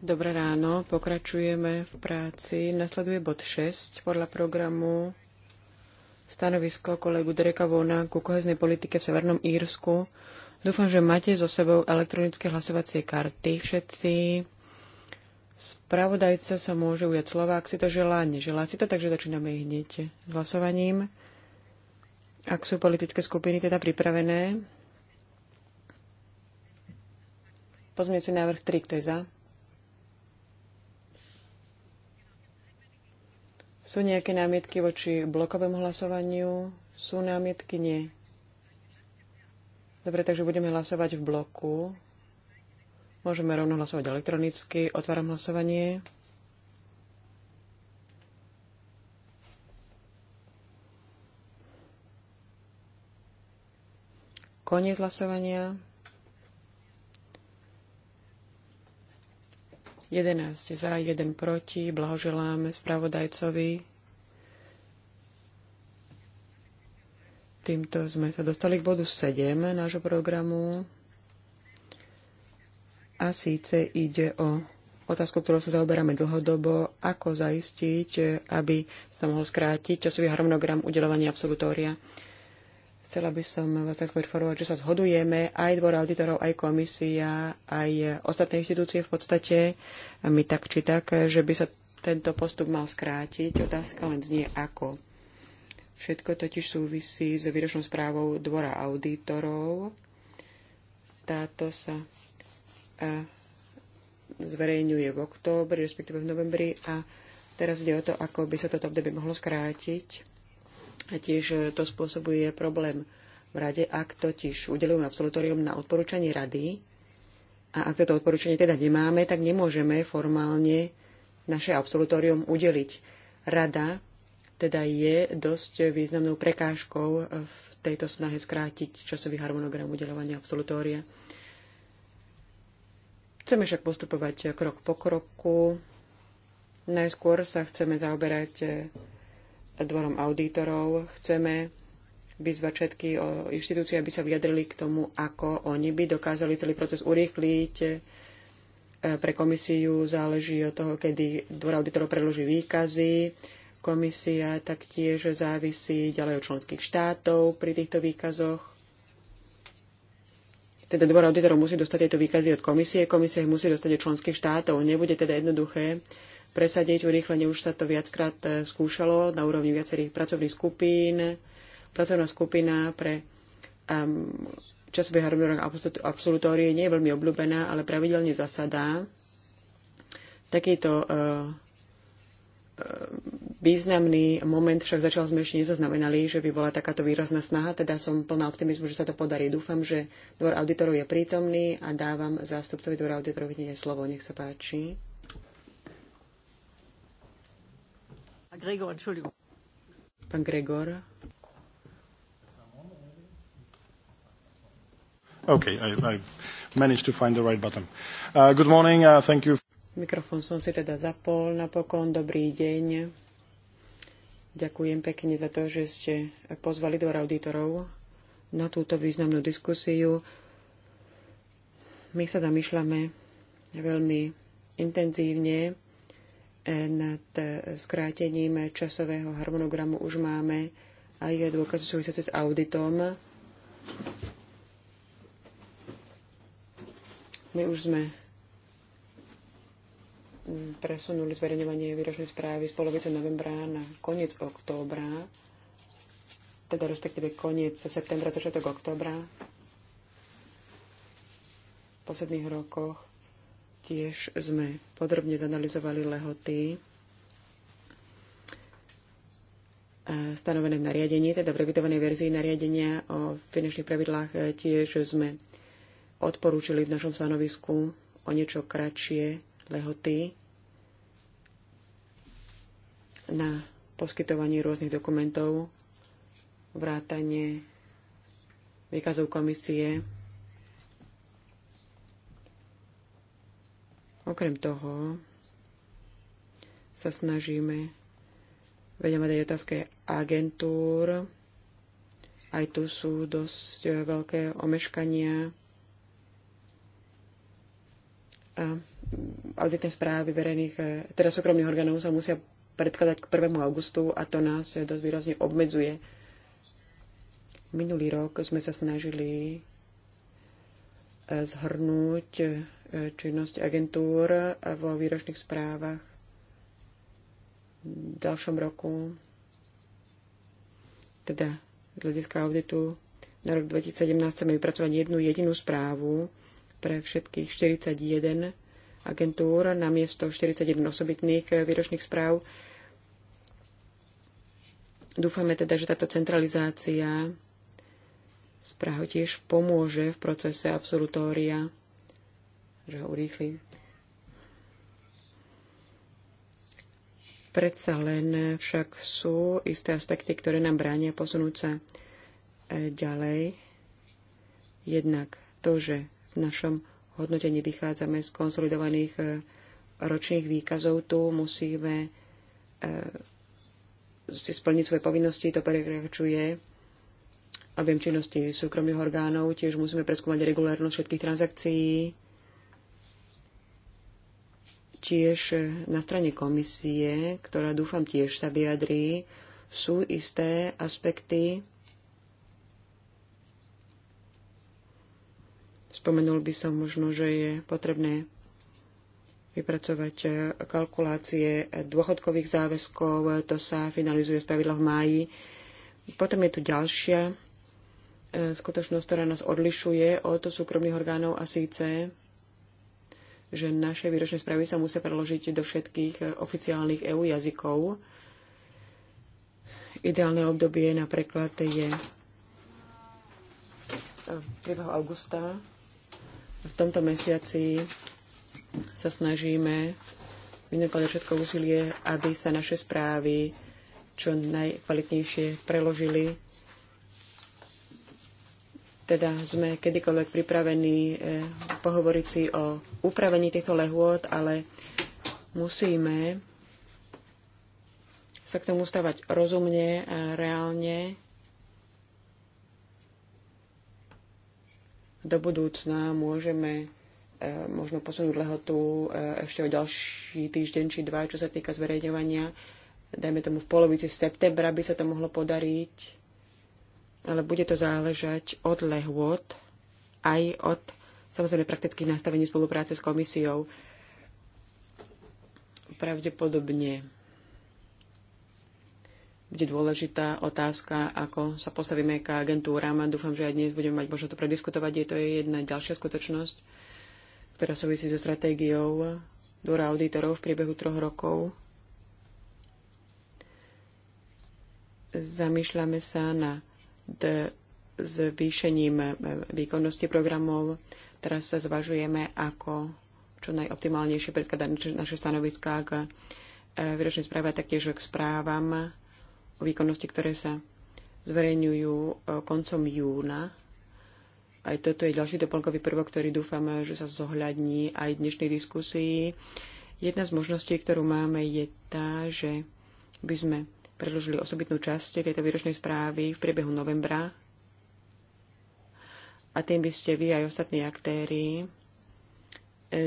Dobré ráno, pokračujeme v práci. Nasleduje bod 6 podľa programu stanovisko kolegu Dereka Vona ku koheznej politike v Severnom Írsku. Dúfam, že máte so sebou elektronické hlasovacie karty všetci. Spravodajca sa môže ujať slova, ak si to želá, neželá si to, takže začíname hneď hlasovaním. Ak sú politické skupiny teda pripravené, Pozmiete návrh 3, kto je za? Sú nejaké námietky voči blokovému hlasovaniu? Sú námietky? Nie. Dobre, takže budeme hlasovať v bloku. Môžeme rovno hlasovať elektronicky. Otváram hlasovanie. Koniec hlasovania. 11 za, 1 proti. blahoželáme spravodajcovi. Týmto sme sa dostali k bodu 7 nášho programu. A síce ide o otázku, ktorou sa zaoberáme dlhodobo, ako zaistiť, aby sa mohol skrátiť časový harmonogram udelovania absolutória. Chcela by som vás tak informovať, že sa zhodujeme aj dvor auditorov, aj komisia, aj ostatné inštitúcie v podstate, a my tak či tak, že by sa tento postup mal skrátiť. Otázka len znie ako. Všetko totiž súvisí s výročnou správou dvora auditorov. Táto sa zverejňuje v októbri, respektíve v novembri a teraz ide o to, ako by sa toto obdobie mohlo skrátiť a tiež e, to spôsobuje problém v rade, ak totiž udelujeme absolutórium na odporúčanie rady a ak toto odporúčanie teda nemáme, tak nemôžeme formálne naše absolutórium udeliť. Rada teda je dosť významnou prekážkou v tejto snahe skrátiť časový harmonogram udelovania absolutória. Chceme však postupovať krok po kroku. Najskôr sa chceme zaoberať e, dvorom auditorov. Chceme vyzvať všetky inštitúcie, aby sa vyjadrili k tomu, ako oni by dokázali celý proces urýchliť. E, pre komisiu záleží od toho, kedy dvor auditorov predloží výkazy. Komisia taktiež závisí ďalej od členských štátov pri týchto výkazoch teda dvor auditorov musí dostať tieto výkazy od komisie, komisia ich musí dostať od členských štátov. Nebude teda jednoduché presadiť urýchlenie. Už sa to viackrát e, skúšalo na úrovni viacerých pracovných skupín. Pracovná skupina pre um, časový harmonogram absolutórie nie je veľmi obľúbená, ale pravidelne zasadá. Takýto uh, významný moment však začal sme ešte nezaznamenali, že by bola takáto výrazná snaha, teda som plná optimizmu, že sa to podarí. Dúfam, že dvor auditorov je prítomný a dávam zástupcovi dvora auditorov hneď slovo. Nech sa páči. Gregor, Entschuldigung. Gregor. Okay, I, I managed to find the right button. Uh, good morning, uh, thank you. Mikrofón som si teda zapol napokon. Dobrý deň. Ďakujem pekne za to, že ste pozvali dvor auditorov na túto významnú diskusiu. My sa zamýšľame veľmi intenzívne E, nad e, skrátením časového harmonogramu už máme aj dôkazy súvisiace s auditom. My už sme mm, presunuli zverejňovanie výročnej správy z polovice novembra na koniec októbra, teda respektíve koniec septembra, začiatok októbra v posledných rokoch Tiež sme podrobne zanalizovali lehoty e, stanovené v nariadení, teda v revidovanej verzii nariadenia o finančných pravidlách e, tiež sme odporúčili v našom stanovisku o niečo kratšie lehoty na poskytovanie rôznych dokumentov, vrátanie výkazov komisie Okrem toho sa snažíme venovať aj otázke agentúr. Aj tu sú dosť e, veľké omeškania. A mm, auditné správy verejných, e, teda súkromných orgánov sa musia predkladať k 1. augustu a to nás e, dosť výrazne obmedzuje. Minulý rok sme sa snažili zhrnúť činnosť agentúr vo výročných správach v ďalšom roku, teda z hľadiska auditu na rok 2017 chceme vypracovať jednu jedinú správu pre všetkých 41 agentúr na miesto 41 osobitných výročných správ. Dúfame teda, že táto centralizácia správ tiež pomôže v procese absolutória že ho urýchlim. Predsa len však sú isté aspekty, ktoré nám bránia posunúť sa e, ďalej. Jednak to, že v našom hodnotení vychádzame z konsolidovaných e, ročných výkazov, tu musíme e, si splniť svoje povinnosti, to prekračuje objem činnosti súkromných orgánov, tiež musíme preskúmať regulárnosť všetkých transakcií, Tiež na strane komisie, ktorá dúfam tiež sa vyjadrí, sú isté aspekty. Spomenul by som možno, že je potrebné vypracovať kalkulácie dôchodkových záväzkov. To sa finalizuje z pravidla v máji. Potom je tu ďalšia e, skutočnosť, ktorá nás odlišuje od súkromných orgánov a síce že naše výročné správy sa musia preložiť do všetkých eh, oficiálnych EU jazykov. Ideálne obdobie napríklad je 1. Eh, augusta. V tomto mesiaci sa snažíme vynakladať všetko úsilie, aby sa naše správy čo najkvalitnejšie preložili teda sme kedykoľvek pripravení eh, pohovoriť si o upravení týchto lehôd, ale musíme sa k tomu stavať rozumne a reálne. Do budúcna môžeme eh, možno posunúť lehotu eh, ešte o ďalší týždeň či dva, čo sa týka zverejňovania. Dajme tomu v polovici septembra by sa to mohlo podariť ale bude to záležať od lehôd, aj od samozrejme praktických nastavení spolupráce s komisiou. Pravdepodobne bude dôležitá otázka, ako sa postavíme k agentúram a dúfam, že aj dnes budeme mať možno to prediskutovať. Je to jedna ďalšia skutočnosť, ktorá súvisí so stratégiou dvora auditorov v priebehu troch rokov. Zamýšľame sa na zvýšením výkonnosti programov. Teraz sa zvažujeme, ako čo najoptimálnejšie predkladať naše stanoviská k e, výročnej správe a taktiež k správam o výkonnosti, ktoré sa zverejňujú e, koncom júna. Aj toto je ďalší doplnkový prvok, ktorý dúfam, že sa zohľadní aj v dnešnej diskusii. Jedna z možností, ktorú máme, je tá, že by sme predložili osobitnú časť tejto výročnej správy v priebehu novembra a tým by ste vy aj ostatní aktéry eh,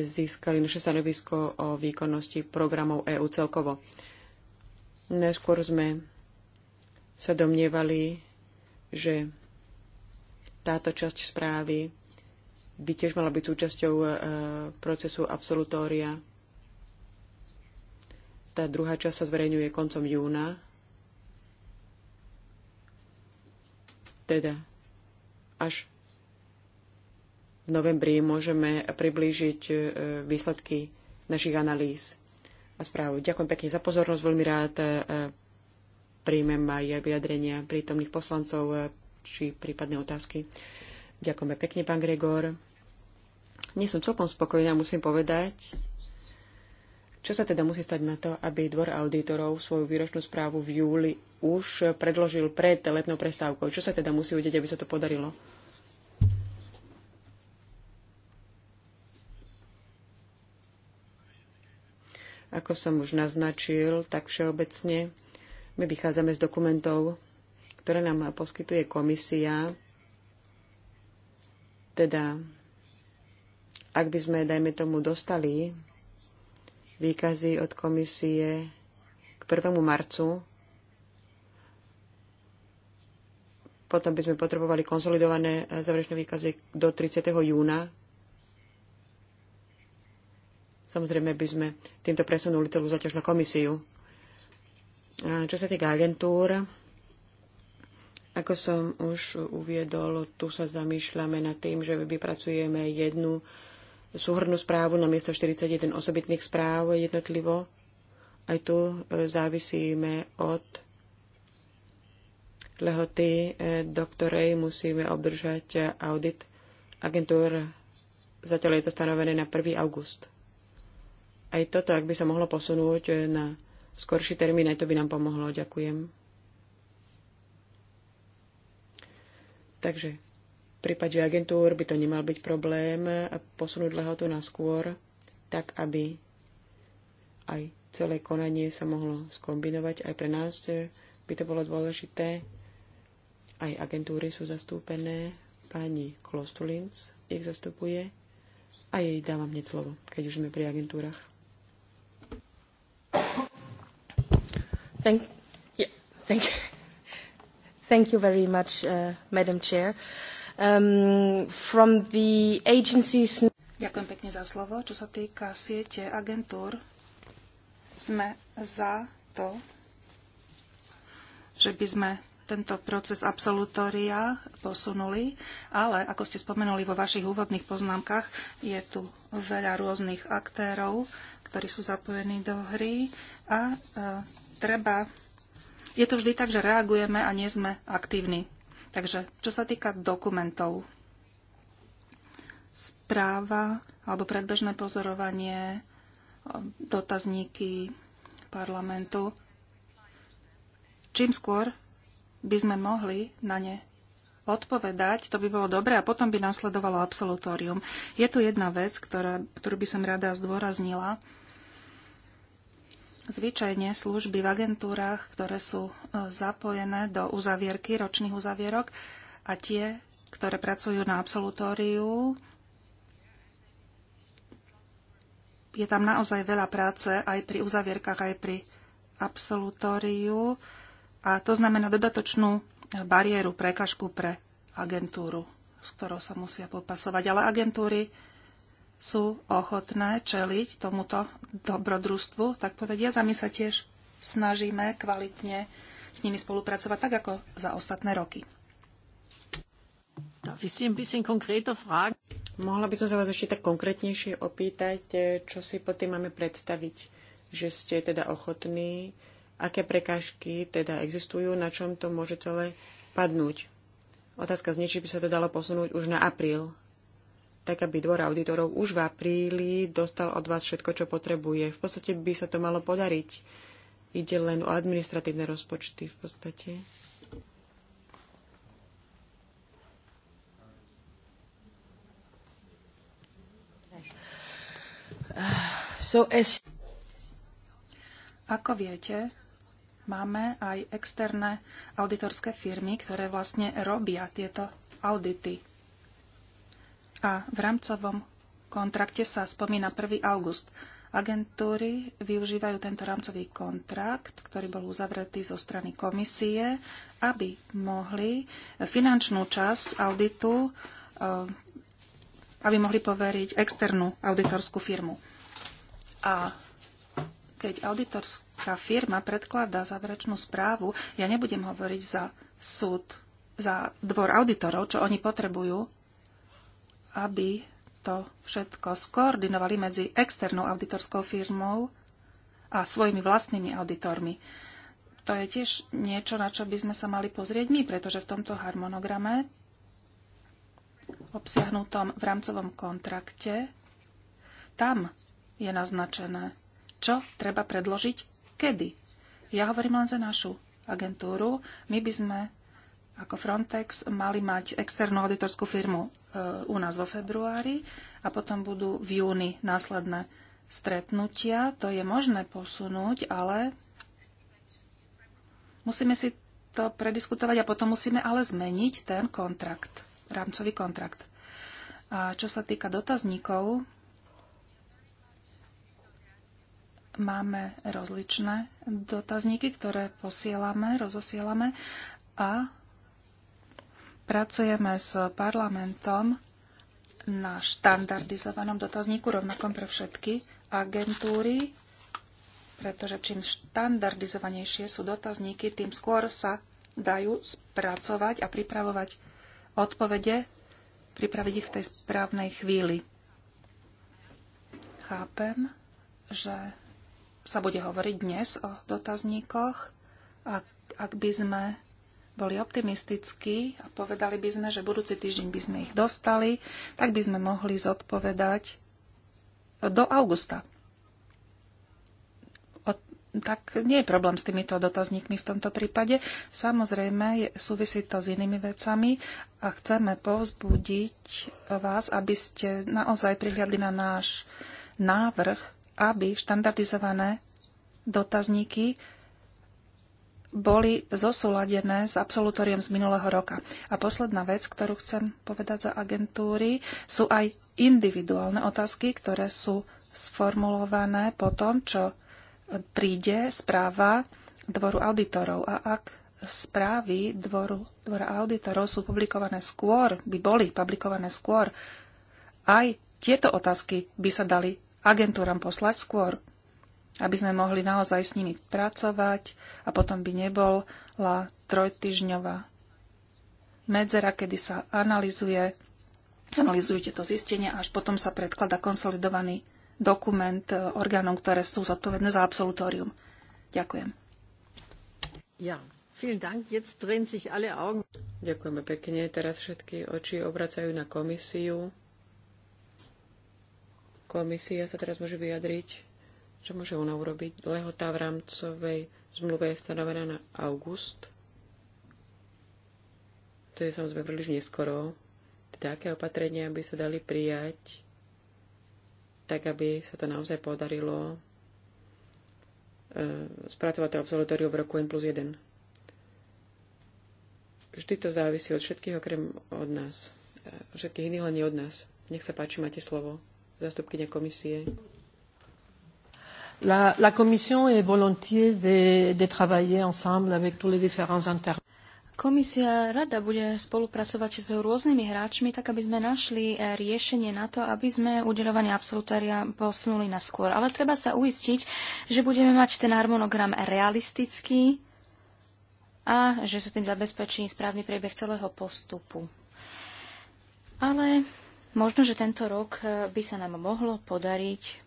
získali naše stanovisko o výkonnosti programov EÚ celkovo. Neskôr sme sa domnievali, že táto časť správy by tiež mala byť súčasťou eh, procesu absolutória. Tá druhá časť sa zverejňuje koncom júna Teda až v novembri môžeme priblížiť e, výsledky našich analýz a správ. Ďakujem pekne za pozornosť, veľmi rád e, príjmem aj vyjadrenia prítomných poslancov e, či prípadné otázky. Ďakujeme pekne, pán Gregor. Nie som celkom spokojná, musím povedať. Čo sa teda musí stať na to, aby dvor auditorov svoju výročnú správu v júli už predložil pred letnou prestávkou. Čo sa teda musí udeť, aby sa to podarilo? Ako som už naznačil, tak všeobecne my vychádzame z dokumentov, ktoré nám poskytuje komisia. Teda, ak by sme, dajme tomu, dostali výkazy od komisie k 1. marcu Potom by sme potrebovali konsolidované e, záverečné výkazy do 30. júna. Samozrejme by sme týmto presunuli celú zaťaž na komisiu. čo sa týka agentúr, ako som už uviedol, tu sa zamýšľame nad tým, že vypracujeme jednu súhrnú správu na miesto 41 osobitných správ jednotlivo. Aj tu e, závisíme od lehoty, e, do ktorej musíme obdržať e, audit agentúr. Zatiaľ je to stanovené na 1. august. Aj toto, ak by sa mohlo posunúť e, na skorší termín, aj to by nám pomohlo. Ďakujem. Takže v prípade agentúr by to nemal byť problém posunúť lehotu na skôr, tak aby aj celé konanie sa mohlo skombinovať. Aj pre nás by to bolo dôležité. Aj agentúry sú zastúpené. Pani Klostulins ich zastupuje. A jej dávam hneď slovo, keď už sme pri agentúrach. Thank, yeah, thank, thank you very much, uh, Madam Chair. Um, from the agencies... Ďakujem pekne za slovo. Čo sa týka siete agentúr, sme za to, že by sme tento proces absolutória posunuli, ale ako ste spomenuli vo vašich úvodných poznámkach, je tu veľa rôznych aktérov, ktorí sú zapojení do hry a e, treba. Je to vždy tak, že reagujeme a nie sme aktívni. Takže čo sa týka dokumentov, správa alebo predbežné pozorovanie, e, dotazníky parlamentu, čím skôr by sme mohli na ne odpovedať, to by bolo dobré a potom by nasledovalo absolutórium. Je tu jedna vec, ktorá, ktorú by som rada zdôraznila. Zvyčajne služby v agentúrach, ktoré sú e, zapojené do uzavierky, ročných uzavierok a tie, ktoré pracujú na absolutóriu, je tam naozaj veľa práce aj pri uzavierkach, aj pri absolutóriu a to znamená dodatočnú bariéru, prekažku pre agentúru, s ktorou sa musia popasovať. Ale agentúry sú ochotné čeliť tomuto dobrodružstvu, tak povediať. A my sa tiež snažíme kvalitne s nimi spolupracovať, tak ako za ostatné roky. Mohla by som sa vás ešte tak konkrétnejšie opýtať, čo si pod tým máme predstaviť, že ste teda ochotní aké prekážky teda existujú, na čom to môže celé padnúť. Otázka znie, či by sa to dalo posunúť už na apríl, tak aby dvor auditorov už v apríli dostal od vás všetko, čo potrebuje. V podstate by sa to malo podariť. Ide len o administratívne rozpočty v podstate. So as... Ako viete, máme aj externé auditorské firmy, ktoré vlastne robia tieto audity. A v rámcovom kontrakte sa spomína 1. august. Agentúry využívajú tento rámcový kontrakt, ktorý bol uzavretý zo strany komisie, aby mohli finančnú časť auditu eh, aby mohli poveriť externú auditorskú firmu. A keď auditorská firma predkladá záverečnú správu, ja nebudem hovoriť za súd, za dvor auditorov, čo oni potrebujú, aby to všetko skoordinovali medzi externou auditorskou firmou a svojimi vlastnými auditormi. To je tiež niečo, na čo by sme sa mali pozrieť my, pretože v tomto harmonograme obsiahnutom v rámcovom kontrakte tam je naznačené, čo treba predložiť kedy. Ja hovorím len za našu agentúru. My by sme ako Frontex mali mať externú auditorskú firmu e, u nás vo februári a potom budú v júni následné stretnutia. To je možné posunúť, ale musíme si to prediskutovať a potom musíme ale zmeniť ten kontrakt, rámcový kontrakt. A čo sa týka dotazníkov, máme rozličné dotazníky, ktoré posielame, rozosielame a pracujeme s parlamentom na štandardizovanom dotazníku, rovnakom pre všetky agentúry, pretože čím štandardizovanejšie sú dotazníky, tým skôr sa dajú spracovať a pripravovať odpovede, pripraviť ich v tej správnej chvíli. Chápem, že sa bude hovoriť dnes o dotazníkoch. A ak by sme boli optimistickí a povedali by sme, že budúci týždeň by sme ich dostali, tak by sme mohli zodpovedať do augusta. O, tak nie je problém s týmito dotazníkmi v tomto prípade. Samozrejme, súvisí to s inými vecami a chceme povzbudiť vás, aby ste naozaj prihliadli na náš návrh aby štandardizované dotazníky boli zosúladené s absolutóriom z minulého roka. A posledná vec, ktorú chcem povedať za agentúry, sú aj individuálne otázky, ktoré sú sformulované po tom, čo príde správa dvoru auditorov. A ak správy dvoru, dvora auditorov sú publikované skôr, by boli publikované skôr, aj tieto otázky by sa dali agentúram poslať skôr, aby sme mohli naozaj s nimi pracovať a potom by nebola trojtyžňová medzera, kedy sa analizuje, analizujú tieto zistenia až potom sa predklada konsolidovaný dokument e, orgánom, ktoré sú zodpovedné za absolutórium. Ďakujem. Ja. Ďakujeme pekne. Teraz všetky oči obracajú na komisiu. Komisia sa teraz môže vyjadriť, čo môže ona urobiť. Lehota v rámcovej zmluve je stanovená na august. To je samozrejme príliš neskoro. Teda aké opatrenia by sa dali prijať, tak aby sa to naozaj podarilo e, spracovať to absolutóriu v roku N plus 1. Vždy to závisí od všetkých, okrem od nás. E, všetkých iných, len nie od nás. Nech sa páči, máte slovo zastupkynia komisie. La, la commission est volontiers de, de travailler ensemble avec tous les différents intervenants. Komisia rada bude spolupracovať s rôznymi hráčmi, tak aby sme našli eh, riešenie na to, aby sme udeľovanie absolutária posunuli na skôr. Ale treba sa uistiť, že budeme mať ten harmonogram realistický a že sa tým zabezpečí správny priebeh celého postupu. Ale Možno, že tento rok e, by sa nám mohlo podariť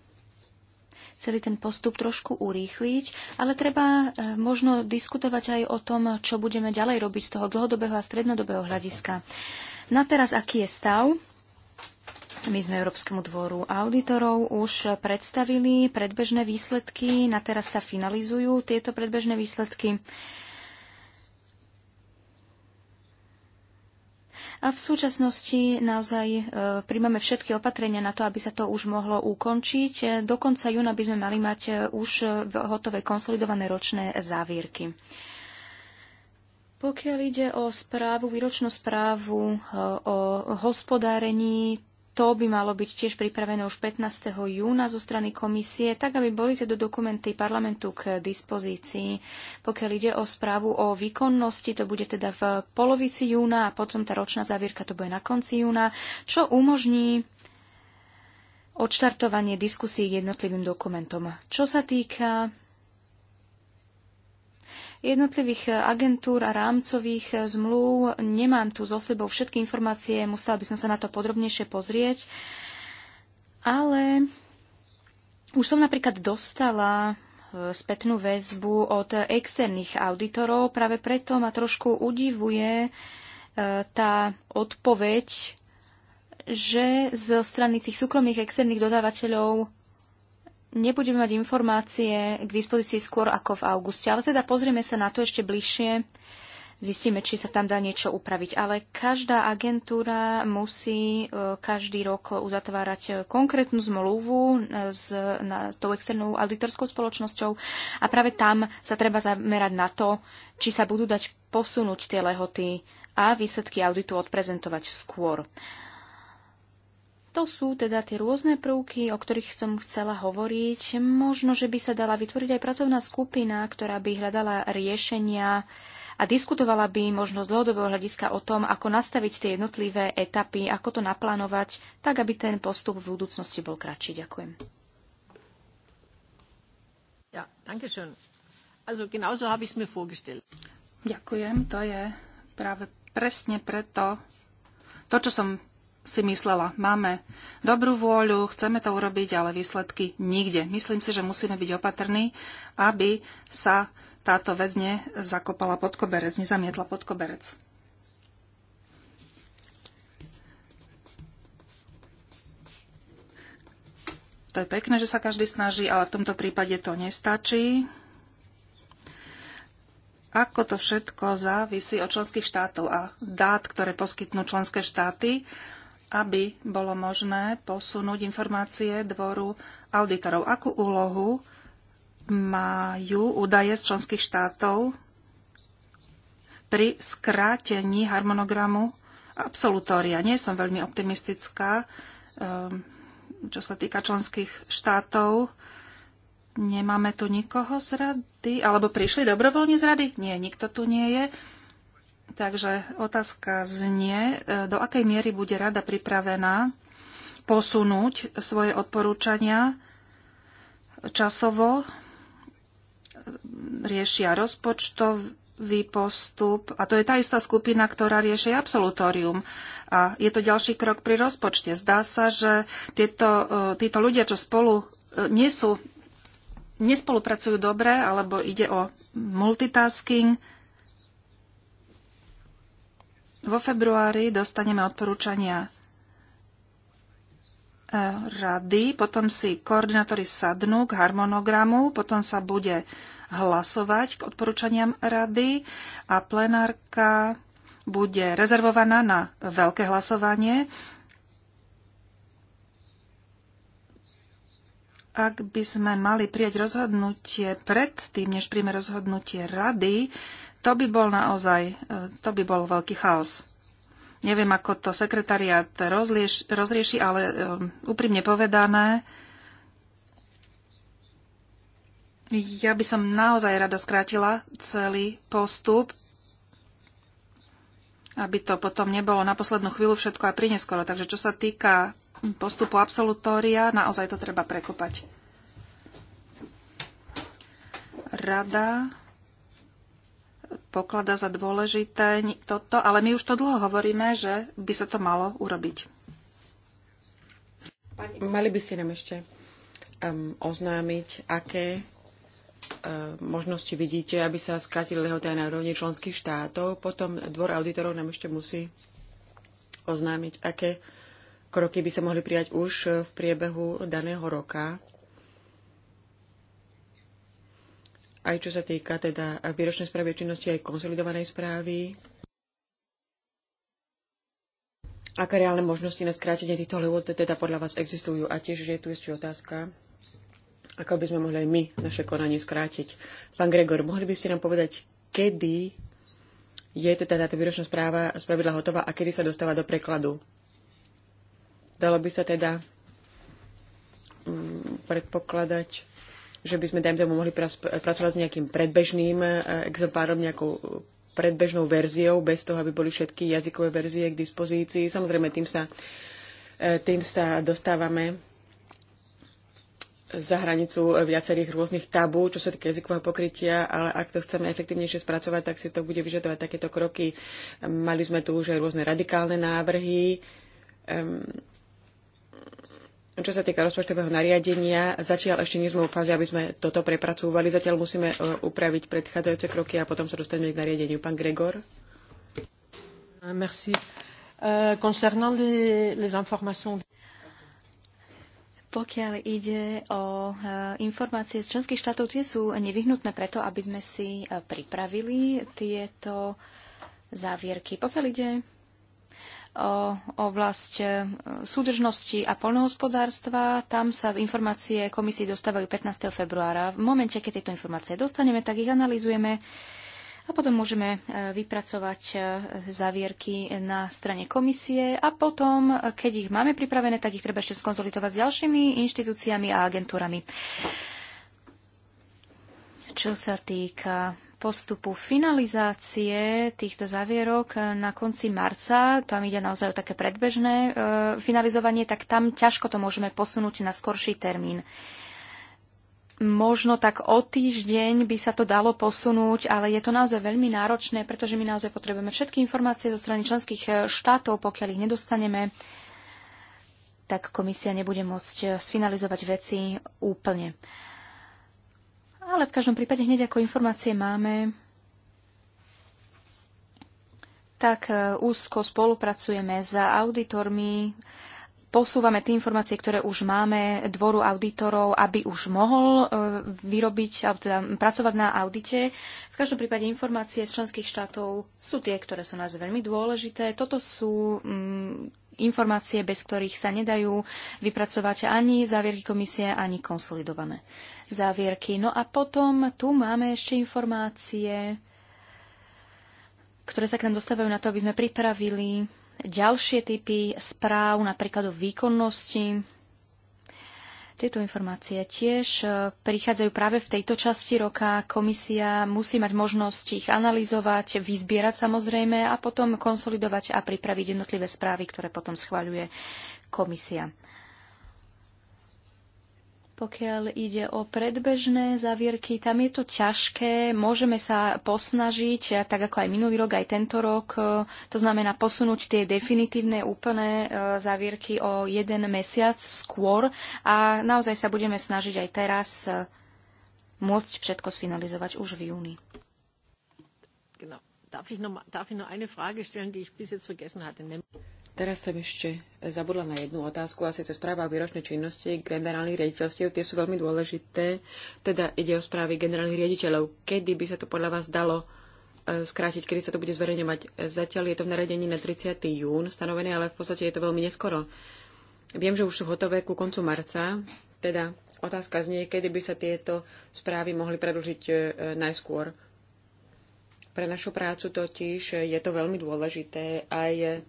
celý ten postup trošku urýchliť, ale treba e, možno diskutovať aj o tom, čo budeme ďalej robiť z toho dlhodobého a strednodobého hľadiska. Na teraz, aký je stav? My sme Európskemu dvoru auditorov už predstavili predbežné výsledky, na teraz sa finalizujú tieto predbežné výsledky. A v súčasnosti naozaj e, príjmame všetky opatrenia na to, aby sa to už mohlo ukončiť. E, do konca júna by sme mali mať e, už hotové konsolidované ročné závierky. Pokiaľ ide o správu, výročnú správu o hospodárení, to by malo byť tiež pripravené už 15. júna zo strany komisie, tak aby boli teda dokumenty parlamentu k dispozícii. Pokiaľ ide o správu o výkonnosti, to bude teda v polovici júna a potom tá ročná závierka to bude na konci júna, čo umožní odštartovanie diskusí k jednotlivým dokumentom. Čo sa týka jednotlivých eh, agentúr a rámcových eh, zmluv. Nemám tu so sebou všetky informácie, musela by som sa na to podrobnejšie pozrieť. Ale už som napríklad dostala eh, spätnú väzbu od externých auditorov. Práve preto ma trošku udivuje tá odpoveď, že zo strany tých súkromných externých dodávateľov nebudeme mať informácie k dispozícii skôr ako v auguste, ale teda pozrieme sa na to ešte bližšie, zistíme, či sa tam dá niečo upraviť. Ale každá agentúra musí e, každý rok uzatvárať e, konkrétnu zmluvu e, s na, tou externou auditorskou spoločnosťou a práve tam sa treba zamerať na to, či sa budú dať posunúť tie lehoty a výsledky auditu odprezentovať skôr. To sú teda tie rôzne prvky, o ktorých som chcela hovoriť. Možno, že by sa dala vytvoriť aj pracovná skupina, ktorá by hľadala riešenia a diskutovala by možno z dlhodobého hľadiska o tom, ako nastaviť tie jednotlivé etapy, ako to naplánovať, tak aby ten postup v budúcnosti bol kratší. Ďakujem. Ja, danke schön. Also genauso habe ich es mir vorgestellt. Ďakujem, to je práve presne preto, to, čo som si myslela, máme dobrú vôľu, chceme to urobiť, ale výsledky nikde. Myslím si, že musíme byť opatrní, aby sa táto vec nezakopala pod koberec, nezamietla pod koberec. To je pekné, že sa každý snaží, ale v tomto prípade to nestačí. Ako to všetko závisí od členských štátov a dát, ktoré poskytnú členské štáty, aby bolo možné posunúť informácie dvoru auditorov. Akú úlohu majú údaje z členských štátov pri skrátení harmonogramu absolutória? Nie som veľmi optimistická, ehm, čo sa týka členských štátov. Nemáme tu nikoho z rady? Alebo prišli dobrovoľne z rady? Nie, nikto tu nie je. Takže otázka znie, e, do akej miery bude rada pripravená posunúť svoje odporúčania časovo, riešia rozpočtový postup a to je tá istá skupina, ktorá rieši absolutórium. A je to ďalší krok pri rozpočte. Zdá sa, že tieto, e, títo ľudia, čo spolu e, nie sú, nespolupracujú dobre, alebo ide o multitasking, vo februári dostaneme odporúčania e, rady, potom si koordinátori sadnú k harmonogramu, potom sa bude hlasovať k odporúčaniam rady a plenárka bude rezervovaná na veľké hlasovanie ak by sme mali prijať rozhodnutie predtým, než príjme rozhodnutie rady, to by bol naozaj, e, to by bol veľký chaos. Neviem, ako to sekretariat rozlieš, rozrieši, ale e, úprimne povedané, ja by som naozaj rada skrátila celý postup, aby to potom nebolo na poslednú chvíľu všetko a prineskoro. Takže čo sa týka postupu absolutória, naozaj to treba prekopať. Rada poklada za dôležité toto, ale my už to dlho hovoríme, že by sa to malo urobiť. Pani... Mali by ste nám ešte um, oznámiť, aké E, možnosti vidíte, aby sa skratili lehoty aj na úrovni členských štátov. Potom dvor auditorov nám ešte musí oznámiť, aké kroky by sa mohli prijať už v priebehu daného roka. Aj čo sa týka teda výročnej správy činnosti, aj konsolidovanej správy. Aké reálne možnosti na skrátenie týchto lehôd teda podľa vás existujú? A tiež je tu ešte otázka ako by sme mohli aj my naše konanie skrátiť. Pán Gregor, mohli by ste nám povedať, kedy je teda táto výročná správa spravidla hotová a kedy sa dostáva do prekladu? Dalo by sa teda um, predpokladať, že by sme, dajme tomu, mohli pracovať s nejakým predbežným e, exemplárom, nejakou predbežnou verziou, bez toho, aby boli všetky jazykové verzie k dispozícii. Samozrejme, tým sa, e, tým sa dostávame za hranicu viacerých rôznych tabú, čo sa týka jazykového pokrytia, ale ak to chceme efektívnejšie spracovať, tak si to bude vyžadovať takéto kroky. Mali sme tu už aj rôzne radikálne návrhy. Čo sa týka rozpočtového nariadenia, zatiaľ ešte nie sme v fáze, aby sme toto prepracúvali. Zatiaľ musíme e, upraviť predchádzajúce kroky a potom sa dostaneme k nariadeniu. Pán Gregor. Merci. Uh, concernant les, les informations pokiaľ ide o e, informácie z členských štátov, tie sú nevyhnutné preto, aby sme si e, pripravili tieto závierky. Pokiaľ ide o oblasť e, súdržnosti a polnohospodárstva. Tam sa informácie komisii dostávajú 15. februára. V momente, keď tieto informácie dostaneme, tak ich analizujeme a potom môžeme e, vypracovať e, zavierky na strane komisie a potom, e, keď ich máme pripravené, tak ich treba ešte skonzolitovať s ďalšími inštitúciami a agentúrami. Čo sa týka postupu finalizácie týchto zavierok na konci marca, tam ide naozaj o také predbežné e, finalizovanie, tak tam ťažko to môžeme posunúť na skorší termín. E, možno tak o týždeň by sa to dalo posunúť, ale je to naozaj veľmi náročné, pretože my naozaj potrebujeme všetky informácie zo strany členských eh, štátov, pokiaľ ich nedostaneme tak komisia nebude môcť eh, sfinalizovať veci úplne. Ale v každom prípade hneď ako informácie máme, tak eh, úzko spolupracujeme s auditormi, posúvame tie informácie, ktoré už máme dvoru auditorov, aby už mohol e, vyrobiť, alebo teda pracovať na audite. V každom prípade informácie z členských štátov sú tie, ktoré sú nás veľmi dôležité. Toto sú mm, informácie, bez ktorých sa nedajú vypracovať ani závierky komisie, ani konsolidované závierky. No a potom tu máme ešte informácie, ktoré sa k nám dostávajú na to, aby sme pripravili ďalšie typy správ, napríklad o výkonnosti. Tieto informácie tiež e, prichádzajú práve v tejto časti roka. Komisia musí mať možnosť ich analyzovať, vyzbierať samozrejme a potom konsolidovať a pripraviť jednotlivé správy, ktoré potom schváľuje komisia. Pokiaľ ide o predbežné zavierky, tam je to ťažké. Môžeme sa posnažiť, tak ako aj minulý rok, aj tento rok, e, to znamená posunúť tie definitívne úplné e, zavierky o jeden mesiac skôr a naozaj sa budeme snažiť aj teraz e, môcť všetko sfinalizovať už v júni. Genau. Darf ich noch, darf ich noch eine Frage stellen, die ich bis jetzt vergessen hatte? Teraz som ešte zabudla na jednu otázku, a síce správa o výročnej činnosti generálnych riaditeľstiev. Tie sú veľmi dôležité. Teda ide o správy generálnych riaditeľov. Kedy by sa to podľa vás dalo e, skrátiť, kedy sa to bude zverejňovať? Zatiaľ je to v naradení na 30. jún stanovené, ale v podstate je to veľmi neskoro. Viem, že už sú hotové ku koncu marca, teda otázka znie, kedy by sa tieto správy mohli predlžiť e, najskôr. Pre našu prácu totiž je to veľmi dôležité aj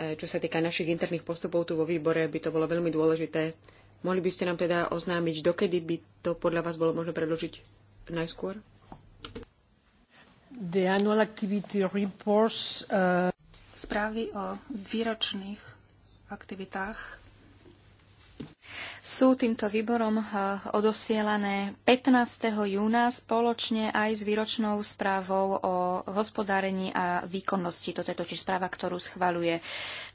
E, čo sa týka našich interných postupov tu vo výbore, by to bolo veľmi dôležité. Mohli by ste nám teda oznámiť, dokedy by to podľa vás bolo možno predložiť najskôr? The annual activity reports, uh... Správy o výročných aktivitách sú týmto výborom eh, odosielané 15. júna spoločne aj s výročnou správou o hospodárení a výkonnosti. Toto je totiž správa, ktorú schvaluje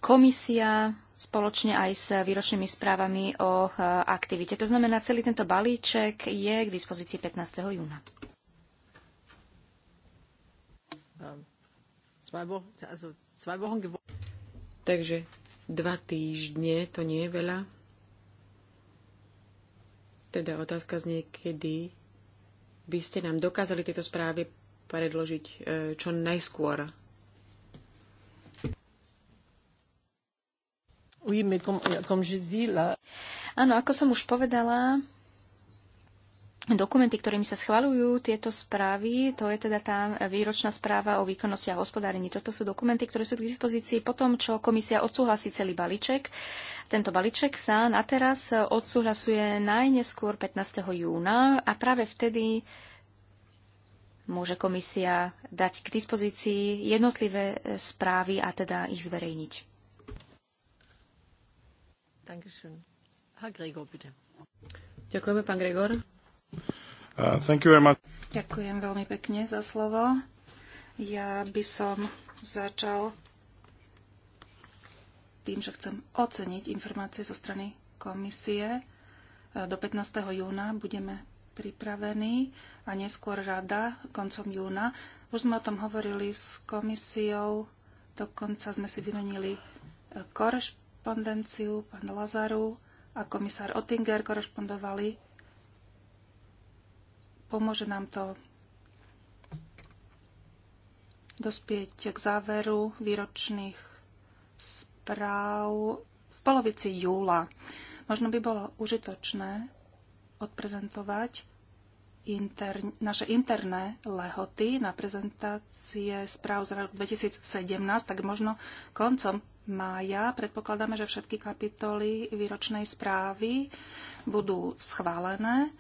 komisia spoločne aj s výročnými správami o eh, aktivite. To znamená, celý tento balíček je k dispozícii 15. júna. Ehm, Takže dva týždne, to nie je veľa. Teda otázka z kedy by ste nám dokázali tieto správy predložiť e, čo najskôr. Áno, ako som už povedala, dokumenty, ktorými sa schvalujú tieto správy, to je teda tá výročná správa o výkonnosti a hospodárení. Toto sú dokumenty, ktoré sú k dispozícii po tom, čo komisia odsúhlasí celý balíček. Tento balíček sa na teraz odsúhlasuje najneskôr 15. júna a práve vtedy môže komisia dať k dispozícii jednotlivé správy a teda ich zverejniť. Dankeschön. Herr Gregor, bitte. Ďakujeme, pán Gregor. Uh, thank you very much. Ďakujem veľmi pekne za slovo. Ja by som začal tým, že chcem oceniť informácie zo strany komisie. Uh, do 15. júna budeme pripravení a neskôr rada koncom júna. Už sme o tom hovorili s komisiou, dokonca sme si vymenili uh, korešpondenciu, pán Lazaru a komisár Ottinger korešpondovali Pomôže nám to dospieť k záveru výročných správ v polovici júla. Možno by bolo užitočné odprezentovať interne, naše interné lehoty na prezentácie správ z roku 2017, tak možno koncom mája predpokladáme, že všetky kapitoly výročnej správy budú schválené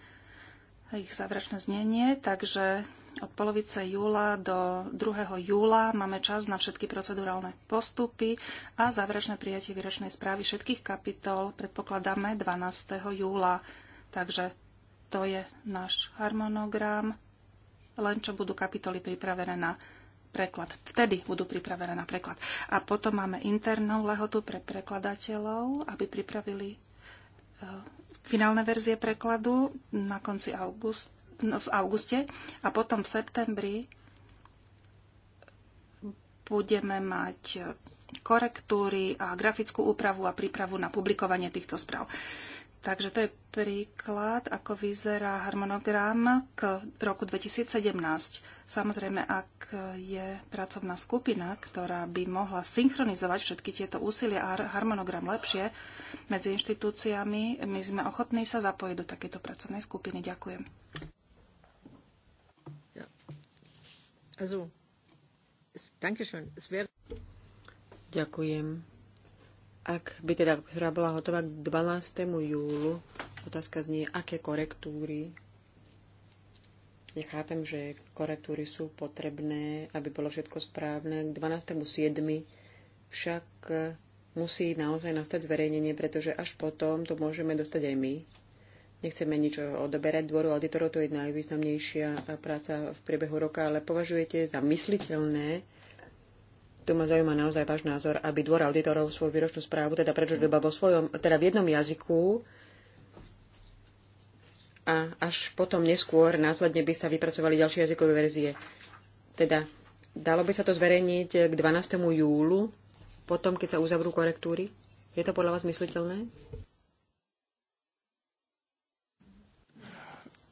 ich záverečné znenie, takže od polovice júla do 2. júla máme čas na všetky procedurálne postupy a záverečné prijatie výročnej správy všetkých kapitol predpokladáme 12. júla. Takže to je náš harmonogram, len čo budú kapitoly pripravené na preklad. Vtedy budú pripravené na preklad. A potom máme internú lehotu pre prekladateľov, aby pripravili eh, finálne verzie prekladu na konci august, no, v auguste a potom v septembri budeme mať korektúry a grafickú úpravu a prípravu na publikovanie týchto správ. Takže to je príklad, ako vyzerá harmonogram k roku 2017. Samozrejme, ak je pracovná skupina, ktorá by mohla synchronizovať všetky tieto úsilie a harmonogram lepšie medzi inštitúciami, my sme ochotní sa zapojiť do takéto pracovnej skupiny. Ďakujem. Ja. Also, Ďakujem. Ak by teda ktorá bola hotová k 12. júlu, otázka znie, aké korektúry nechápem, že korektúry sú potrebné, aby bolo všetko správne. K 12.7. však musí naozaj nastať zverejnenie, pretože až potom to môžeme dostať aj my. Nechceme nič odoberať dvoru auditorov, to je najvýznamnejšia práca v priebehu roka, ale považujete za mysliteľné, tu ma zaujíma naozaj váš názor, aby dvor auditorov svoju výročnú správu teda prečo iba vo svojom, teda v jednom jazyku a až potom neskôr následne by sa vypracovali ďalšie jazykové verzie. Teda dalo by sa to zverejniť k 12. júlu, potom keď sa uzavrú korektúry? Je to podľa vás mysliteľné?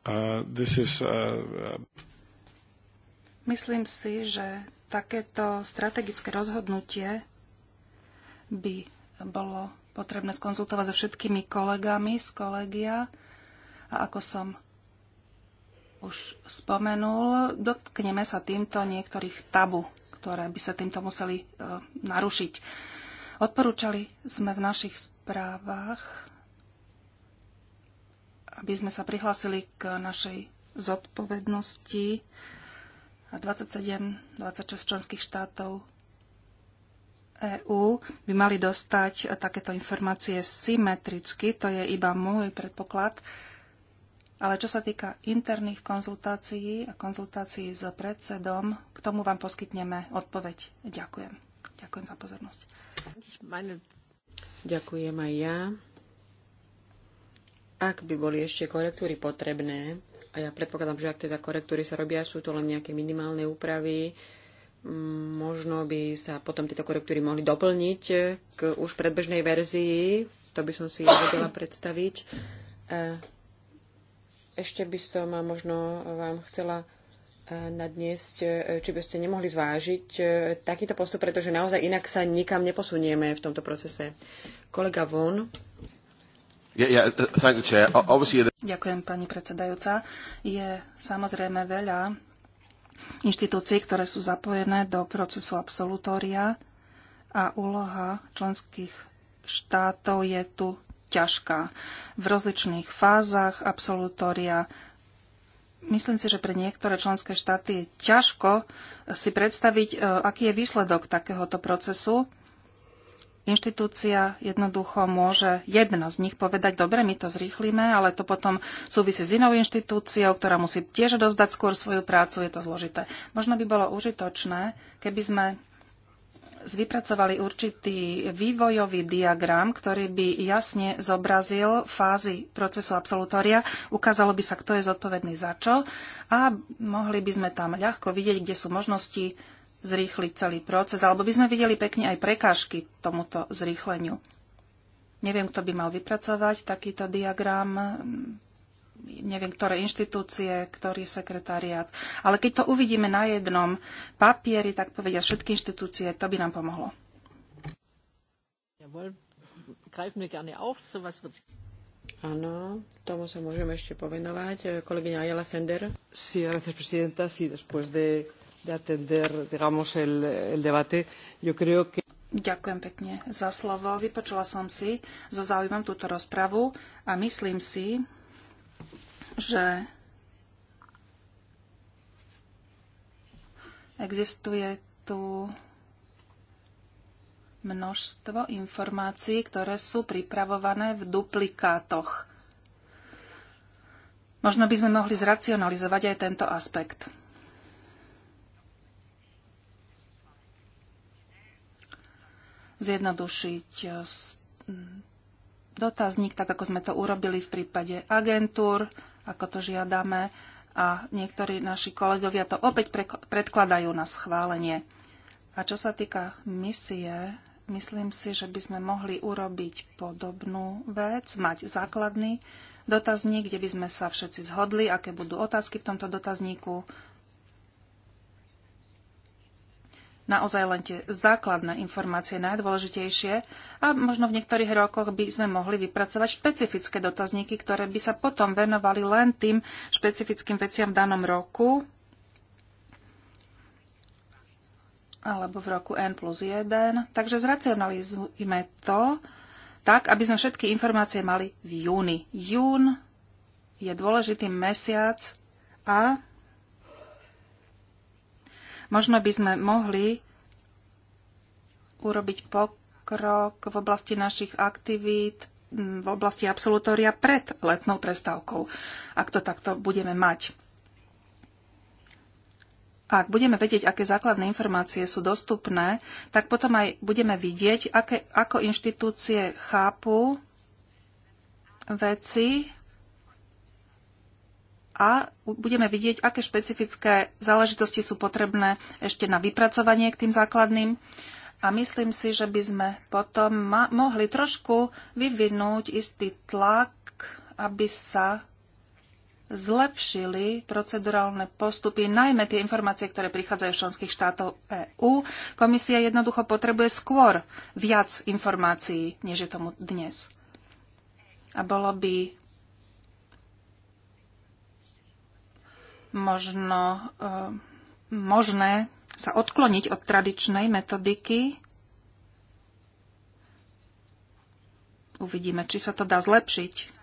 Uh, this is, uh, uh... Myslím si, že takéto strategické rozhodnutie by bolo potrebné skonzultovať so všetkými kolegami z kolegia. A ako som už spomenul, dotkneme sa týmto niektorých tabu, ktoré by sa týmto museli e, narušiť. Odporúčali sme v našich správach, aby sme sa prihlásili k našej zodpovednosti 27, 26 členských štátov EÚ by mali dostať takéto informácie symetricky, to je iba môj predpoklad. Ale čo sa týka interných konzultácií a konzultácií s predsedom, k tomu vám poskytneme odpoveď. Ďakujem. Ďakujem za pozornosť. Ďakujem aj ja. Ak by boli ešte korektúry potrebné, a ja predpokladám, že ak teda korektúry sa robia, sú to len nejaké minimálne úpravy. Mm, možno by sa potom tieto korektúry mohli doplniť eh, k už predbežnej verzii. To by som si vedela predstaviť. Eh, ešte by som možno vám chcela eh, nadniesť, či by ste nemohli zvážiť takýto postup, pretože naozaj inak sa nikam neposunieme v tomto procese. Kolega Von. Ďakujem, pani predsedajúca. Je samozrejme veľa inštitúcií, ktoré sú zapojené do procesu absolutória a úloha členských štátov je tu ťažká. V rozličných fázach absolutória myslím si, že pre niektoré členské štáty je ťažko si predstaviť, e, aký je výsledok takéhoto procesu inštitúcia jednoducho môže jedna z nich povedať, dobre, my to zrýchlíme, ale to potom súvisí s inou inštitúciou, ktorá musí tiež dozdať skôr svoju prácu, je to zložité. Možno by bolo užitočné, keby sme vypracovali určitý vývojový diagram, ktorý by jasne zobrazil fázy procesu absolutória, ukázalo by sa, kto je zodpovedný za čo a mohli by sme tam ľahko vidieť, kde sú možnosti zrýchliť celý proces, alebo by sme videli pekne aj prekážky tomuto zrýchleniu. Neviem, kto by mal vypracovať takýto diagram, neviem, ktoré inštitúcie, ktorý sekretariát. Ale keď to uvidíme na jednom papieri, tak povedia všetky inštitúcie, to by nám pomohlo. Áno, tomu sa môžeme ešte povenovať. Kolegyňa Ayala Sender. Sí, gracias, presidenta. Sí, después de Ďakujem pekne za slovo. Vypočula som si so záujmom túto rozpravu a myslím si, že existuje tu množstvo informácií, ktoré sú pripravované v duplikátoch. Možno by sme mohli zracionalizovať aj tento aspekt. zjednodušiť eh, mm, dotazník, tak ako sme to urobili v prípade agentúr, ako to žiadame a niektorí naši kolegovia to opäť predkladajú na schválenie. A čo sa týka misie, myslím si, že by sme mohli urobiť podobnú vec, mať základný dotazník, kde by sme sa všetci zhodli, aké budú otázky v tomto dotazníku, naozaj len tie základné informácie najdôležitejšie a možno v niektorých rokoch by sme mohli vypracovať špecifické dotazníky, ktoré by sa potom venovali len tým špecifickým veciam v danom roku alebo v roku N plus 1. Takže zracionalizujme to tak, aby sme všetky informácie mali v júni. Jún je dôležitý mesiac a Možno by sme mohli urobiť pokrok v oblasti našich aktivít v oblasti absolutória pred letnou prestávkou, ak to takto budeme mať. Ak budeme vedieť, aké základné informácie sú dostupné, tak potom aj budeme vidieť, aké, ako inštitúcie chápu veci a budeme vidieť, aké špecifické záležitosti sú potrebné ešte na vypracovanie k tým základným. A myslím si, že by sme potom mohli trošku vyvinúť istý tlak, aby sa zlepšili procedurálne postupy, najmä tie informácie, ktoré prichádzajú z členských štátov EÚ. Komisia jednoducho potrebuje skôr viac informácií, než je tomu dnes. A bolo by možno e, možné sa odkloniť od tradičnej metodiky. Uvidíme, či sa to dá zlepšiť.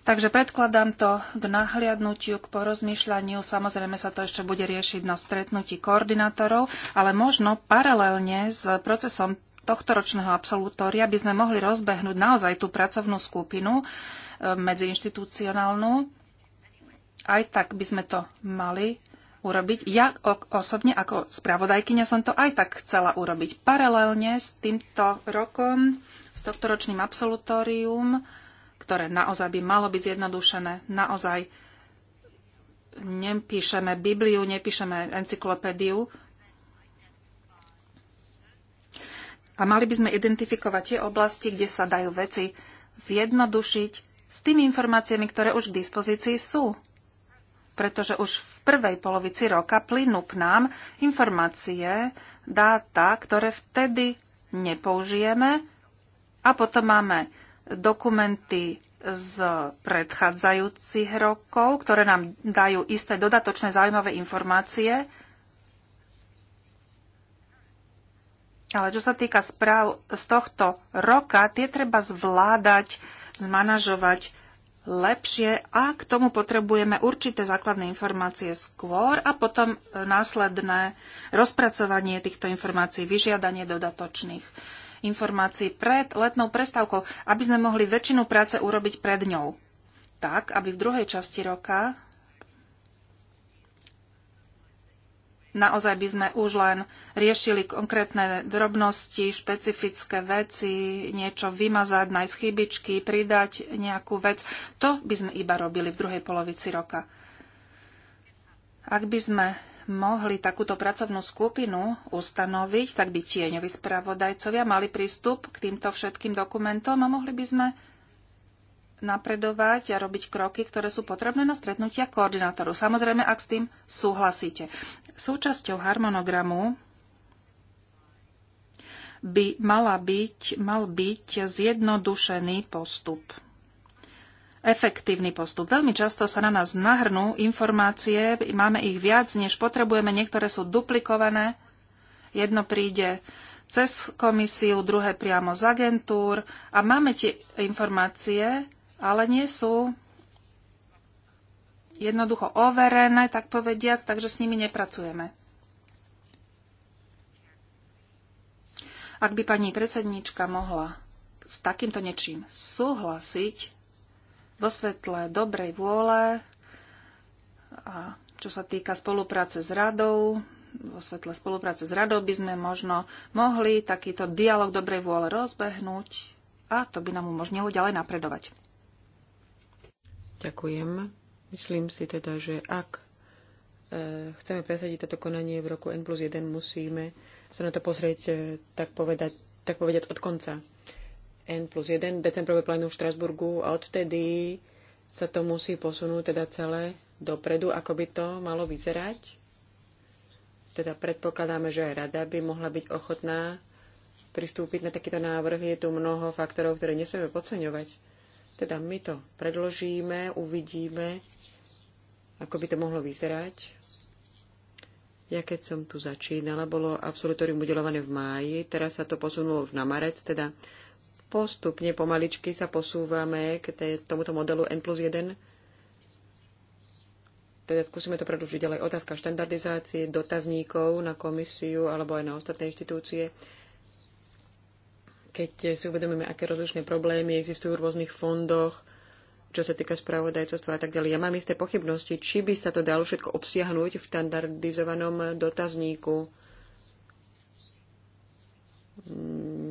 Takže predkladám to k nahliadnutiu, k porozmýšľaniu. Samozrejme sa to ešte bude riešiť na stretnutí koordinátorov, ale možno paralelne s procesom tohto ročného absolutória by sme mohli rozbehnúť naozaj tú pracovnú skupinu e, medziinštitucionálnu, aj tak by sme to mali urobiť. Ja osobne ako spravodajkyňa som to aj tak chcela urobiť. Paralelne s týmto rokom, s tohto ročným absolutórium, ktoré naozaj by malo byť zjednodušené, naozaj nepíšeme Bibliu, nepíšeme encyklopédiu. A mali by sme identifikovať tie oblasti, kde sa dajú veci zjednodušiť s tými informáciami, ktoré už k dispozícii sú pretože už v prvej polovici roka plynú k nám informácie, dáta, ktoré vtedy nepoužijeme a potom máme dokumenty z predchádzajúcich rokov, ktoré nám dajú isté dodatočné zaujímavé informácie. Ale čo sa týka správ z tohto roka, tie treba zvládať, zmanažovať lepšie a k tomu potrebujeme určité základné informácie skôr a potom e, následné rozpracovanie týchto informácií, vyžiadanie dodatočných informácií pred letnou prestávkou, aby sme mohli väčšinu práce urobiť pred ňou. Tak, aby v druhej časti roka naozaj by sme už len riešili konkrétne drobnosti, špecifické veci, niečo vymazať, nájsť chybičky, pridať nejakú vec. To by sme iba robili v druhej polovici roka. Ak by sme mohli takúto pracovnú skupinu ustanoviť, tak by tieňoví spravodajcovia mali prístup k týmto všetkým dokumentom a mohli by sme napredovať a robiť kroky, ktoré sú potrebné na stretnutia koordinátorov. Samozrejme, ak s tým súhlasíte. Súčasťou harmonogramu by mala byť, mal byť zjednodušený postup. Efektívny postup. Veľmi často sa na nás nahrnú informácie, máme ich viac, než potrebujeme, niektoré sú duplikované. Jedno príde cez komisiu, druhé priamo z agentúr a máme tie informácie ale nie sú jednoducho overené, tak povediac, takže s nimi nepracujeme. Ak by pani predsedníčka mohla s takýmto niečím súhlasiť vo svetle dobrej vôle a čo sa týka spolupráce s radou, vo svetle spolupráce s radou by sme možno mohli takýto dialog dobrej vôle rozbehnúť a to by nám umožnilo ďalej napredovať. Ďakujem. Myslím si teda, že ak e, chceme presadiť toto konanie v roku N plus 1, musíme sa na to pozrieť, e, tak povedať, tak povedať od konca. N plus 1, decembrové plénu v Štrasburgu a odtedy sa to musí posunúť teda celé dopredu, ako by to malo vyzerať. Teda predpokladáme, že aj rada by mohla byť ochotná pristúpiť na takýto návrh. Je tu mnoho faktorov, ktoré nesmieme podceňovať teda my to predložíme, uvidíme, ako by to mohlo vyzerať. Ja keď som tu začínala, bolo absolutorium udelované v máji, teraz sa to posunulo už na marec, teda postupne, pomaličky sa posúvame k tomuto modelu N plus 1. Teda skúsime to predlžiť ďalej. Otázka štandardizácie, dotazníkov na komisiu alebo aj na ostatné inštitúcie keď si uvedomíme, aké rozličné problémy existujú v rôznych fondoch, čo sa týka spravodajcovstva a tak ďalej. Ja mám isté pochybnosti, či by sa to dalo všetko obsiahnuť v štandardizovanom dotazníku.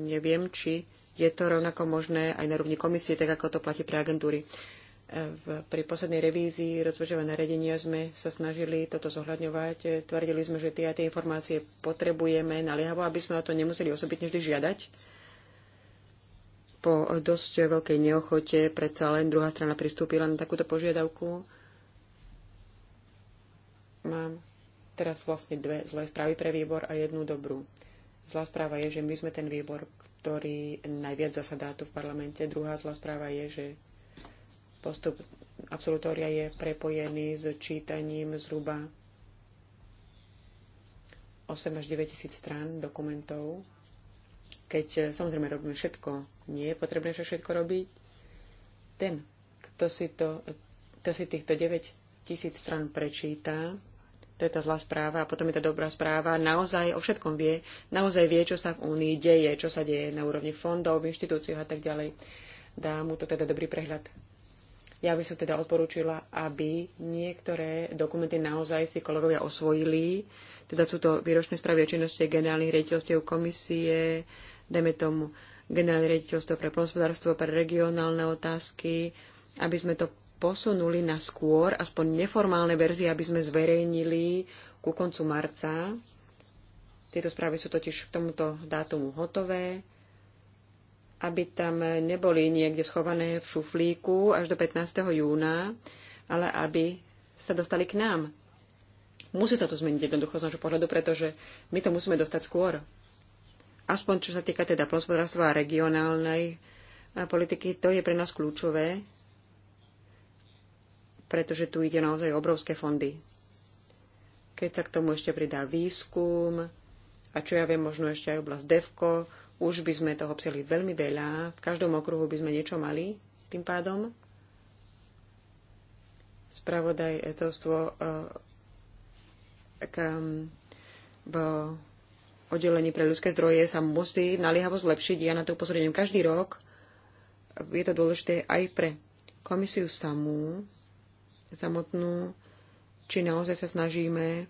Neviem, či je to rovnako možné aj na rovni komisie, tak ako to platí pre agentúry. V, pri poslednej revízii rozpočtového nariadenia sme sa snažili toto zohľadňovať. Tvrdili sme, že tie a tie informácie potrebujeme naliehavo, aby sme o to nemuseli osobitne vždy žiadať po dosť veľkej neochote predsa len druhá strana pristúpila na takúto požiadavku. Mám teraz vlastne dve zlé správy pre výbor a jednu dobrú. Zlá správa je, že my sme ten výbor, ktorý najviac zasadá tu v parlamente. Druhá zlá správa je, že postup absolutória je prepojený s čítaním zhruba 8 až 9 tisíc strán dokumentov keď e, samozrejme robíme všetko, nie je potrebné všetko robiť. Ten, kto si, to, kto si týchto 9 tisíc stran prečíta, to je tá zlá správa a potom je tá dobrá správa, naozaj o všetkom vie, naozaj vie, čo sa v Únii deje, čo sa deje na úrovni fondov, inštitúcií a tak ďalej. Dá mu to teda dobrý prehľad. Ja by som teda odporúčila, aby niektoré dokumenty naozaj si kolegovia osvojili. Teda sú to výročné správy o činnosti generálnych riaditeľstiev komisie, dajme tomu generálne riaditeľstvo pre polospodárstvo, pre regionálne otázky, aby sme to posunuli na skôr, aspoň neformálne verzie, aby sme zverejnili ku koncu marca. Tieto správy sú totiž k tomuto dátumu hotové, aby tam neboli niekde schované v šuflíku až do 15. júna, ale aby sa dostali k nám. Musí sa to zmeniť jednoducho z nášho pohľadu, pretože my to musíme dostať skôr aspoň čo sa týka teda plnospodárstva a regionálnej politiky, to je pre nás kľúčové, pretože tu ide naozaj obrovské fondy. Keď sa k tomu ešte pridá výskum a čo ja viem, možno ešte aj oblasť DEVKO, už by sme toho psali veľmi veľa. V každom okruhu by sme niečo mali tým pádom. Spravodaj etovstvo eh, k, bo oddelení pre ľudské zdroje sa musí naliehavo zlepšiť. Ja na to upozorňujem každý rok. Je to dôležité aj pre komisiu samú, samotnú, či naozaj sa snažíme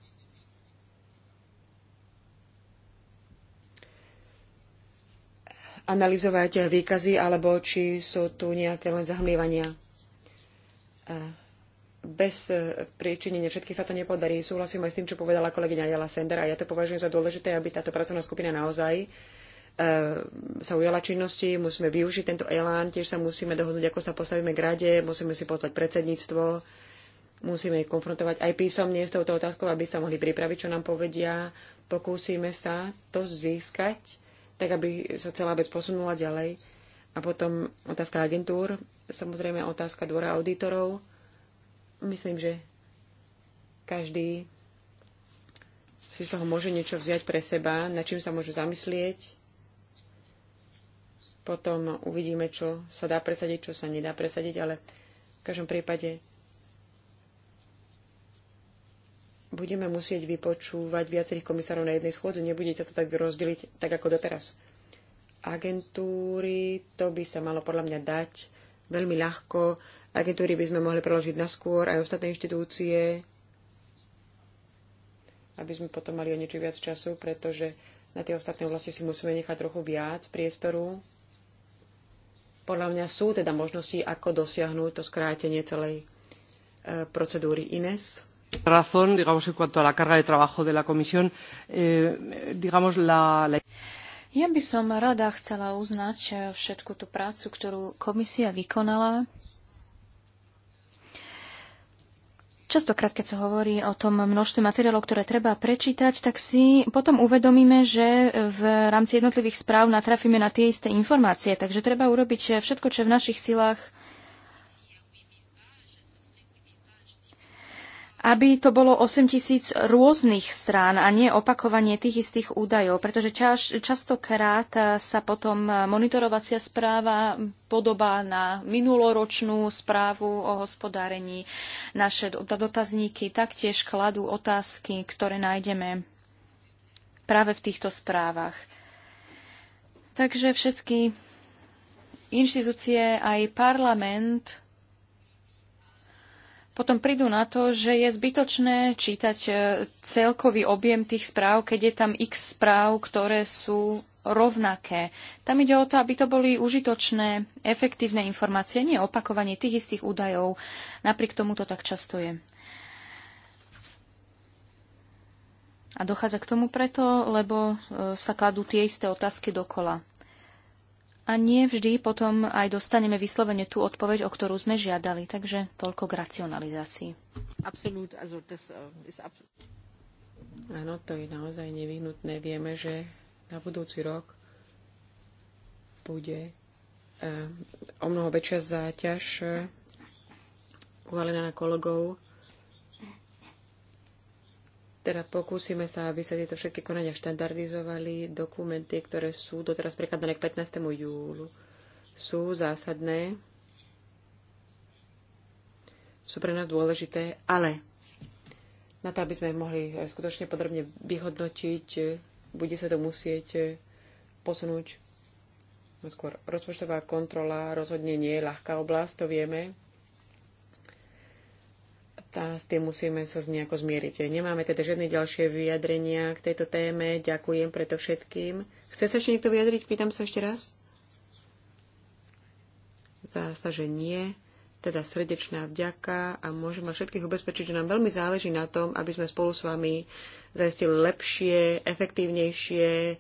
analyzovať výkazy, alebo či sú tu nejaké len zahmlievania bez e, priečinenia všetkých sa to nepodarí. Súhlasím aj s tým, čo povedala kolegyňa Jela Sender a ja to považujem za dôležité, aby táto pracovná skupina naozaj e, sa ujala činnosti, musíme využiť tento elán, tiež sa musíme dohodnúť, ako sa postavíme k rade, musíme si pozvať predsedníctvo, musíme ich konfrontovať aj písomne s touto otázkou, aby sa mohli pripraviť, čo nám povedia. Pokúsime sa to získať, tak aby sa celá vec posunula ďalej. A potom otázka agentúr, samozrejme otázka dvora auditorov Myslím, že každý si z toho môže niečo vziať pre seba, na čím sa môže zamyslieť. Potom uvidíme, čo sa dá presadiť, čo sa nedá presadiť, ale v každom prípade budeme musieť vypočúvať viacerých komisárov na jednej schôdzi. Nebudete to tak rozdeliť, tak ako doteraz. Agentúry, to by sa malo podľa mňa dať veľmi ľahko agentúry by sme mohli preložiť na skôr aj ostatné inštitúcie, aby sme potom mali o niečo viac času, pretože na tie ostatné oblasti si musíme nechať trochu viac priestoru. Podľa mňa sú teda možnosti, ako dosiahnuť to skrátenie celej e, procedúry INES. Razón, digamos, en cuanto a la carga de trabajo de la comisión, eh, digamos, la, la... Ja by som rada chcela uznať eh, všetku tú prácu, ktorú komisia vykonala Častokrát, keď sa hovorí o tom množstve materiálov, ktoré treba prečítať, tak si potom uvedomíme, že v rámci jednotlivých správ natrafíme na tie isté informácie. Takže treba urobiť všetko, čo je v našich silách, aby to bolo 8 tisíc rôznych strán a nie opakovanie tých istých údajov, pretože čas, častokrát eh, sa potom eh, monitorovacia správa podobá na minuloročnú správu o hospodárení. Naše dotazníky taktiež kladú otázky, ktoré nájdeme práve v týchto správach. Takže všetky inštitúcie aj parlament potom prídu na to, že je zbytočné čítať e, celkový objem tých správ, keď je tam x správ, ktoré sú rovnaké. Tam ide o to, aby to boli užitočné, efektívne informácie, nie opakovanie tých istých údajov. Napriek tomu to tak často je. A dochádza k tomu preto, lebo e, sa kladú tie isté otázky dokola a nie vždy potom aj dostaneme vyslovene tú odpoveď, o ktorú sme žiadali. Takže toľko k racionalizácii. Absolut, also das ähm, ist ab... Áno, to je naozaj nevyhnutné. Vieme, že na budúci rok bude ehm, o mnoho väčšia záťaž e, uvalená na kolegov teda pokúsime sa, aby sa tieto všetky konania štandardizovali. Dokumenty, ktoré sú doteraz prekladané k 15. júlu, sú zásadné, sú pre nás dôležité, ale na to, aby sme mohli skutočne podrobne vyhodnotiť, bude sa to musieť posunúť no skôr. Rozpočtová kontrola rozhodne nie je ľahká oblasť, to vieme tá, s tým musíme sa nejako zmieriť. Nemáme teda žiadne ďalšie vyjadrenia k tejto téme. Ďakujem preto všetkým. Chce sa ešte niekto vyjadriť? Pýtam sa ešte raz. Zdá sa, že nie. Teda srdečná vďaka a môžem vás všetkých ubezpečiť, že nám veľmi záleží na tom, aby sme spolu s vami zaistili lepšie, efektívnejšie,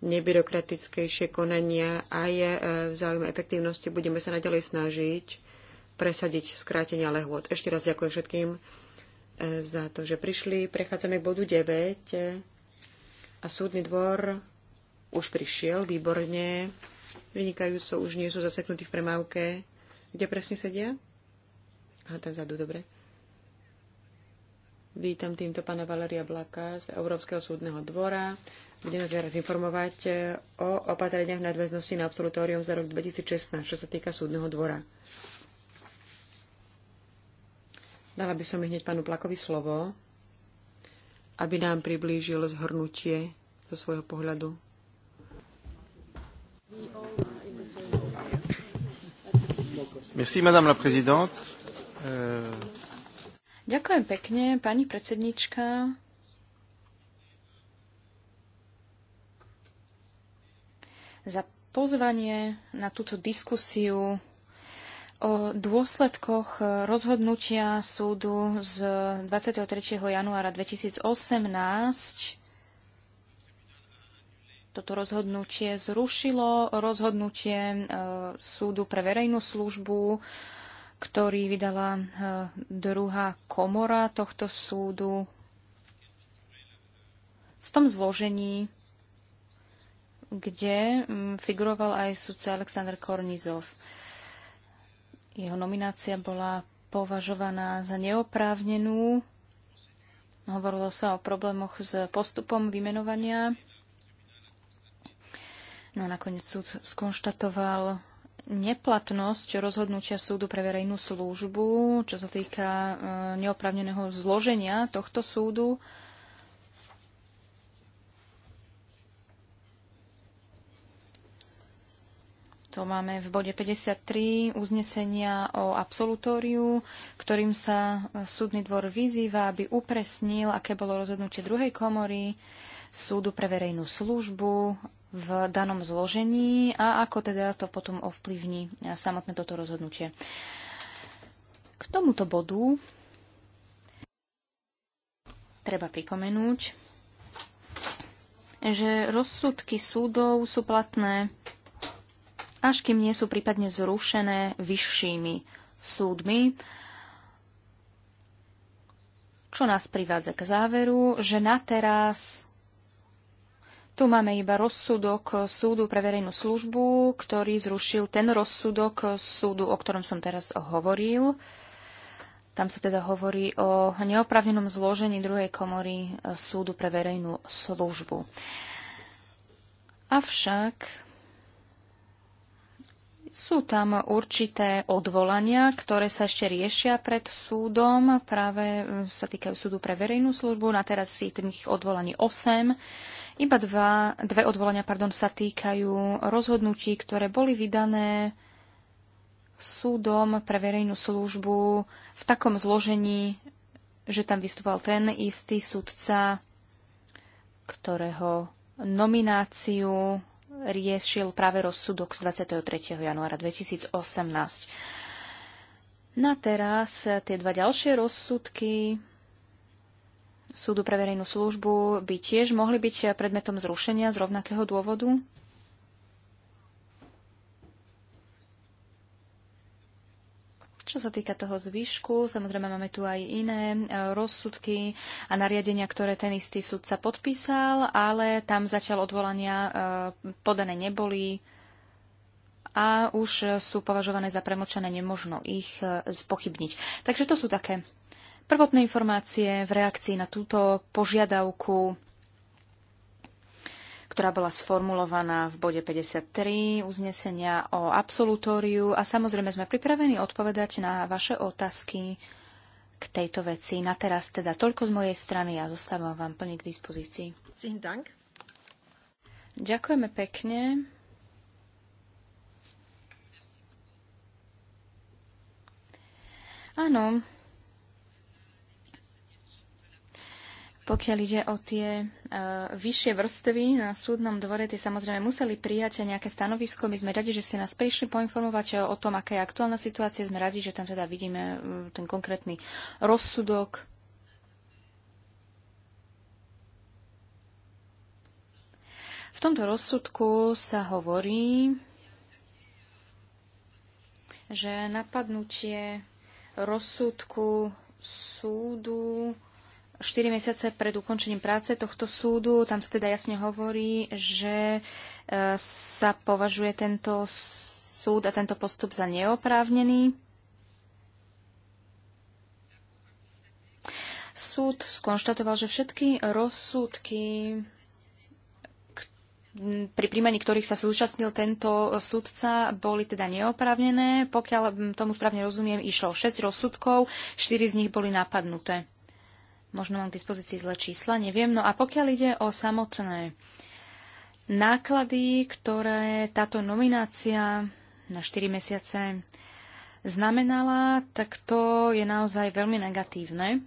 nebyrokratickejšie konania a je e, v záujme efektívnosti. Budeme sa naďalej snažiť presadiť skrátenia lehôd. Ešte raz ďakujem všetkým eh, za to, že prišli. Prechádzame k bodu 9 a súdny dvor už prišiel, výborne, vynikajúco, už nie sú zaseknutí v premávke. Kde presne sedia? Aha, tam zadu, dobre. Vítam týmto pána Valeria Blaka z Európskeho súdneho dvora. Bude nás teraz informovať eh, o opatreniach nadväznosti na absolutórium za rok 2016, čo sa týka súdneho dvora. Dala by som hneď pánu Plakovi slovo, aby nám priblížil zhrnutie zo svojho pohľadu. Merci, madame la présidente. Euh, Ďakujem pekne, pani predsednička. Za pozvanie na túto diskusiu o dôsledkoch e, rozhodnutia súdu z 23. januára 2018. Toto rozhodnutie zrušilo rozhodnutie e, súdu pre verejnú službu, ktorý vydala e, druhá komora tohto súdu v tom zložení, kde figuroval aj sudca Aleksandr Kornizov. Jeho nominácia bola považovaná za neoprávnenú. Hovorilo sa o problémoch s postupom vymenovania. No a nakoniec súd skonštatoval neplatnosť rozhodnutia súdu pre verejnú službu, čo sa týka e, neoprávneného zloženia tohto súdu. To máme v bode 53 uznesenia o absolutóriu, ktorým sa e, súdny dvor vyzýva, aby upresnil, aké bolo rozhodnutie druhej komory súdu pre verejnú službu v danom zložení a ako teda to potom ovplyvní e, samotné toto rozhodnutie. K tomuto bodu treba pripomenúť, že rozsudky súdov sú platné až kým nie sú prípadne zrušené vyššími súdmi, čo nás privádza k záveru, že na teraz tu máme iba rozsudok súdu pre verejnú službu, ktorý zrušil ten rozsudok súdu, o ktorom som teraz hovoril. Tam sa teda hovorí o neoprávnenom zložení druhej komory e, súdu pre verejnú službu. Avšak sú tam určité odvolania, ktoré sa ešte riešia pred súdom, práve eh, sa týkajú súdu pre verejnú službu, na teraz si tých odvolaní 8. Iba dva, dve odvolania pardon, sa týkajú rozhodnutí, ktoré boli vydané súdom pre verejnú službu v takom zložení, že tam vystupoval ten istý súdca, ktorého nomináciu riešil práve rozsudok z 23. januára 2018. Na teraz tie dva ďalšie rozsudky súdu pre verejnú službu by tiež mohli byť predmetom zrušenia z rovnakého dôvodu? Čo sa týka toho zvyšku, samozrejme máme tu aj iné e, rozsudky a nariadenia, ktoré ten istý sudca podpísal, ale tam zatiaľ odvolania e, podané neboli a už sú považované za premočené, nemožno ich e, spochybniť. Takže to sú také prvotné informácie v reakcii na túto požiadavku ktorá bola sformulovaná v bode 53 uznesenia o absolutóriu a samozrejme sme pripravení odpovedať na vaše otázky k tejto veci. Na teraz teda toľko z mojej strany a ja zostávam vám plne k dispozícii. Ďakujeme pekne. Áno, Pokiaľ ide o tie uh, vyššie vrstvy na súdnom dvore, tie samozrejme museli prijať nejaké stanovisko. My sme radi, že ste nás prišli poinformovať o tom, aká je aktuálna situácia. Sme radi, že tam teda vidíme e, ten konkrétny rozsudok. V tomto rozsudku sa hovorí, že napadnutie rozsudku súdu 4 mesiace pred ukončením práce tohto súdu. Tam sa teda jasne hovorí, že e, sa považuje tento súd a tento postup za neoprávnený. Súd skonštatoval, že všetky rozsudky pri príjmaní ktorých sa súčasnil tento sudca, boli teda neoprávnené. Pokiaľ tomu správne rozumiem, išlo 6 rozsudkov, 4 z nich boli napadnuté. Možno mám k dispozícii zle čísla, neviem. No a pokiaľ ide o samotné náklady, ktoré táto nominácia na 4 mesiace znamenala, tak to je naozaj veľmi negatívne.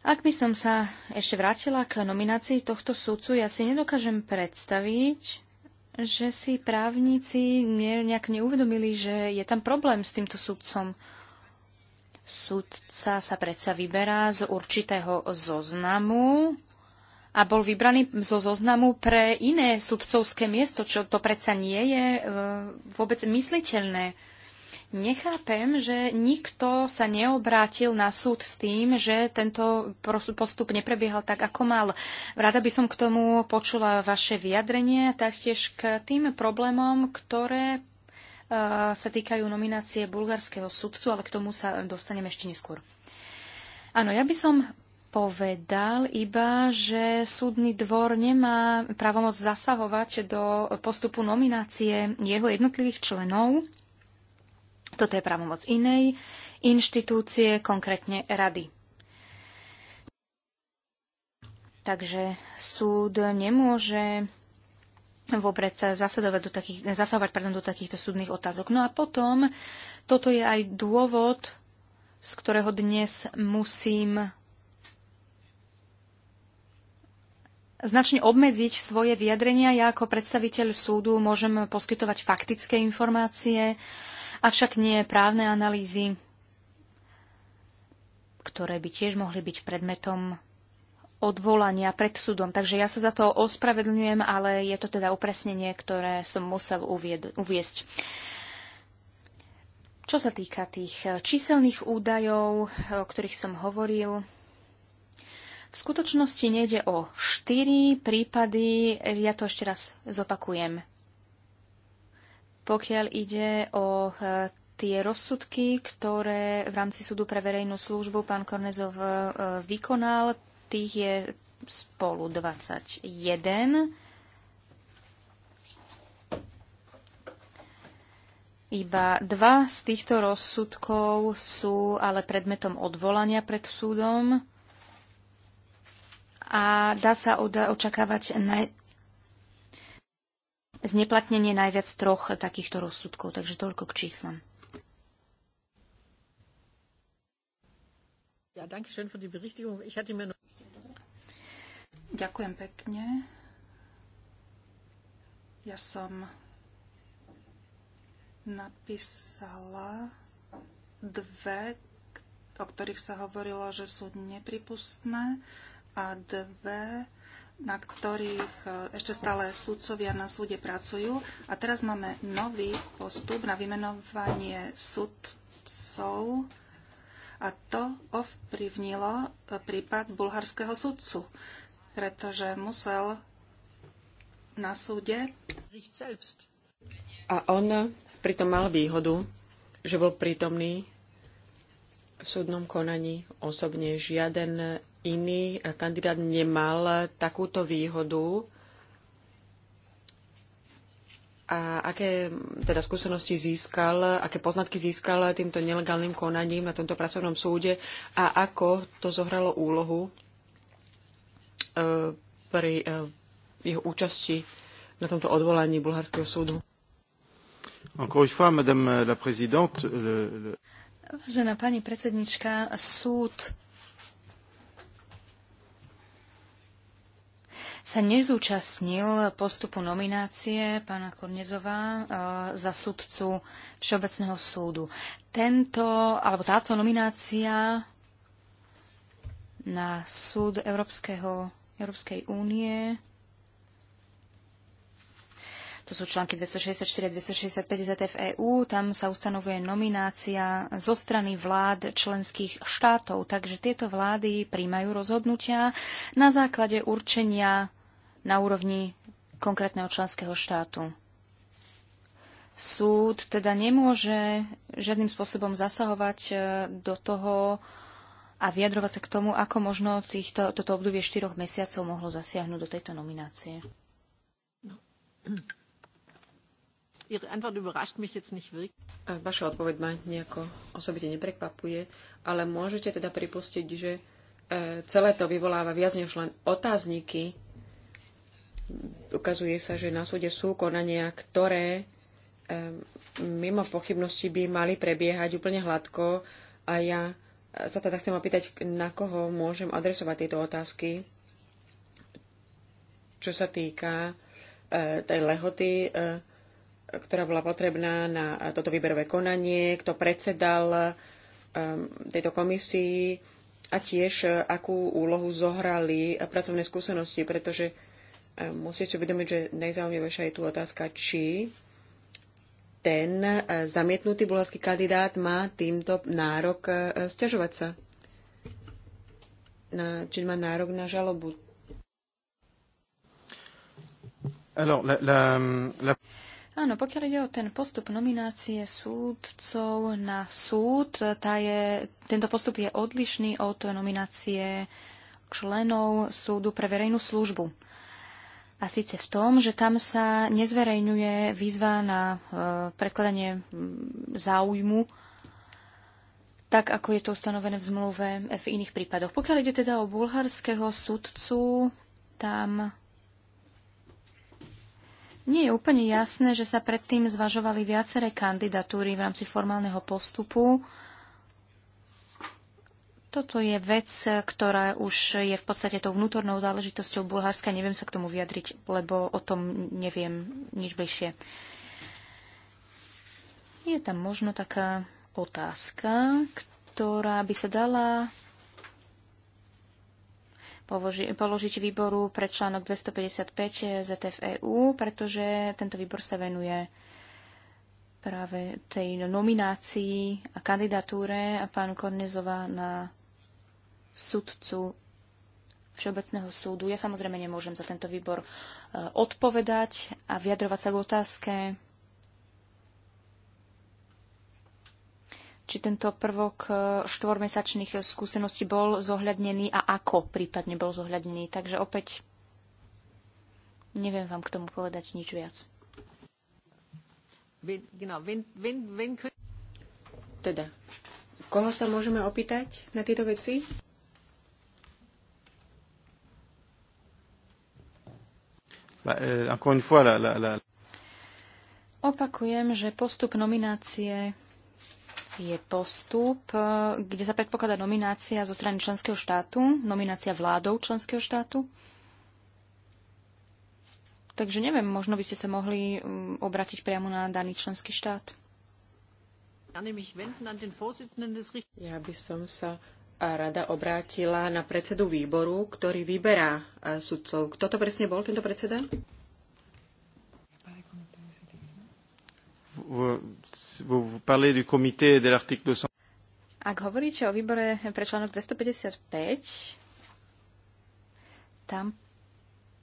Ak by som sa ešte vrátila k nominácii tohto sudcu, ja si nedokážem predstaviť, že si právnici nejak neuvedomili, že je tam problém s týmto sudcom. Súdca sa predsa vyberá z určitého zoznamu a bol vybraný zo zoznamu pre iné sudcovské miesto, čo to predsa nie je e, vôbec mysliteľné. Nechápem, že nikto sa neobrátil na súd s tým, že tento postup neprebiehal tak, ako mal. Rada by som k tomu počula vaše vyjadrenie, taktiež k tým problémom, ktoré sa týkajú nominácie bulgarského sudcu, ale k tomu sa dostaneme ešte neskôr. Áno, ja by som povedal iba, že súdny dvor nemá právomoc zasahovať do postupu nominácie jeho jednotlivých členov. Toto je právomoc inej inštitúcie, konkrétne rady. Takže súd nemôže vopred zasadovať do, takých, zasahovať, pardon, do takýchto súdnych otázok. No a potom, toto je aj dôvod, z ktorého dnes musím značne obmedziť svoje vyjadrenia. Ja ako predstaviteľ súdu môžem poskytovať faktické informácie, avšak nie právne analýzy, ktoré by tiež mohli byť predmetom odvolania pred súdom. Takže ja sa za to ospravedlňujem, ale je to teda upresnenie, ktoré som musel uvied- uviesť. Čo sa týka tých eh, číselných údajov, eh, o ktorých som hovoril, v skutočnosti nejde o štyri prípady, ja to ešte raz zopakujem. Pokiaľ ide o eh, tie rozsudky, ktoré v rámci súdu pre verejnú službu pán Kornezov vykonal, tých je spolu 21. Iba dva z týchto rozsudkov sú ale predmetom odvolania pred súdom a dá sa očakávať naj... zneplatnenie najviac troch takýchto rozsudkov. Takže toľko k číslam. danke schön für die Berichtigung. Ich hatte mir noch... Ďakujem pekne. Ja som napísala dve, o ktorých sa hovorilo, že sú nepripustné a dve, na ktorých e, ešte stále sudcovia na súde pracujú. A teraz máme nový postup na vymenovanie sudcov a to ovplyvnilo prípad bulharského sudcu, pretože musel na súde. A on pritom mal výhodu, že bol prítomný v súdnom konaní osobne. Žiaden iný kandidát nemal takúto výhodu a aké teda skúsenosti získal, aké poznatky získal týmto nelegálnym konaním na tomto pracovnom súde a ako to zohralo úlohu e, pri e, jeho účasti na tomto odvolaní bulharského súdu? Vážená pani predsednička, súd sa nezúčastnil postupu nominácie pána Kornezová e, za sudcu Všeobecného súdu. Tento, alebo táto nominácia na súd Európskeho, Európskej únie to sú články 264 a 265 ZFEU, tam sa ustanovuje nominácia zo strany vlád členských štátov, takže tieto vlády príjmajú rozhodnutia na základe určenia na úrovni konkrétneho členského štátu. Súd teda nemôže žiadnym spôsobom zasahovať e, do toho, a vyjadrovať sa k tomu, ako možno týchto, toto obdobie štyroch mesiacov mohlo zasiahnuť do tejto nominácie. No. Ihre Antwort überrascht mich jetzt nicht wirklich. Vaša odpoveď ma nejako osobite neprekvapuje, ale môžete teda pripustiť, že e, celé to vyvoláva viac než len otázniky. Ukazuje sa, že na súde sú konania, ktoré e, mimo pochybnosti by mali prebiehať úplne hladko a ja e, sa teda chcem opýtať, na koho môžem adresovať tieto otázky, čo sa týka tej lehoty, ktorá bola potrebná na toto výberové konanie, kto predsedal ehm, tejto komisii a tiež e, akú úlohu zohrali pracovné skúsenosti, pretože e, musíte si uvedomiť, že najzaujímavejšia je tu otázka, či ten e, zamietnutý bulharský kandidát má týmto nárok stiažovať sa. Na, či má nárok na žalobu. Alors, la, la, la... Áno, pokiaľ ide o ten postup nominácie súdcov na súd, tá je, tento postup je odlišný od nominácie členov súdu pre verejnú službu. A síce v tom, že tam sa nezverejňuje výzva na e, predkladanie záujmu tak, ako je to ustanovené v zmluve v iných prípadoch. Pokiaľ ide teda o bulharského sudcu, tam nie je úplne jasné, že sa predtým zvažovali viaceré kandidatúry v rámci formálneho postupu. Toto je vec, ktorá už je v podstate tou vnútornou záležitosťou Bulharska. Neviem sa k tomu vyjadriť, lebo o tom neviem nič bližšie. Je tam možno taká otázka, ktorá by sa dala položiť výboru pre článok 255 ZFEU, pretože tento výbor sa venuje práve tej nominácii a kandidatúre a pán Kornezová na sudcu Všeobecného súdu. Ja samozrejme nemôžem za tento výbor eh, odpovedať a vyjadrovať sa k otázke, či tento prvok e, štvormesačných skúseností bol zohľadnený a ako prípadne bol zohľadnený. Takže opäť neviem vám k tomu povedať nič viac. Teda, koho sa môžeme opýtať na tieto veci? Euh, Opakujem, že postup nominácie je postup, e, kde sa predpokladá nominácia zo strany členského štátu, nominácia vládou členského štátu. Takže neviem, možno by ste sa mohli obratiť priamo na daný členský štát. Ja by som sa rada obrátila na predsedu výboru, ktorý vyberá sudcov. Kto to presne bol, tento predseda? Ak hovoríte o výbore pre článok 255, tam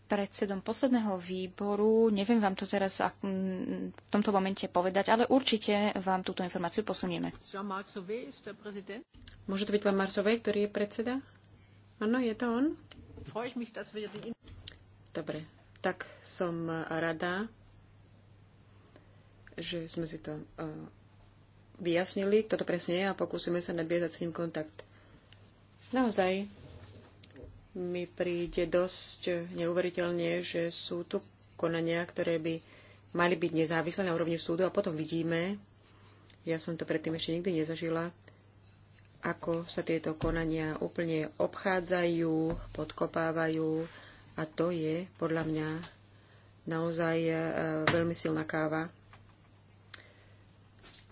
predsedom posledného výboru, neviem vám to teraz v tomto momente povedať, ale určite vám túto informáciu posunieme. Môže to byť pán Marcovej, ktorý je predseda? Áno, je to on? Dobre, tak som rada, že sme si to eh, vyjasnili, kto to presne je a pokúsime sa nadviazať s ním kontakt. Naozaj mi príde dosť neuveriteľne, že sú tu konania, ktoré by mali byť nezávislé na úrovni súdu a potom vidíme, ja som to predtým ešte nikdy nezažila, ako sa tieto konania úplne obchádzajú, podkopávajú a to je podľa mňa naozaj eh, veľmi silná káva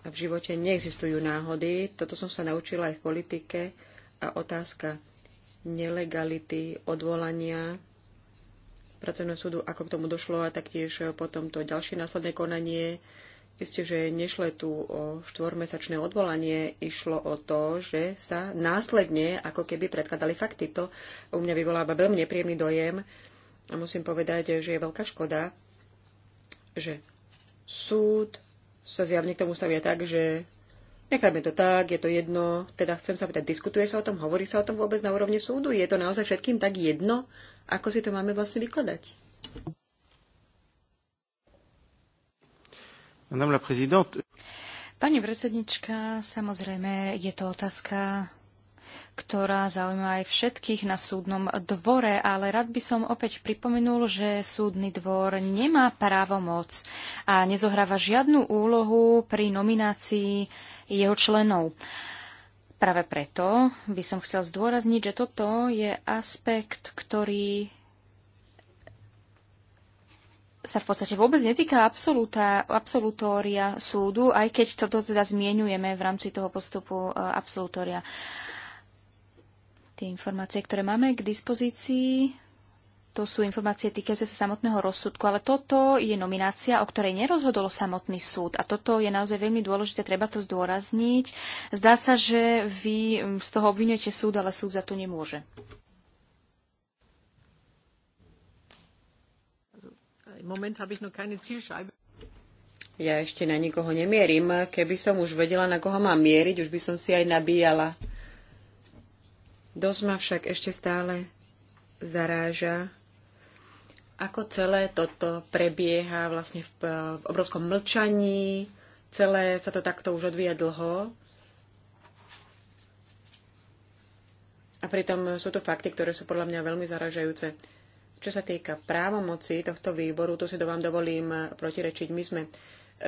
a v živote neexistujú náhody. Toto som sa naučila aj v politike a otázka nelegality, odvolania pracovného súdu, ako k tomu došlo a taktiež potom to ďalšie následné konanie. Isté, že nešle tu o štvormesačné odvolanie, išlo o to, že sa následne ako keby predkladali fakty. To u mňa vyvoláva veľmi nepríjemný dojem a musím povedať, že je veľká škoda, že súd sa zjavne k tomu stavia tak, že necháme to tak, je to jedno. Teda chcem sa pýtať, diskutuje sa o tom, hovorí sa o tom vôbec na úrovni súdu? Je to naozaj všetkým tak jedno? Ako si to máme vlastne vykladať? Madame la Pani predsednička, samozrejme, je to otázka ktorá zaujíma aj všetkých na súdnom dvore, ale rád by som opäť pripomenul, že súdny dvor nemá právomoc a nezohráva žiadnu úlohu pri nominácii jeho členov. Práve preto by som chcel zdôrazniť, že toto je aspekt, ktorý sa v podstate vôbec netýka absolúta, absolutória súdu, aj keď toto teda zmienujeme v rámci toho postupu e, absolutória. Tie informácie, ktoré máme k dispozícii, to sú informácie týkajúce sa samotného rozsudku, ale toto je nominácia, o ktorej nerozhodol samotný súd. A toto je naozaj veľmi dôležité, treba to zdôrazniť. Zdá sa, že vy z toho obvinujete súd, ale súd za to nemôže. Ja ešte na nikoho nemierim. Keby som už vedela, na koho mám mieriť, už by som si aj nabíjala. Dosť ma však ešte stále zaráža, ako celé toto prebieha vlastne v, v obrovskom mlčaní, celé sa to takto už odvíja dlho. A pritom sú to fakty, ktoré sú podľa mňa veľmi zaražajúce. Čo sa týka právomoci tohto výboru, tu si do vám dovolím protirečiť. My sme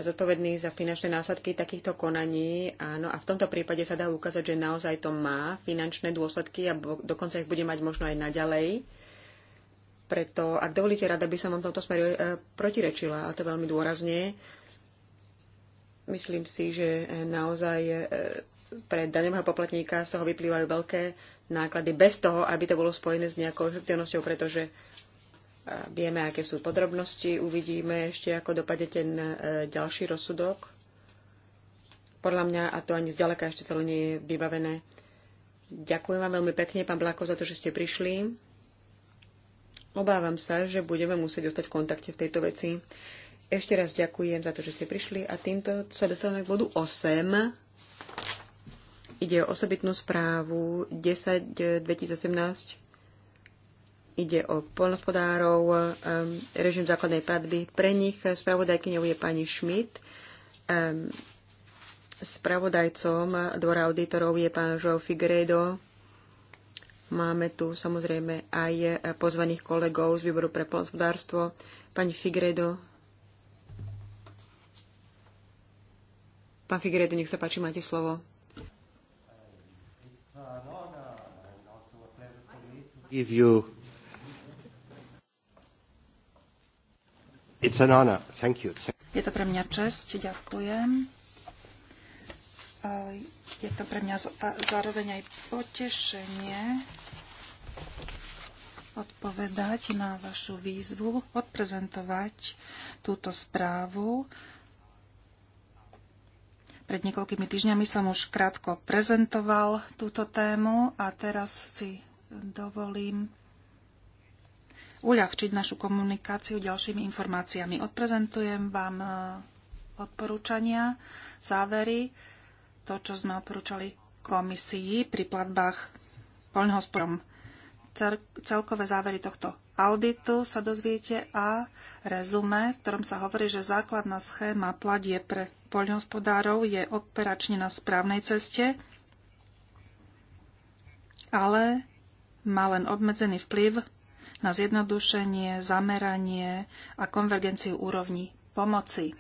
zodpovedný za finančné následky takýchto konaní. Áno, a v tomto prípade sa dá ukázať, že naozaj to má finančné dôsledky a dokonca ich bude mať možno aj naďalej. Preto, ak dovolíte, rada by som vám v tomto smeru e, protirečila, a to veľmi dôrazne. Myslím si, že e, naozaj e, pre daňového poplatníka z toho vyplývajú veľké náklady bez toho, aby to bolo spojené s nejakou efektivnosťou, pretože Vieme, aké sú podrobnosti, uvidíme ešte, ako dopadne ten e, ďalší rozsudok. Podľa mňa, a to ani zďaleka ešte celé nie je vybavené. Ďakujem vám veľmi pekne, pán Blako, za to, že ste prišli. Obávam sa, že budeme musieť ostať v kontakte v tejto veci. Ešte raz ďakujem za to, že ste prišli a týmto sa dostávame k bodu 8. Ide o osobitnú správu 10 2018 ide o polnospodárov, um, režim základnej platby. Pre nich spravodajkyňou je pani Schmidt, um, spravodajcom dvora auditorov je pán João Figredo. Máme tu samozrejme aj pozvaných kolegov z výboru pre polnospodárstvo. Pani Figredo. Pán Figredo, nech sa páči, máte slovo. Give you It's an honor. Thank you. Je to pre mňa čest, ďakujem. Je to pre mňa zároveň aj potešenie odpovedať na vašu výzvu, odprezentovať túto správu. Pred niekoľkými týždňami som už krátko prezentoval túto tému a teraz si dovolím uľahčiť našu komunikáciu ďalšími informáciami. Odprezentujem vám e, odporúčania, závery, to, čo sme odporúčali komisii pri platbách poľnohospodom. Celkové závery tohto auditu sa dozviete a rezume, v ktorom sa hovorí, že základná schéma platie pre poľnohospodárov je operačne na správnej ceste, ale má len obmedzený vplyv na zjednodušenie, zameranie a konvergenciu úrovní pomoci.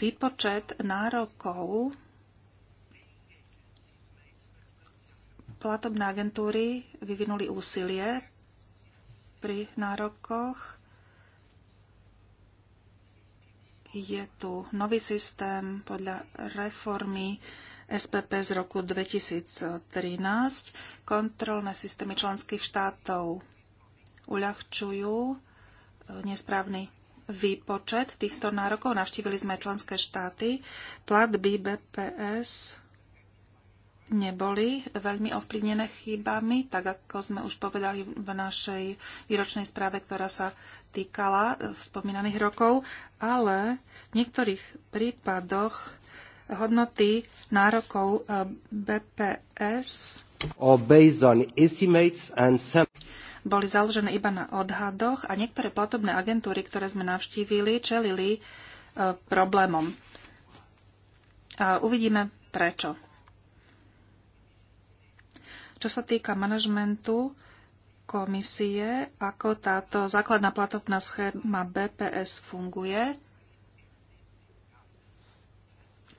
Výpočet nárokov platobné agentúry vyvinuli úsilie pri nárokoch. Je tu nový systém podľa reformy SPP z roku 2013, kontrolné systémy členských štátov uľahčujú eh, nesprávny výpočet týchto nárokov. Navštívili sme členské štáty. Platby BPS neboli veľmi ovplyvnené chybami, tak ako sme už povedali v našej výročnej správe, ktorá sa týkala eh, spomínaných rokov, ale v niektorých prípadoch hodnoty nárokov e, BPS boli založené iba na odhadoch a niektoré platobné agentúry, ktoré sme navštívili, čelili e, problémom. A uvidíme prečo. Čo sa týka manažmentu komisie, ako táto základná platobná schéma BPS funguje,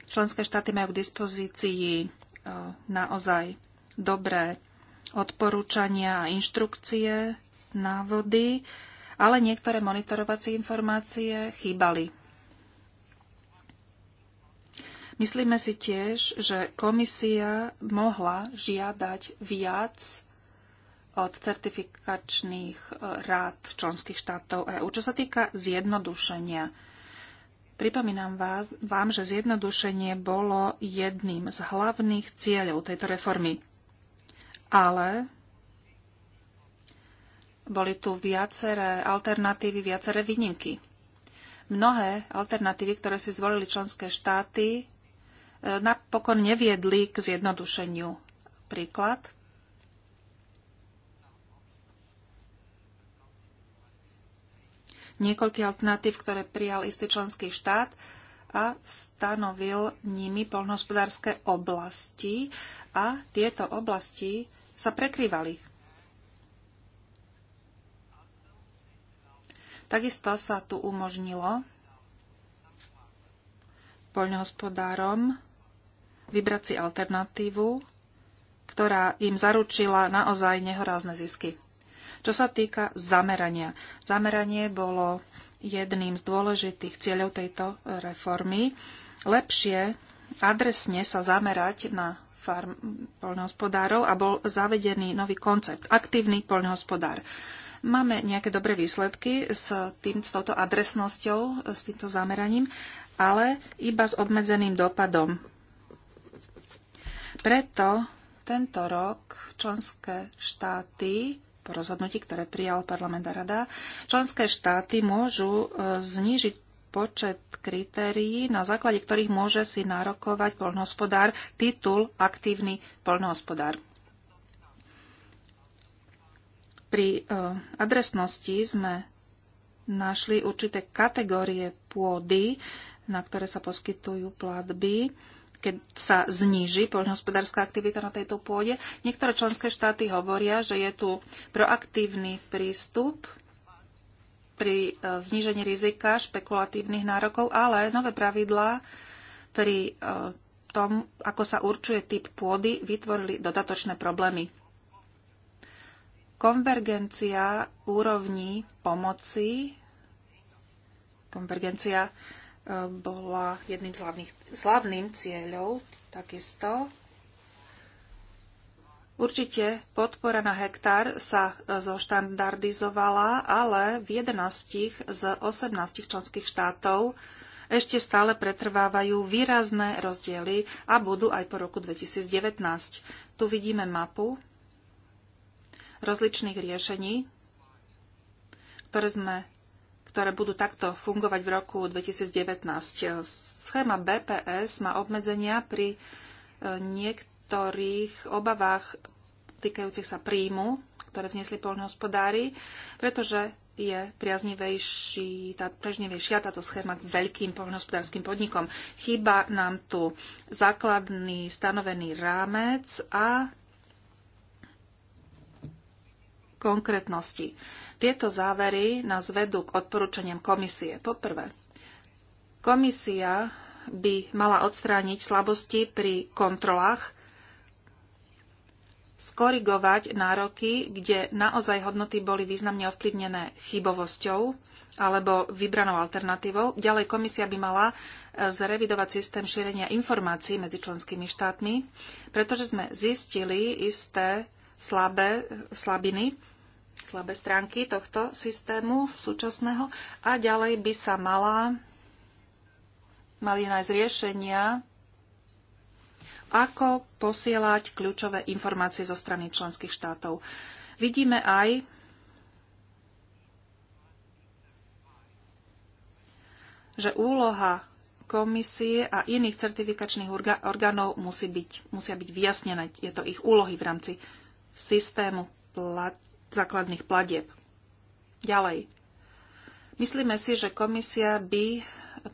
Členské štáty majú k dispozícii e, naozaj dobré odporúčania a inštrukcie, návody, ale niektoré monitorovacie informácie chýbali. Myslíme si tiež, že komisia mohla žiadať viac od certifikačných e, rád členských štátov EÚ. Čo sa týka zjednodušenia, Pripomínam vás, vám, že zjednodušenie bolo jedným z hlavných cieľov tejto reformy. Ale boli tu viaceré alternatívy, viaceré výnimky. Mnohé alternatívy, ktoré si zvolili členské štáty, eh, napokon neviedli k zjednodušeniu. Príklad. niekoľkých alternatív, ktoré prijal istý členský štát a stanovil nimi polnohospodárske oblasti a tieto oblasti sa prekrývali. Takisto sa tu umožnilo poľnohospodárom vybrať si alternatívu, ktorá im zaručila naozaj nehorázne zisky. Čo sa týka zamerania. Zameranie bolo jedným z dôležitých cieľov tejto e, reformy. Lepšie adresne sa zamerať na farm poľnohospodárov a bol zavedený nový koncept aktívny poľnohospodár. Máme nejaké dobré výsledky s, tým, s touto adresnosťou, e, s týmto zameraním, ale iba s obmedzeným dopadom. Preto tento rok členské štáty rozhodnutí, ktoré prijal parlament a rada, členské štáty môžu e, znížiť počet kritérií, na základe ktorých môže si nárokovať poľnohospodár titul aktívny poľnohospodár. Pri e, adresnosti sme našli určité kategórie pôdy, na ktoré sa poskytujú platby keď sa zníži poľnohospodárska aktivita na tejto pôde. Niektoré členské štáty hovoria, že je tu proaktívny prístup pri e, znížení rizika špekulatívnych nárokov, ale nové pravidlá pri e, tom, ako sa určuje typ pôdy, vytvorili dodatočné problémy. Konvergencia úrovní pomoci, konvergencia bola jedným z, hlavných, z hlavným cieľov takisto. Určite podpora na hektár sa e, zoštandardizovala, ale v 11 z 18 členských štátov ešte stále pretrvávajú výrazné rozdiely a budú aj po roku 2019. Tu vidíme mapu rozličných riešení, ktoré sme ktoré budú takto fungovať v roku 2019. Schéma BPS má obmedzenia pri e, niektorých obavách týkajúcich sa príjmu, ktoré vniesli poľnohospodári, pretože je priaznivejší, tá, priaznivejšia táto schéma k veľkým poľnohospodárským podnikom. Chýba nám tu základný stanovený rámec a konkrétnosti. Tieto závery nás vedú k odporúčaniam komisie. Poprvé, komisia by mala odstrániť slabosti pri kontrolách, skorigovať nároky, kde naozaj hodnoty boli významne ovplyvnené chybovosťou alebo vybranou alternatívou. Ďalej komisia by mala e, zrevidovať systém šírenia informácií medzi členskými štátmi, pretože sme zistili isté slabé, e, slabiny slabé stránky tohto systému súčasného a ďalej by sa mala, mali nájsť riešenia, ako posielať kľúčové informácie zo strany členských štátov. Vidíme aj, že úloha komisie a iných certifikačných orgánov musí byť, musia byť vyjasnené. Je to ich úlohy v rámci systému plat, základných platieb. Ďalej. Myslíme si, že komisia by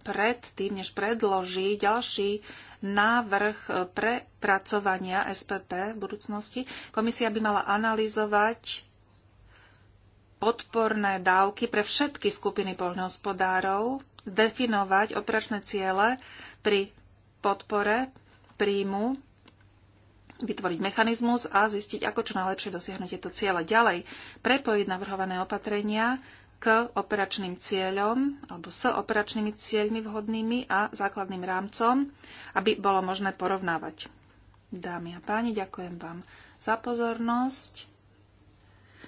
predtým, než predloží ďalší návrh prepracovania SPP v budúcnosti, komisia by mala analyzovať podporné dávky pre všetky skupiny poľnohospodárov, definovať operačné ciele pri podpore príjmu vytvoriť mechanizmus a zistiť, ako čo najlepšie dosiahnuť tieto ciele. Ďalej, prepojiť navrhované opatrenia k operačným cieľom alebo s operačnými cieľmi vhodnými a základným rámcom, aby bolo možné porovnávať. Dámy a páni, ďakujem vám za pozornosť.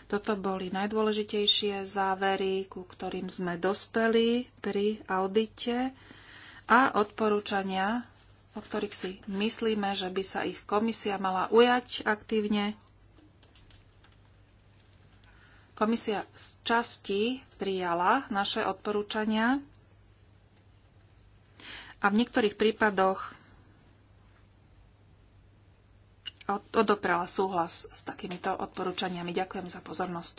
Toto boli najdôležitejšie závery, ku ktorým sme dospeli pri audite a odporúčania o ktorých si myslíme, že by sa ich komisia mala ujať aktívne. Komisia z časti prijala naše odporúčania a v niektorých prípadoch odoprala súhlas s takýmito odporúčaniami. Ďakujem za pozornosť.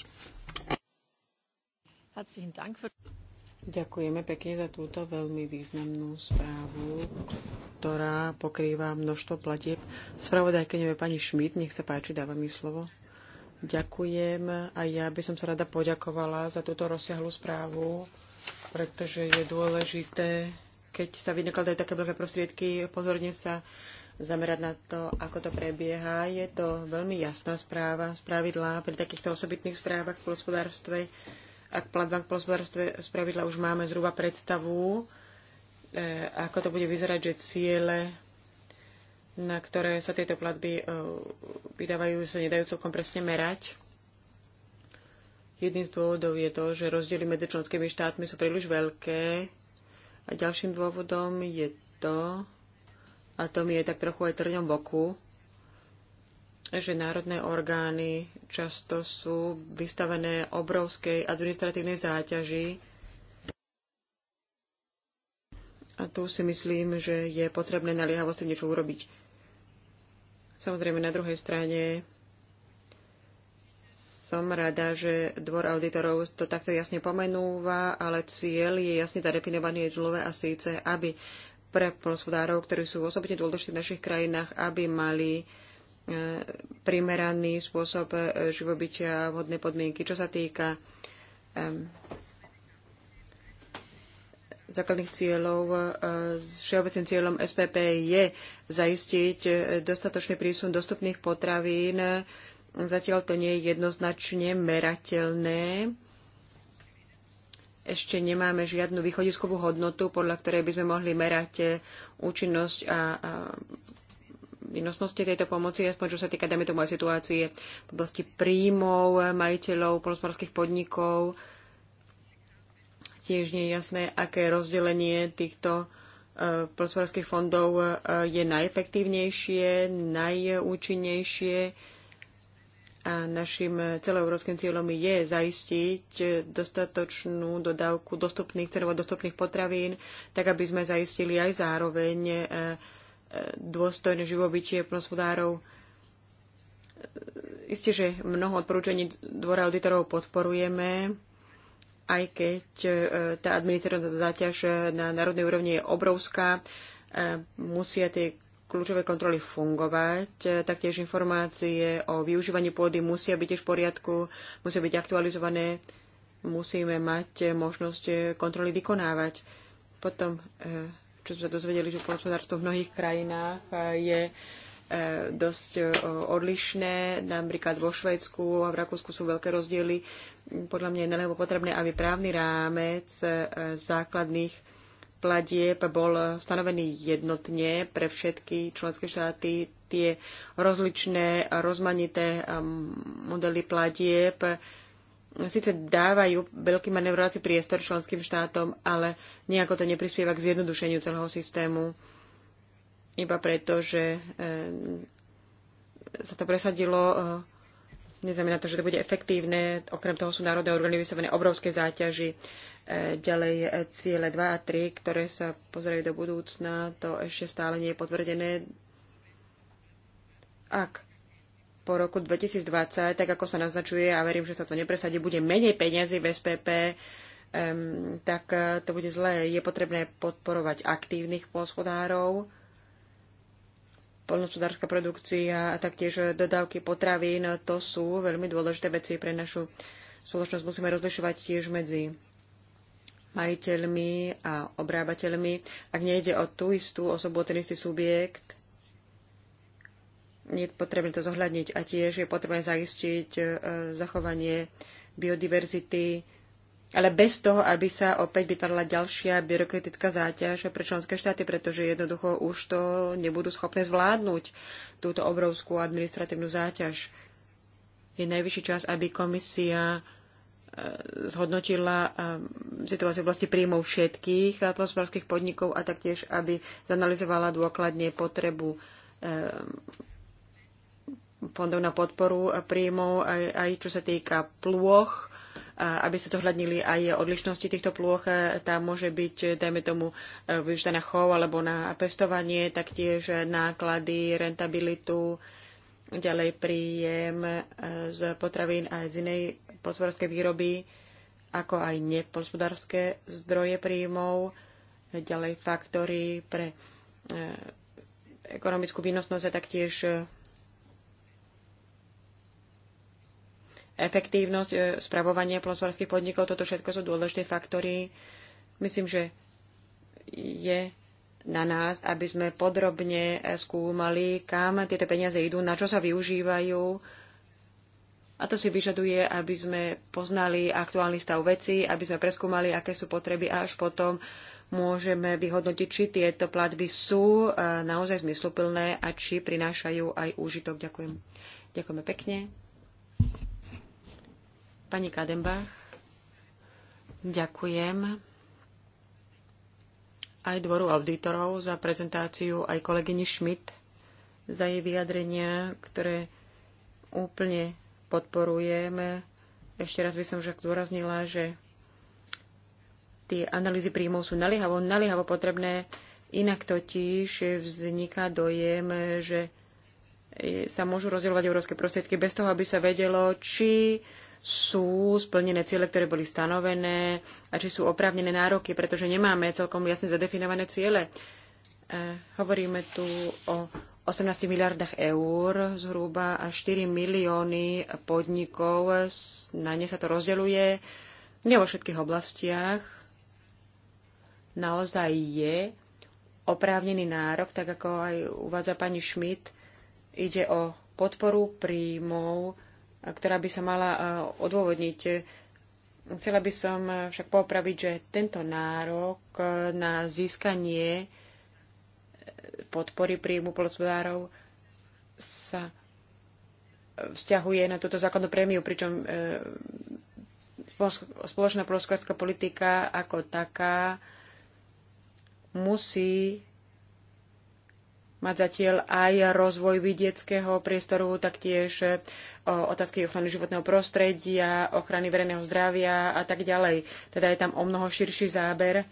Ďakujeme pekne za túto veľmi významnú správu, ktorá pokrýva množstvo platieb. Spravodajke je pani Šmit, nech sa páči, dáva mi slovo. Ďakujem a ja by som sa rada poďakovala za túto rozsiahlu správu, pretože je dôležité, keď sa vynakladajú také veľké prostriedky, pozorne sa zamerať na to, ako to prebieha. Je to veľmi jasná správa, spravidlá pri takýchto osobitných správach v hospodárstve ak platbám v hospodárstve z pravidla už máme zhruba predstavu, e, ako to bude vyzerať, že ciele, na ktoré sa tieto platby e, vydávajú, sa nedajú celkom presne merať. Jedným z dôvodov je to, že rozdiely medzi členskými štátmi sú príliš veľké. A ďalším dôvodom je to, a to mi je tak trochu aj trňom boku, že národné orgány často sú vystavené obrovskej administratívnej záťaži. A tu si myslím, že je potrebné naliehavosti niečo urobiť. Samozrejme, na druhej strane som rada, že dvor auditorov to takto jasne pomenúva, ale cieľ je jasne zadefinovaný jedlové a síce, aby pre plnospodárov, ktorí sú osobitne dôležití v našich krajinách, aby mali E, primeraný spôsob e, živobytia a vhodné podmienky. Čo sa týka e, základných cieľov, s všeobecným cieľom SPP je zaistiť dostatočný prísun dostupných potravín. Zatiaľ to nie je jednoznačne merateľné. Ešte nemáme žiadnu východiskovú hodnotu, podľa ktorej by sme mohli merať účinnosť a výnosnosti tejto pomoci, aspoň čo sa týka, dajme tomu aj situácie v oblasti príjmov, majiteľov, polospodárských podnikov. Tiež nie je jasné, aké rozdelenie týchto e, polospodárských fondov e, je najefektívnejšie, najúčinnejšie. A našim celoeurópskym cieľom je zaistiť dostatočnú dodávku dostupných, cenovo dostupných potravín, tak aby sme zaistili aj zároveň e, dôstojné živobytie prospodárov. Isté, že mnoho odporúčaní dvora auditorov podporujeme, aj keď e, tá administratívna záťaž na národnej úrovni je obrovská. E, musia tie kľúčové kontroly fungovať, e, taktiež informácie o využívaní pôdy musia byť tiež v poriadku, musia byť aktualizované, musíme mať možnosť kontroly vykonávať. Potom čo sme dozvedeli, že poľnohospodárstvo v mnohých krajinách eh, je eh, dosť eh, odlišné. Napríklad vo Švedsku a v Rakúsku sú veľké rozdiely. Mm, podľa mňa je nelebo potrebné, aby právny rámec základných platieb bol stanovený jednotne pre všetky členské štáty. Tie rozličné, rozmanité modely platieb síce dávajú veľký manevrovací priestor členským štátom, ale nejako to neprispieva k zjednodušeniu celého systému, iba preto, že eh, sa to presadilo. Eh, neznamená to, že to bude efektívne. Okrem toho sú národné orgány vysavené obrovské záťaži. Eh, ďalej ciele 2 a 3, ktoré sa pozerajú do budúcna, to ešte stále nie je potvrdené. Ak po roku 2020, tak ako sa naznačuje, a verím, že sa to nepresadí, bude menej peniazy v SPP, um, tak eh, to bude zlé. Je potrebné podporovať aktívnych poľnohospodárov, poľnohospodárska produkcia a taktiež dodávky potravín, to sú veľmi dôležité veci pre našu spoločnosť. Musíme rozlišovať tiež medzi majiteľmi a obrábateľmi. Ak nejde o tú istú osobu, o ten istý subjekt, je potrebné to zohľadniť a tiež je potrebné zaistiť e, zachovanie biodiverzity, ale bez toho, aby sa opäť vytvárala ďalšia byrokratická záťaž pre členské štáty, pretože jednoducho už to nebudú schopné zvládnuť, túto obrovskú administratívnu záťaž. Je najvyšší čas, aby komisia e, zhodnotila e, situáciu v oblasti príjmov všetkých plnospodárských podnikov a taktiež, aby zanalizovala dôkladne potrebu fondov na podporu príjmov, aj, aj čo sa týka plôch, aby sa zohľadnili aj odlišnosti týchto plôch. E, tá môže byť, e, dajme tomu, e, využitá na chov alebo na pestovanie, taktiež náklady, rentabilitu, ďalej príjem z potravín a z inej podspodárskej výroby, ako aj nepospodárske zdroje príjmov, ďalej faktory pre ekonomickú výnosnosť a taktiež efektívnosť e, spravovania plnospodárských podnikov. Toto všetko sú dôležité faktory. Myslím, že je na nás, aby sme podrobne e, skúmali, kam tieto peniaze idú, na čo sa využívajú. A to si vyžaduje, aby sme poznali aktuálny stav veci, aby sme preskúmali, aké sú potreby a až potom môžeme vyhodnotiť, či tieto platby sú e, naozaj zmysluplné a či prinášajú aj úžitok. Ďakujem. Ďakujeme pekne. Pani Kadenbach, ďakujem aj dvoru auditorov za prezentáciu, aj kolegyni Schmidt za jej vyjadrenia, ktoré úplne podporujeme. Ešte raz by som však dôraznila, že tie analýzy príjmov sú naliehavo, naliehavo potrebné, inak totiž vzniká dojem, že sa môžu rozdielovať európske prostriedky bez toho, aby sa vedelo, či sú splnené ciele, ktoré boli stanovené a či sú oprávnené nároky, pretože nemáme celkom jasne zadefinované ciele. E, hovoríme tu o 18 miliardách eur, zhruba 4 milióny podnikov, na ne sa to rozdeľuje. Nie vo všetkých oblastiach naozaj je oprávnený nárok, tak ako aj uvádza pani Schmidt, ide o podporu príjmov ktorá by sa mala e, odôvodniť. Chcela by som však popraviť, že tento nárok e, na získanie e, podpory príjmu polospodárov sa vzťahuje na túto základnú prémiu, pričom spoločná polospodárska politika ako taká musí mať zatiaľ aj rozvoj vidieckého priestoru, taktiež e, otázky ochrany životného prostredia, ochrany verejného zdravia a tak ďalej. Teda je tam o mnoho širší záber.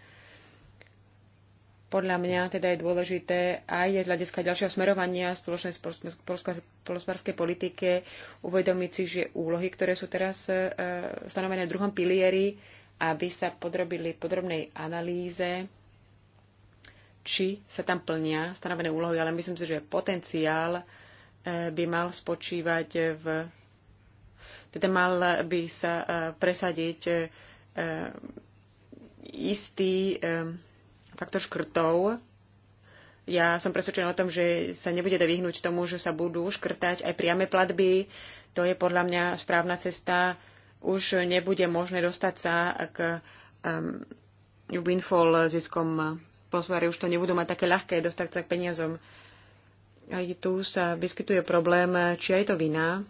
Podľa mňa teda je dôležité aj z hľadiska ďalšieho smerovania spoločnej polospárskej politike uvedomiť si, že úlohy, ktoré sú teraz e, stanovené v druhom pilieri, aby sa podrobili podrobnej analýze či sa tam plnia stanovené úlohy, ale myslím si, že potenciál eh, by mal spočívať v... Teda mal by sa eh, presadiť eh, istý faktor škrtov. Ja som presvedčená o tom, že sa nebude vyhnúť tomu, že sa budú škrtať aj priame platby. To je podľa mňa správna cesta. Už nebude možné dostať sa k ehm, windfall ziskom Pozvári už to nebudú mať také ľahké dostať sa k peniazom. Aj tu sa vyskytuje problém, či aj to vina.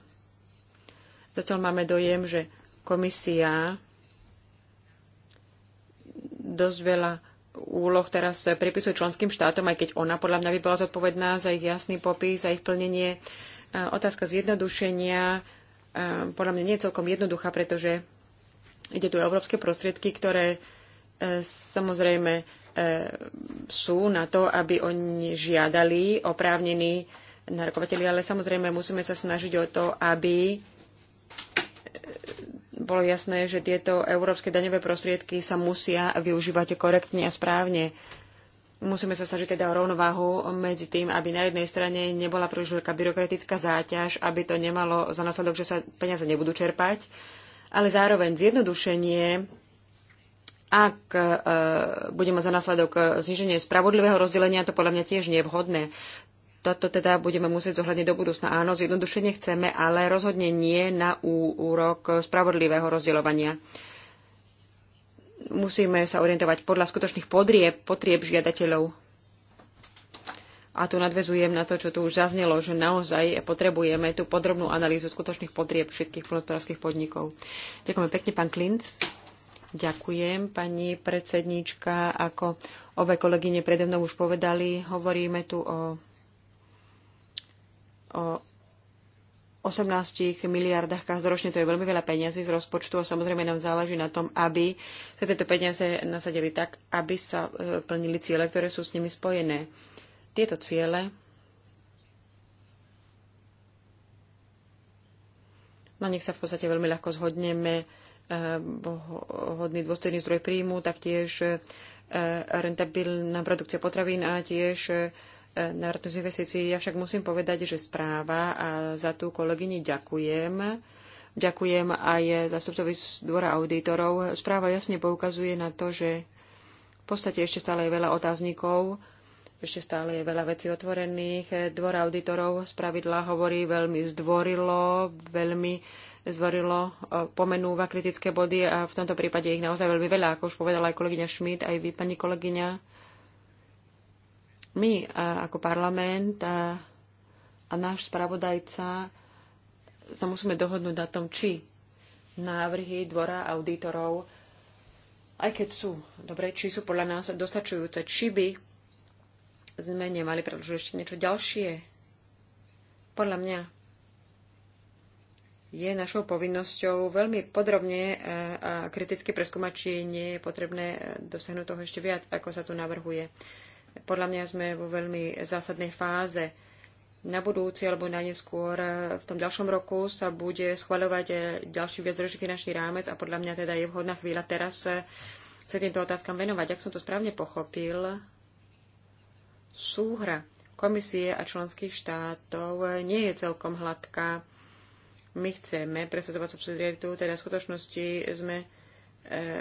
Zatiaľ máme dojem, že komisia dosť veľa úloh teraz pripisuje členským štátom, aj keď ona podľa mňa by bola zodpovedná za ich jasný popis, za ich plnenie. E, otázka zjednodušenia e, podľa mňa nie je celkom jednoduchá, pretože ide tu európske prostriedky, ktoré e, samozrejme E, sú na to, aby oni žiadali oprávnení narkovateľi, ale samozrejme musíme sa snažiť o to, aby e, bolo jasné, že tieto európske daňové prostriedky sa musia využívať korektne a správne. Musíme sa snažiť teda o rovnováhu medzi tým, aby na jednej strane nebola príliš veľká byrokratická záťaž, aby to nemalo za následok, že sa peniaze nebudú čerpať, ale zároveň zjednodušenie ak e, bude mať za následok e, zníženie spravodlivého rozdelenia, to podľa mňa tiež nie je vhodné. Toto teda budeme musieť zohľadniť do budúcna. Áno, zjednodušenie chceme, ale rozhodne nie na úrok spravodlivého rozdeľovania. Musíme sa orientovať podľa skutočných podrieb, potrieb žiadateľov. A tu nadvezujem na to, čo tu už zaznelo, že naozaj potrebujeme tú podrobnú analýzu skutočných potrieb všetkých plnospodárských podnikov. Ďakujem pekne, pán Klinc. Ďakujem, pani predsedníčka. Ako obe kolegyne predo mnou už povedali, hovoríme tu o, o 18 miliardách každoročne, to je veľmi veľa peniazy z rozpočtu a samozrejme nám záleží na tom, aby sa tieto peniaze nasadili tak, aby sa e, plnili ciele, ktoré sú s nimi spojené. Tieto ciele na no, nich sa v podstate veľmi ľahko zhodneme hodný dôstojný zdroj príjmu, taktiež e, rentabilná produkcia potravín a tiež e, národnosť investícií. Ja však musím povedať, že správa a za tú kolegyni ďakujem. Ďakujem aj z dvora auditorov. Správa jasne poukazuje na to, že v podstate ešte stále je veľa otáznikov, ešte stále je veľa vecí otvorených. Dvor auditorov z pravidla hovorí veľmi zdvorilo, veľmi zdvorilo, e, pomenúva kritické body a v tomto prípade ich naozaj veľmi veľa, ako už povedala aj kolegyňa Schmidt, aj vy, pani kolegyňa. My e, ako parlament a, e, a náš spravodajca sa musíme dohodnúť na tom, či návrhy dvora auditorov, aj keď sú dobre, či sú podľa nás dostačujúce, či by sme nemali predložiť ešte niečo ďalšie. Podľa mňa je našou povinnosťou veľmi podrobne e, a kriticky preskúmať, či nie je potrebné e, dosiahnuť toho ešte viac, ako sa tu navrhuje. Podľa mňa sme vo veľmi zásadnej fáze. Na budúci alebo na neskôr e, v tom ďalšom roku sa bude schvaľovať ďalší viacročný finančný rámec a podľa mňa teda je vhodná chvíľa teraz sa týmto otázkam venovať. Ak som to správne pochopil, súhra komisie a členských štátov nie je celkom hladká. My chceme presadzovať subsidiaritu, teda v skutočnosti sme e,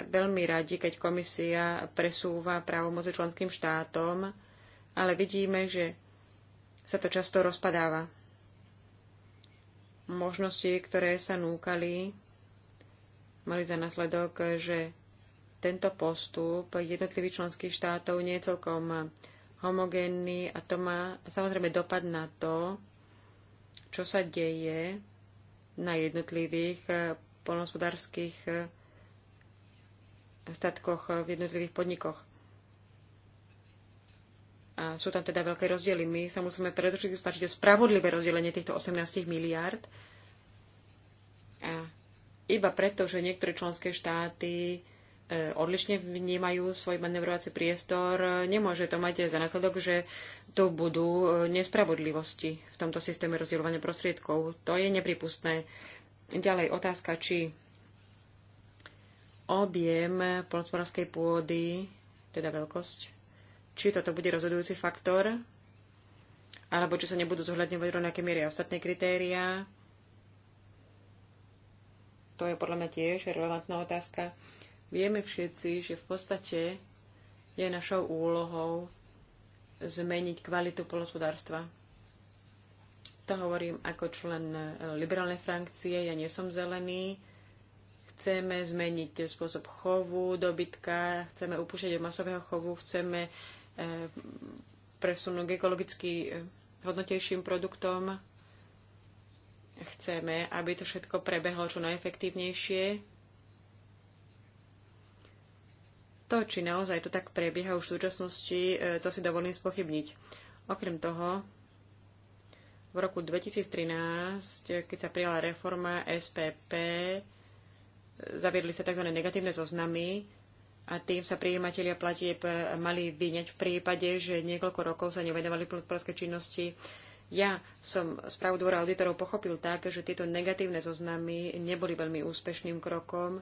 veľmi radi, keď komisia presúva právomoci členským štátom, ale vidíme, že sa to často rozpadáva. Možnosti, ktoré sa núkali, mali za následok, že tento postup jednotlivých členských štátov nie je celkom homogénny a to má samozrejme dopad na to, čo sa deje na jednotlivých eh, polnospodárských eh, statkoch eh, v jednotlivých podnikoch. A sú tam teda veľké rozdiely. My sa musíme predovšetkým snažiť o spravodlivé rozdelenie týchto 18 miliárd. A iba preto, že niektoré členské štáty E, odlišne vnímajú svoj manevrovací priestor, nemôže to mať aj za následok, že tu budú e, nespravodlivosti v tomto systéme rozdielovania prostriedkov. To je nepripustné. Ďalej otázka, či objem polnospodárskej pôdy, teda veľkosť, či toto bude rozhodujúci faktor, alebo či sa nebudú zohľadňovať rovnaké miery a ostatné kritériá. To je podľa mňa tiež relevantná otázka Vieme všetci, že v podstate je našou úlohou zmeniť kvalitu polospodárstva. To hovorím ako člen e, liberálnej frakcie, ja nie som zelený. Chceme zmeniť spôsob chovu dobytka, chceme upúšťať od masového chovu, chceme e, presunúť k ekologicky e, hodnotejším produktom. Chceme, aby to všetko prebehlo čo najefektívnejšie To, či naozaj to tak prebieha už v súčasnosti, e, to si dovolím spochybniť. Okrem toho, v roku 2013, e, keď sa prijala reforma SPP, e, zaviedli sa tzv. negatívne zoznamy a tým sa prijímatelia platieb mali vyňať v prípade, že niekoľko rokov sa nevedovali plnospodárskej činnosti. Ja som z dvora auditorov pochopil tak, že tieto negatívne zoznamy neboli veľmi úspešným krokom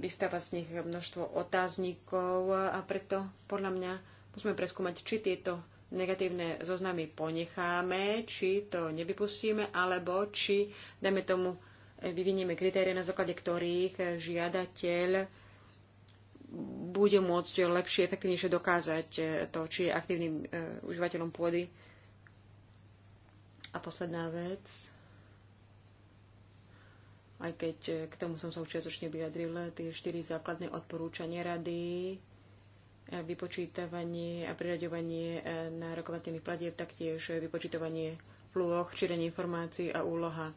vystáva z nich množstvo otáznikov a preto podľa mňa musíme preskúmať, či tieto negatívne zoznamy ponecháme, či to nevypustíme, alebo či, dajme tomu, vyvinieme kritéria, na základe ktorých žiadateľ bude môcť lepšie, efektívnejšie dokázať to, či je aktívnym eh, užívateľom pôdy. A posledná vec aj keď e, k tomu som sa učiatočne vyjadril, tie štyri základné odporúčania rady, e, vypočítavanie a priraďovanie e, nárokovateľných platieb, taktiež vypočítavanie plôch, čírenie informácií a úloha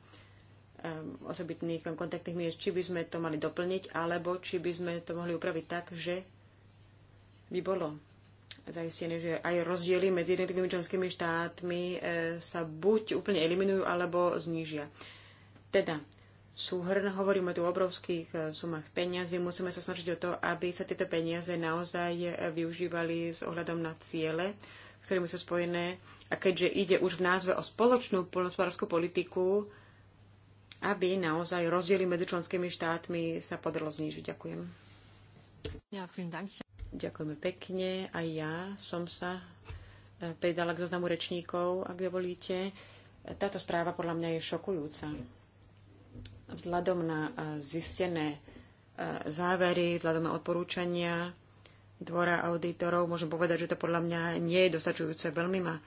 osobitných kontaktných miest, či by sme to mali doplniť, alebo či by sme to mohli upraviť tak, že by bolo zaistené, že aj rozdiely medzi jednotlivými členskými štátmi sa buď úplne eliminujú, alebo znížia. Teda, súhrn. Hovoríme tu o obrovských e, sumách peniazy. Musíme sa snažiť o to, aby sa tieto peniaze naozaj e, využívali s ohľadom na ciele, ktorými sú spojené. A keďže ide už v názve o spoločnú poľnohospodárskú politiku, aby naozaj rozdiely medzi členskými štátmi sa podarilo znížiť. Ďakujem. Ja, Dank. Ďakujeme pekne. a ja som sa e, pridala k zoznamu rečníkov, ak dovolíte. Táto správa podľa mňa je šokujúca. Vzhľadom na e, zistené e, závery, vzhľadom na odporúčania dvora auditorov, môžem povedať, že to podľa mňa nie je dostačujúce. Veľmi ma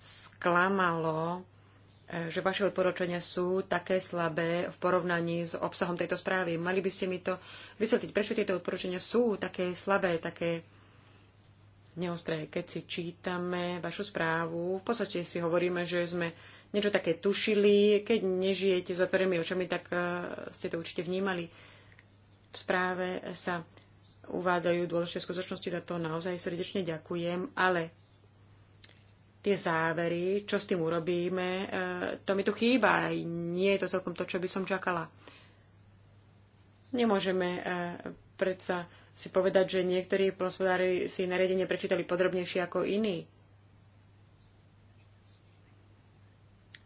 sklamalo, e, že vaše odporúčania sú také slabé v porovnaní s obsahom tejto správy. Mali by ste mi to vysvetliť, prečo tieto odporúčania sú také slabé, také neostré. Keď si čítame vašu správu, v podstate si hovoríme, že sme niečo také tušili. Keď nežijete s otvorenými očami, tak e, ste to určite vnímali. V správe sa uvádzajú dôležité skutočnosti, za to naozaj srdečne ďakujem, ale tie závery, čo s tým urobíme, e, to mi tu chýba. Nie je to celkom to, čo by som čakala. Nemôžeme e, predsa si povedať, že niektorí plospodári si nariadenie prečítali podrobnejšie ako iní.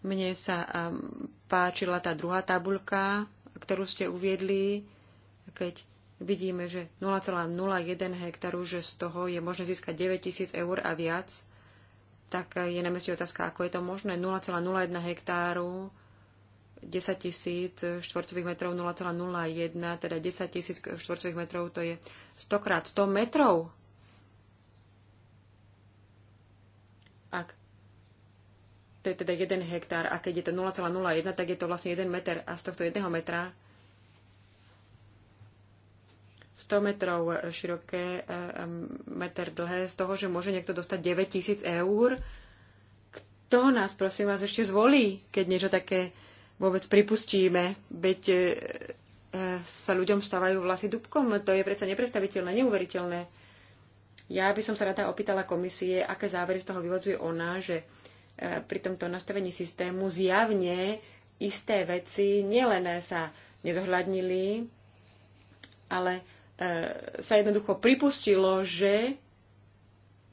Mne sa páčila tá druhá tabuľka, ktorú ste uviedli, keď vidíme, že 0,01 hektaru, že z toho je možné získať 9000 eur a viac, tak je na meste otázka, ako je to možné. 0,01 hektáru, 10 tisíc štvorcových metrov, 0,01, teda 10 tisíc štvorcových metrov, to je 100 krát 100 metrov. Ak to je teda 1 hektár a keď je to 0,01, tak je to vlastne 1 meter a z tohto 1 metra 100 metrov e, široké, e, e, meter dlhé, z toho, že môže niekto dostať 9 tisíc eur. Kto nás, prosím vás, ešte zvolí, keď niečo také vôbec pripustíme? Veď sa ľuďom stávajú vlasy dubkom. To je predsa neprestaviteľné, neuveriteľné. Ja by som sa rada opýtala komisie, aké závery z toho vyvodzuje ona, že E, pri tomto nastavení systému zjavne isté veci nielen sa nezohľadnili, ale e, sa jednoducho pripustilo, že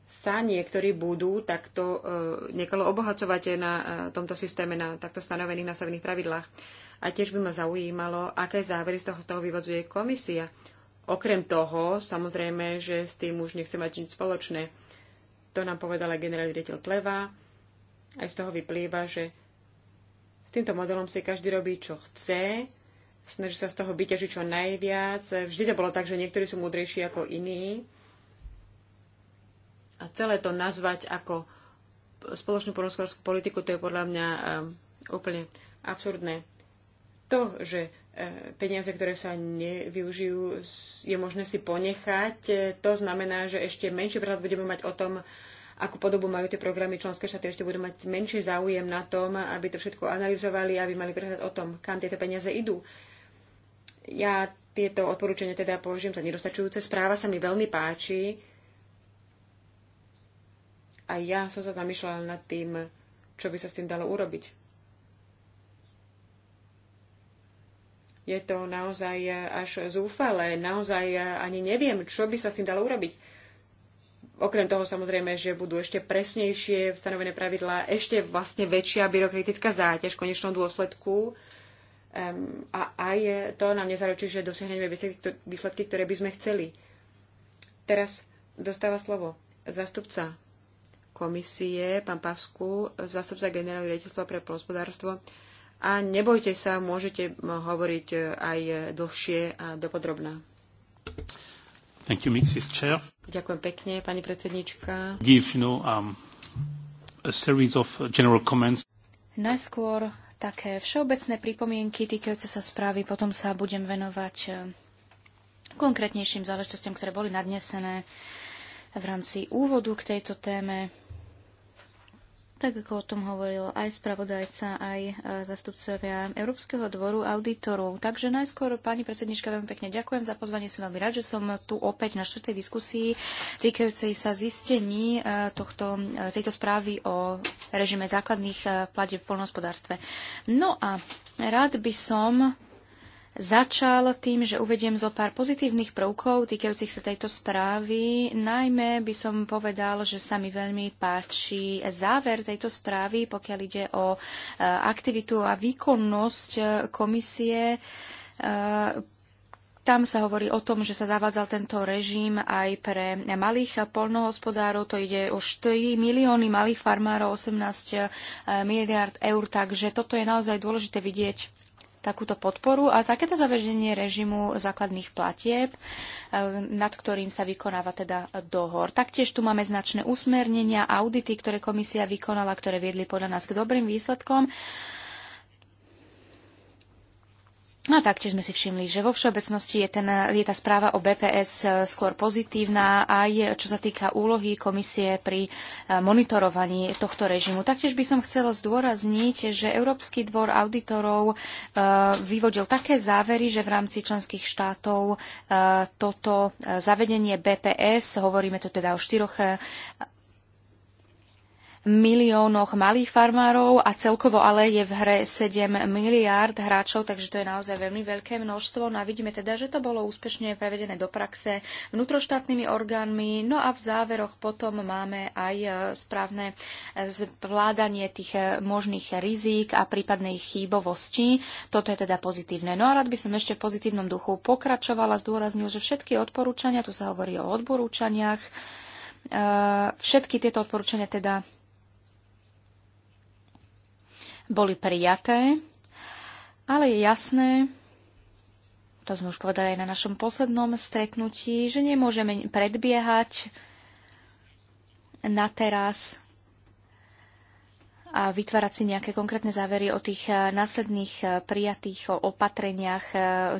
sa niektorí budú takto e, niekoľko obohacovať na tomto systéme, na takto stanovených nastavených pravidlách. A tiež by ma zaujímalo, aké závery z toho, toho vyvodzuje komisia. Okrem toho, samozrejme, že s tým už nechce mať nič spoločné. To nám povedala generálny riaditeľ Pleva aj z toho vyplýva, že s týmto modelom si každý robí, čo chce, snaží sa z toho vyťažiť čo najviac. Vždy to bolo tak, že niektorí sú múdrejší ako iní. A celé to nazvať ako spoločnú polnospodárskú politiku, to je podľa mňa eh, úplne absurdné. To, že eh, peniaze, ktoré sa nevyužijú, je možné si ponechať, eh, to znamená, že ešte menší prehľad budeme mať o tom, akú podobu majú tie programy členské štáty, ešte budú mať menší záujem na tom, aby to všetko analyzovali, aby mali prehľad o tom, kam tieto peniaze idú. Ja tieto odporúčania teda považujem za nedostačujúce. Správa sa mi veľmi páči. A ja som sa zamýšľala nad tým, čo by sa s tým dalo urobiť. Je to naozaj až zúfale, naozaj ani neviem, čo by sa s tým dalo urobiť Okrem toho samozrejme, že budú ešte presnejšie stanovené pravidlá, ešte vlastne väčšia byrokratická záťaž v konečnom dôsledku. Um, a aj to nám nezaručí, že dosiahneme výsledky, ktoré by sme chceli. Teraz dostáva slovo zastupca komisie, pán Pavsku, zastupca generálneho riaditeľstva pre polospodárstvo. A nebojte sa, môžete hovoriť eh, aj eh, dlhšie a dopodrobná. Thank you, Mrs. Chair. Ďakujem pekne, pani predsednička. Give, you know, um, a series of uh, general comments. Najskôr také všeobecné pripomienky týkajúce sa správy, potom sa budem venovať uh, konkrétnejším záležitostiam, ktoré boli nadnesené v rámci úvodu k tejto téme tak ako o tom hovoril aj spravodajca, aj e, zastupcovia Európskeho dvoru auditorov. Takže najskôr, pani predsednička, veľmi pekne ďakujem za pozvanie. Som veľmi rád, že som tu opäť na štvrtej diskusii týkajúcej sa zistení e, tohto, e, tejto správy o režime základných platieb v polnohospodárstve. No a rád by som začal tým, že uvediem zo pár pozitívnych prvkov týkajúcich sa tejto správy. Najmä by som povedal, že sa mi veľmi páči záver tejto správy, pokiaľ ide o e, aktivitu a výkonnosť e, komisie e, tam sa hovorí o tom, že sa zavádzal tento režim aj pre malých polnohospodárov. To ide o 4 milióny malých farmárov, 18 miliard eur. Takže toto je naozaj dôležité vidieť takúto podporu a takéto zaveženie režimu základných platieb, e, nad ktorým sa vykonáva teda dohor. Taktiež tu máme značné usmernenia, audity, ktoré komisia vykonala, ktoré viedli podľa nás k dobrým výsledkom No a taktiež sme si všimli, že vo všeobecnosti je, ten, je tá správa o BPS e, skôr pozitívna, aj čo sa týka úlohy komisie pri e, monitorovaní tohto režimu. Taktiež by som chcela zdôrazniť, že Európsky dvor auditorov e, vyvodil také závery, že v rámci členských štátov toto zavedenie BPS, hovoríme tu teda o štyroch miliónoch malých farmárov a celkovo ale je v hre 7 miliárd hráčov, takže to je naozaj veľmi veľké množstvo. No a vidíme teda, že to bolo úspešne prevedené do praxe vnútroštátnymi orgánmi. No a v záveroch potom máme aj e, správne e, zvládanie tých e, možných rizík a prípadnej chýbovosti. Toto je teda pozitívne. No a rád by som ešte v pozitívnom duchu pokračovala, zdôraznil, že všetky odporúčania, tu sa hovorí o odporúčaniach, všetky tieto odporúčania teda boli prijaté, ale je jasné, to sme už povedali aj na našom poslednom stretnutí, že nemôžeme predbiehať na teraz a vytvárať si nejaké konkrétne závery o tých eh, následných eh, prijatých eh, opatreniach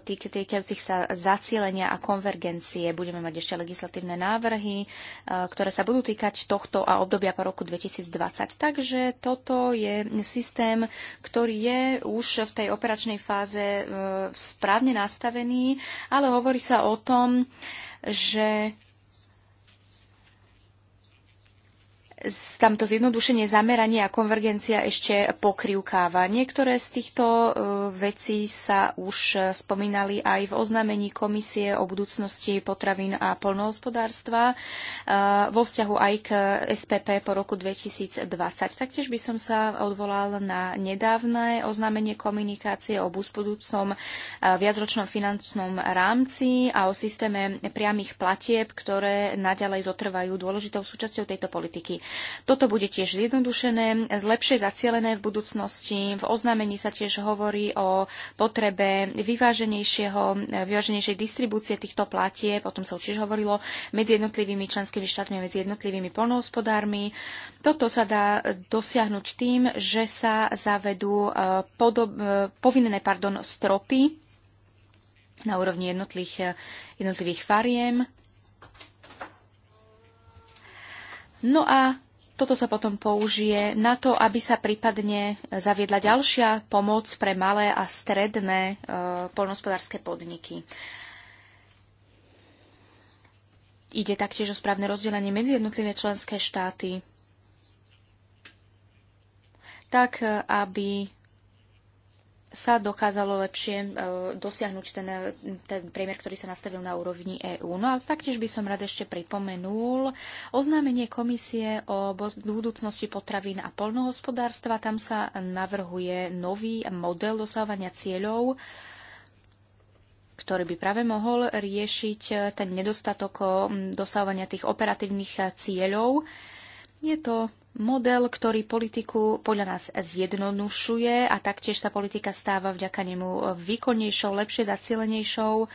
týkajúcich sa zacielenia a konvergencie. Budeme mať ešte legislatívne návrhy, ktoré sa budú týkať tohto a obdobia po roku 2020. Takže toto je systém, ktorý je už v tej operačnej fáze správne nastavený, ale hovorí sa o tom, že tamto zjednodušenie zameranie a konvergencia ešte pokrivkáva. Niektoré z týchto e, vecí sa už spomínali aj v oznámení komisie o budúcnosti potravín a polnohospodárstva e, vo vzťahu aj k SPP po roku 2020. Taktiež by som sa odvolal na nedávne oznámenie komunikácie o budúcnom e, viacročnom finančnom rámci a o systéme priamých platieb, ktoré naďalej zotrvajú dôležitou súčasťou tejto politiky. Toto bude tiež zjednodušené, lepšie zacielené v budúcnosti. V oznámení sa tiež hovorí o potrebe vyváženejšieho, vyváženejšej distribúcie týchto platie. Potom sa tiež hovorilo medzi jednotlivými členskými štátmi a medzi jednotlivými polnohospodármi. Toto sa dá dosiahnuť tým, že sa zavedú e, podob, e, povinné pardon, stropy na úrovni jednotlivých, e, jednotlivých fariem. No a toto sa potom použije na to, aby sa prípadne zaviedla ďalšia pomoc pre malé a stredné e, poľnohospodárske podniky. Ide taktiež o správne rozdelenie medzi jednotlivé členské štáty, tak e, aby sa dokázalo lepšie e, dosiahnuť ten, e, ten priemer, ktorý sa nastavil na úrovni EÚ. No a taktiež by som rád ešte pripomenul oznámenie komisie o budúcnosti potravín a polnohospodárstva. Tam sa navrhuje nový model dosávania cieľov, ktorý by práve mohol riešiť e, ten nedostatok dosávania tých operatívnych cieľov. Je to model, ktorý politiku podľa nás zjednodušuje a taktiež sa politika stáva vďaka nemu výkonnejšou, lepšie zacielenejšou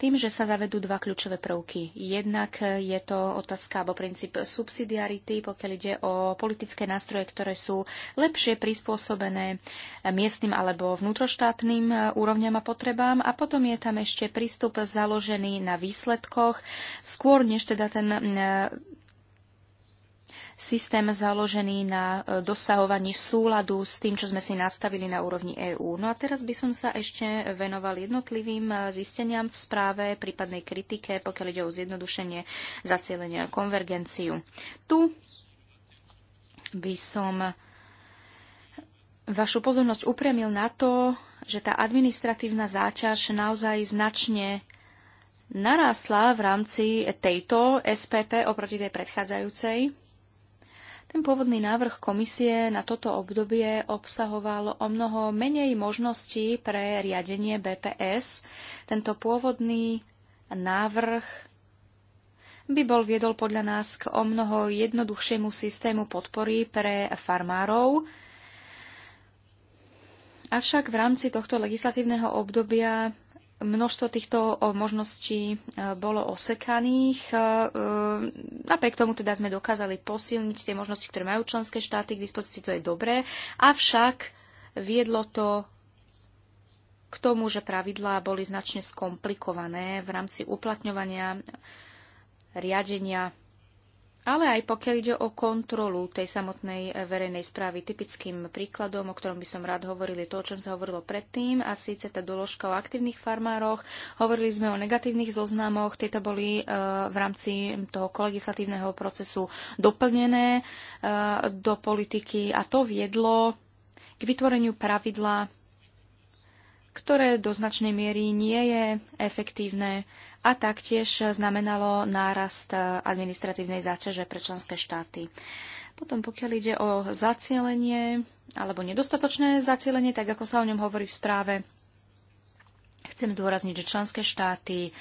tým, že sa zavedú dva kľúčové prvky. Jednak je to otázka alebo princíp subsidiarity, pokiaľ ide o politické nástroje, ktoré sú lepšie prispôsobené miestnym alebo vnútroštátnym úrovňam a potrebám. A potom je tam ešte prístup založený na výsledkoch, skôr než teda ten systém založený na e, dosahovaní súladu s tým, čo sme si nastavili na úrovni EÚ. No a teraz by som sa ešte venoval jednotlivým e, zisteniam v správe, prípadnej kritike, pokiaľ ide o zjednodušenie, zacielenie a konvergenciu. Tu by som vašu pozornosť upriamil na to, že tá administratívna záťaž naozaj značne narástla v rámci tejto SPP oproti tej predchádzajúcej. Ten pôvodný návrh komisie na toto obdobie obsahoval o mnoho menej možností pre riadenie BPS. Tento pôvodný návrh by bol viedol podľa nás k o mnoho jednoduchšiemu systému podpory pre farmárov. Avšak v rámci tohto legislatívneho obdobia Množstvo týchto možností e, bolo osekaných. E, e, napriek tomu teda sme dokázali posilniť tie možnosti, ktoré majú členské štáty k dispozícii, to je dobré. Avšak viedlo to k tomu, že pravidlá boli značne skomplikované v rámci uplatňovania riadenia ale aj pokiaľ ide o kontrolu tej samotnej e, verejnej správy. Typickým príkladom, o ktorom by som rád hovoril, je to, o čom sa hovorilo predtým, a síce tá doložka o aktívnych farmároch. Hovorili sme o negatívnych zoznamoch, tieto boli e, v rámci toho kolegislatívneho procesu doplnené e, do politiky a to viedlo k vytvoreniu pravidla, ktoré do značnej miery nie je efektívne a taktiež znamenalo nárast administratívnej záťaže pre členské štáty. Potom pokiaľ ide o zacielenie alebo nedostatočné zacielenie, tak ako sa o ňom hovorí v správe, chcem zdôrazniť, že členské štáty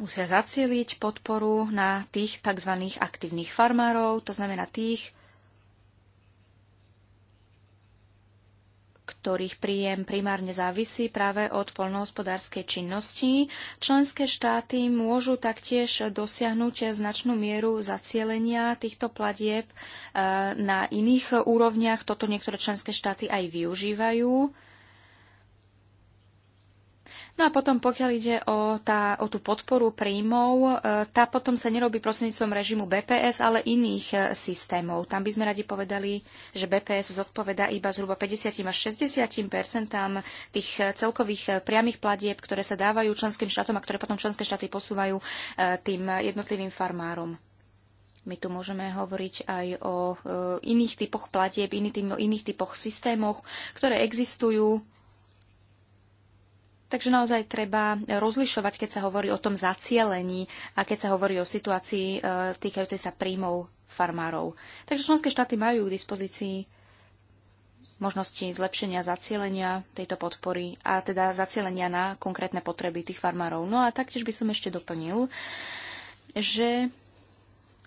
musia zacieliť podporu na tých tzv. aktívnych farmárov, to znamená tých, ktorých príjem primárne závisí práve od poľnohospodárskej činnosti. Členské štáty môžu taktiež dosiahnuť značnú mieru zacielenia týchto platieb eh, na iných úrovniach. Toto niektoré členské štáty aj využívajú. No a potom, pokiaľ ide o, tá, o tú podporu príjmov, e, tá potom sa nerobí prostredníctvom režimu BPS, ale iných e, systémov. Tam by sme radi povedali, že BPS zodpoveda iba zhruba 50 až 60 percentám tých e, celkových priamých platieb, ktoré sa dávajú členským štátom a ktoré potom členské štáty posúvajú tým jednotlivým farmárom. My tu môžeme hovoriť aj o iných typoch platieb, iných, iných typoch systémoch, ktoré existujú Takže naozaj treba rozlišovať, keď sa hovorí o tom zacielení a keď sa hovorí o situácii e, týkajúcej sa príjmov farmárov. Takže členské štáty majú k dispozícii možnosti zlepšenia zacielenia tejto podpory a teda zacielenia na konkrétne potreby tých farmárov. No a taktiež by som ešte doplnil, že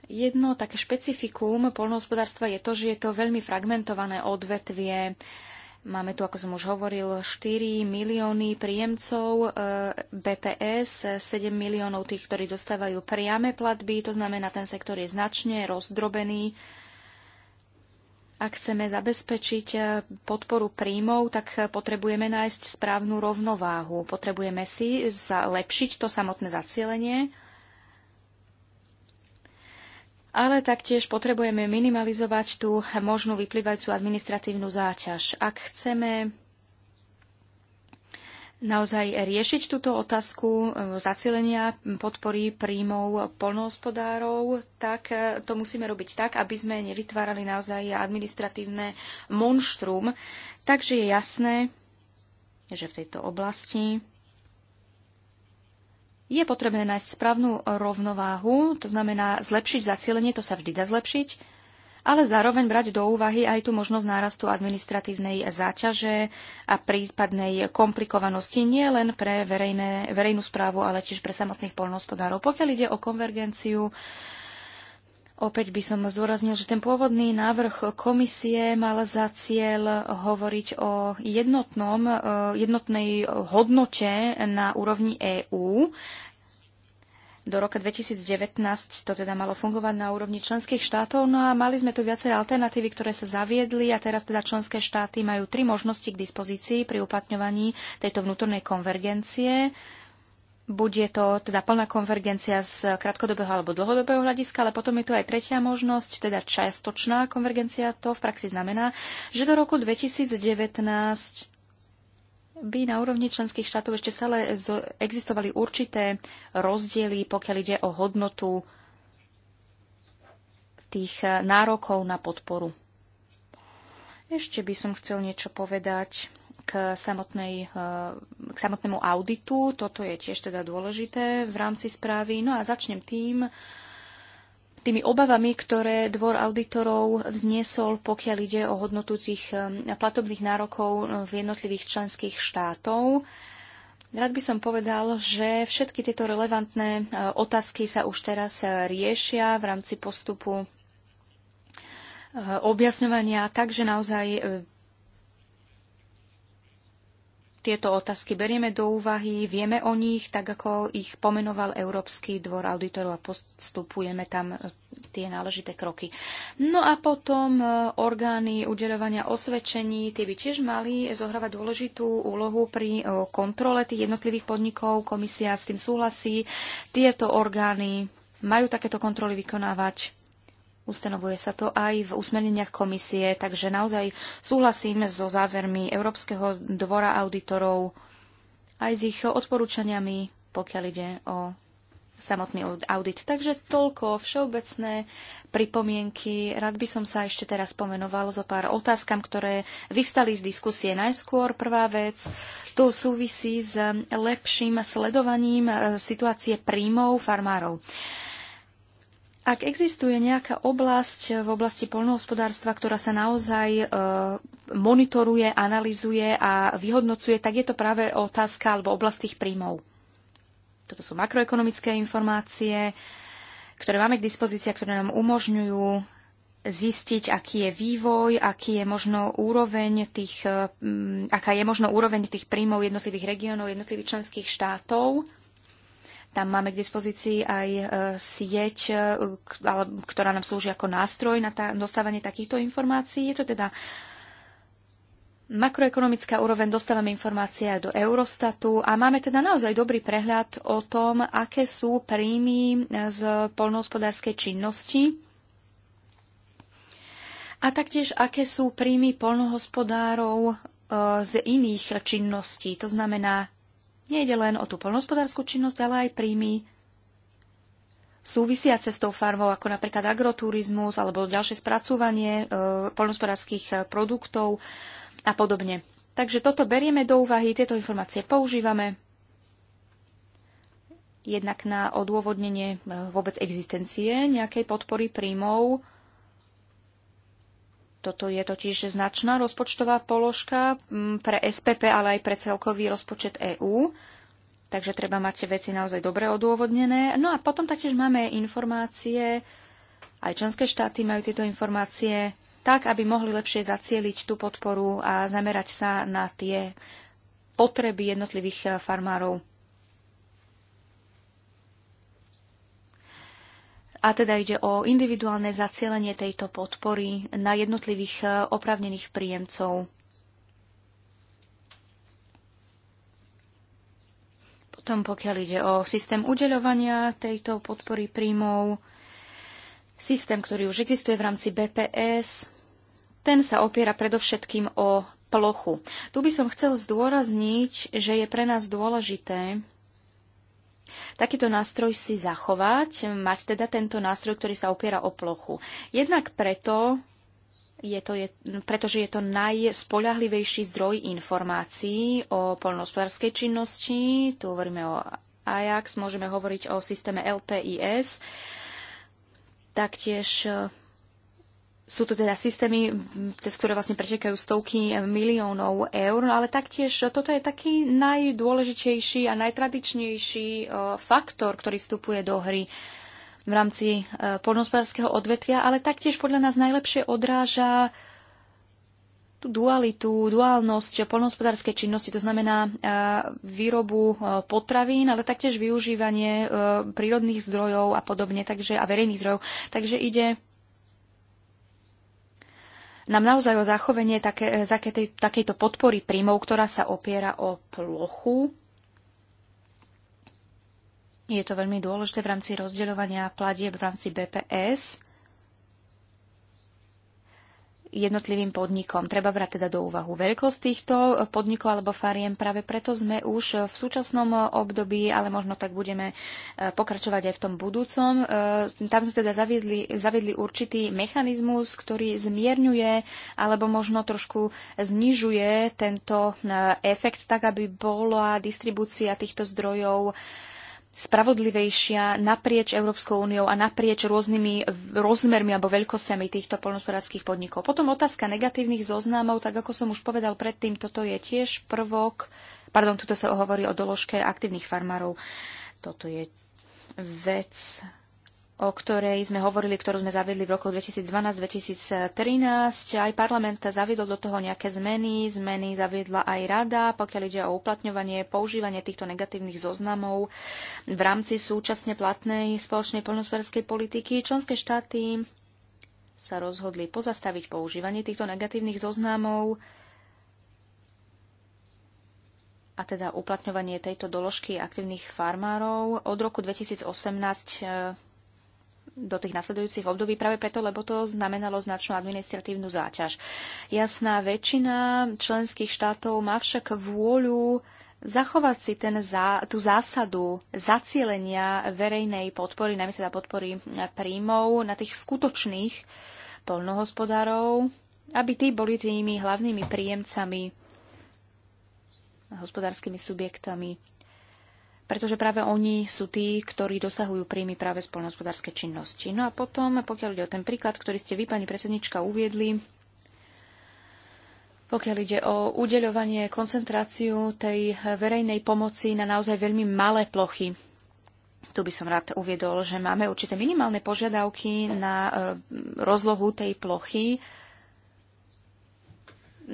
jedno také špecifikum poľnohospodárstva je to, že je to veľmi fragmentované odvetvie, Máme tu, ako som už hovoril, 4 milióny príjemcov e, BPS, 7 miliónov tých, ktorí dostávajú priame platby, to znamená, ten sektor je značne rozdrobený. Ak chceme zabezpečiť e, podporu príjmov, tak potrebujeme nájsť správnu rovnováhu. Potrebujeme si zlepšiť to samotné zacielenie, ale taktiež potrebujeme minimalizovať tú možnú vyplývajúcu administratívnu záťaž. Ak chceme naozaj riešiť túto otázku e, zacielenia podpory príjmov polnohospodárov, tak e, to musíme robiť tak, aby sme nevytvárali naozaj administratívne monštrum. Takže je jasné, že v tejto oblasti je potrebné nájsť správnu rovnováhu, to znamená zlepšiť zacielenie, to sa vždy dá zlepšiť, ale zároveň brať do úvahy aj tú možnosť nárastu administratívnej záťaže a prípadnej komplikovanosti nie len pre verejné, verejnú správu, ale tiež pre samotných polnohospodárov. Pokiaľ ide o konvergenciu, Opäť by som zdôraznil, že ten pôvodný návrh komisie mal za cieľ hovoriť o jednotnom, e, jednotnej hodnote na úrovni EÚ. Do roka 2019 to teda malo fungovať na úrovni členských štátov, no a mali sme tu viaceré alternatívy, ktoré sa zaviedli a teraz teda členské štáty majú tri možnosti k dispozícii pri uplatňovaní tejto vnútornej konvergencie bude to teda plná konvergencia z krátkodobého alebo dlhodobého hľadiska, ale potom je tu aj tretia možnosť, teda čiastočná konvergencia. To v praxi znamená, že do roku 2019 by na úrovni členských štátov ešte stále existovali určité rozdiely, pokiaľ ide o hodnotu tých eh, nárokov na podporu. Ešte by som chcel niečo povedať k, samotnej, eh, k samotnému auditu. Toto je tiež teda dôležité v rámci správy. No a začnem tým, tými obavami, ktoré dvor auditorov vzniesol, pokiaľ ide o hodnotúcich eh, platobných nárokov eh, v jednotlivých členských štátov. Rád by som povedal, že všetky tieto relevantné otázky sa už teraz riešia v rámci postupu objasňovania, takže naozaj tieto otázky berieme do úvahy, vieme o nich, tak ako ich pomenoval Európsky dvor auditorov a postupujeme tam e, tie náležité kroky. No a potom e, orgány udeľovania osvedčení, tie by tiež mali zohrávať dôležitú úlohu pri e, kontrole tých jednotlivých podnikov. Komisia s tým súhlasí. Tieto orgány majú takéto kontroly vykonávať Ustanovuje sa to aj v usmerneniach komisie, takže naozaj súhlasím so závermi Európskeho dvora auditorov aj s ich odporúčaniami, pokiaľ ide o samotný audit. Takže toľko všeobecné pripomienky. Rád by som sa ešte teraz pomenoval zo pár otázkam, ktoré vyvstali z diskusie. Najskôr prvá vec, to súvisí s lepším sledovaním e, situácie príjmov farmárov. Ak existuje nejaká oblasť v oblasti polnohospodárstva, ktorá sa naozaj e, monitoruje, analizuje a vyhodnocuje, tak je to práve otázka alebo oblasť tých príjmov. Toto sú makroekonomické informácie, ktoré máme k dispozícii a ktoré nám umožňujú zistiť, aký je vývoj, aký je možno úroveň tých, aká je možno úroveň tých príjmov jednotlivých regiónov, jednotlivých členských štátov tam máme k dispozícii aj e, sieť, e, ktorá nám slúži ako nástroj na dostávanie takýchto informácií. Je to teda makroekonomická úroveň, dostávame informácie aj do Eurostatu a máme teda naozaj dobrý prehľad o tom, aké sú príjmy e, z poľnohospodárskej činnosti a taktiež aké sú príjmy poľnohospodárov z iných činností, to znamená Nejde len o tú polnospodárskú činnosť, ale aj príjmy súvisiace s tou farmou, ako napríklad agroturizmus alebo ďalšie spracúvanie e, polnospodárských e, produktov a podobne. Takže toto berieme do úvahy, tieto informácie používame jednak na odôvodnenie e, vôbec existencie nejakej podpory príjmov toto je totiž značná rozpočtová položka mm, pre SPP, ale aj pre celkový rozpočet EÚ. Takže treba mať veci naozaj dobre odôvodnené. No a potom taktiež máme informácie, aj členské štáty majú tieto informácie tak, aby mohli lepšie zacieliť tú podporu a zamerať sa na tie potreby jednotlivých eh, farmárov. A teda ide o individuálne zacielenie tejto podpory na jednotlivých e, opravnených príjemcov. Potom pokiaľ ide o systém udeľovania tejto podpory príjmov, systém, ktorý už existuje v rámci BPS, ten sa opiera predovšetkým o plochu. Tu by som chcel zdôrazniť, že je pre nás dôležité, takýto nástroj si zachovať, mať teda tento nástroj, ktorý sa opiera o plochu. Jednak preto, je to, je, pretože je to najspoľahlivejší zdroj informácií o poľnohospodárskej činnosti. Tu hovoríme o Ajax, môžeme hovoriť o systéme LPIS, taktiež sú to teda systémy, cez ktoré vlastne pretekajú stovky miliónov eur, ale taktiež toto je taký najdôležitejší a najtradičnejší e, faktor, ktorý vstupuje do hry v rámci e, poľnohospodárskeho odvetvia, ale taktiež podľa nás najlepšie odráža tú dualitu, duálnosť poľnohospodárskej činnosti, to znamená e, výrobu potravín, ale taktiež využívanie prírodných zdrojov a podobne, takže, a verejných zdrojov. Takže ide nám naozaj o zachovenie také, e, zakej, takejto podpory príjmov, ktorá sa opiera o plochu. Je to veľmi dôležité v rámci rozdeľovania platieb v rámci BPS jednotlivým podnikom. Treba brať teda do úvahu veľkosť týchto podnikov alebo fariem. Práve preto sme už v súčasnom období, ale možno tak budeme e, pokračovať aj v tom budúcom. E, tam sme teda zaviedli, zaviedli určitý mechanizmus, ktorý zmierňuje alebo možno trošku znižuje tento e, efekt tak, aby bola distribúcia týchto zdrojov spravodlivejšia naprieč Európskou úniou a naprieč rôznymi rozmermi alebo veľkosťami týchto poľnohospodárských podnikov. Potom otázka negatívnych zoznamov, tak ako som už povedal predtým, toto je tiež prvok, pardon, tuto sa hovorí o doložke aktívnych farmárov. Toto je vec, o ktorej sme hovorili, ktorú sme zaviedli v roku 2012-2013. Aj parlament zaviedol do toho nejaké zmeny. Zmeny zaviedla aj rada, pokiaľ ide o uplatňovanie, používanie týchto negatívnych zoznamov v rámci súčasne platnej spoločnej poľnospodárskej politiky. Členské štáty sa rozhodli pozastaviť používanie týchto negatívnych zoznamov a teda uplatňovanie tejto doložky aktívnych farmárov. Od roku 2018 do tých nasledujúcich období práve preto, lebo to znamenalo značnú administratívnu záťaž. Jasná väčšina členských štátov má však vôľu zachovať si ten za, tú zásadu zacielenia verejnej podpory, najmä teda podpory príjmov na tých skutočných polnohospodárov, aby tí boli tými hlavnými príjemcami hospodárskymi subjektami pretože práve oni sú tí, ktorí dosahujú príjmy práve z polnohospodárskej činnosti. No a potom, pokiaľ ide o ten príklad, ktorý ste vy, pani predsednička, uviedli, pokiaľ ide o udeľovanie, koncentráciu tej verejnej pomoci na naozaj veľmi malé plochy, tu by som rád uviedol, že máme určité minimálne požiadavky na e, rozlohu tej plochy,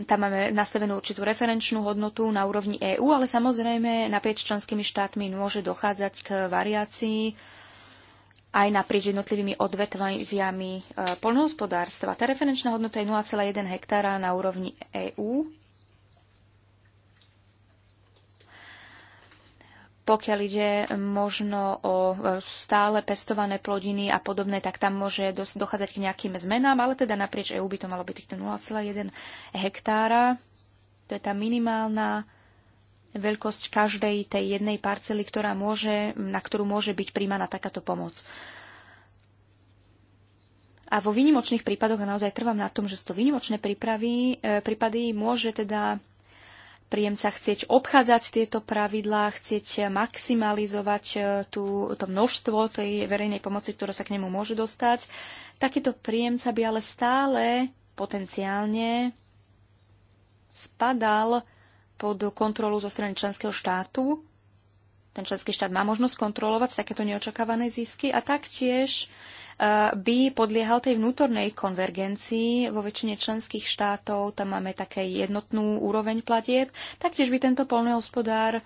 tam máme nastavenú určitú referenčnú hodnotu na úrovni EÚ, ale samozrejme naprieč členskými štátmi môže dochádzať k variácii aj naprieč jednotlivými odvetviami e, poľnohospodárstva. Tá referenčná hodnota je 0,1 hektára na úrovni EÚ Pokiaľ ide možno o e, stále pestované plodiny a podobné, tak tam môže dochádzať k nejakým zmenám, ale teda naprieč EU by to malo byť týchto 0,1 hektára. To je tá minimálna veľkosť každej tej jednej parcely, ktorá môže, na ktorú môže byť príjmaná takáto pomoc. A vo výnimočných prípadoch, a naozaj trvám na tom, že sú to výnimočné prípravy, e, prípady, môže teda príjemca chcieť obchádzať tieto pravidlá, chcieť maximalizovať e, tú, to množstvo tej verejnej pomoci, ktorá sa k nemu môže dostať. Takýto príjemca by ale stále potenciálne spadal pod kontrolu zo strany členského štátu ten členský štát má možnosť kontrolovať takéto neočakávané zisky a taktiež e, by podliehal tej vnútornej konvergencii vo väčšine členských štátov, tam máme také jednotnú úroveň platieb, taktiež by tento polnohospodár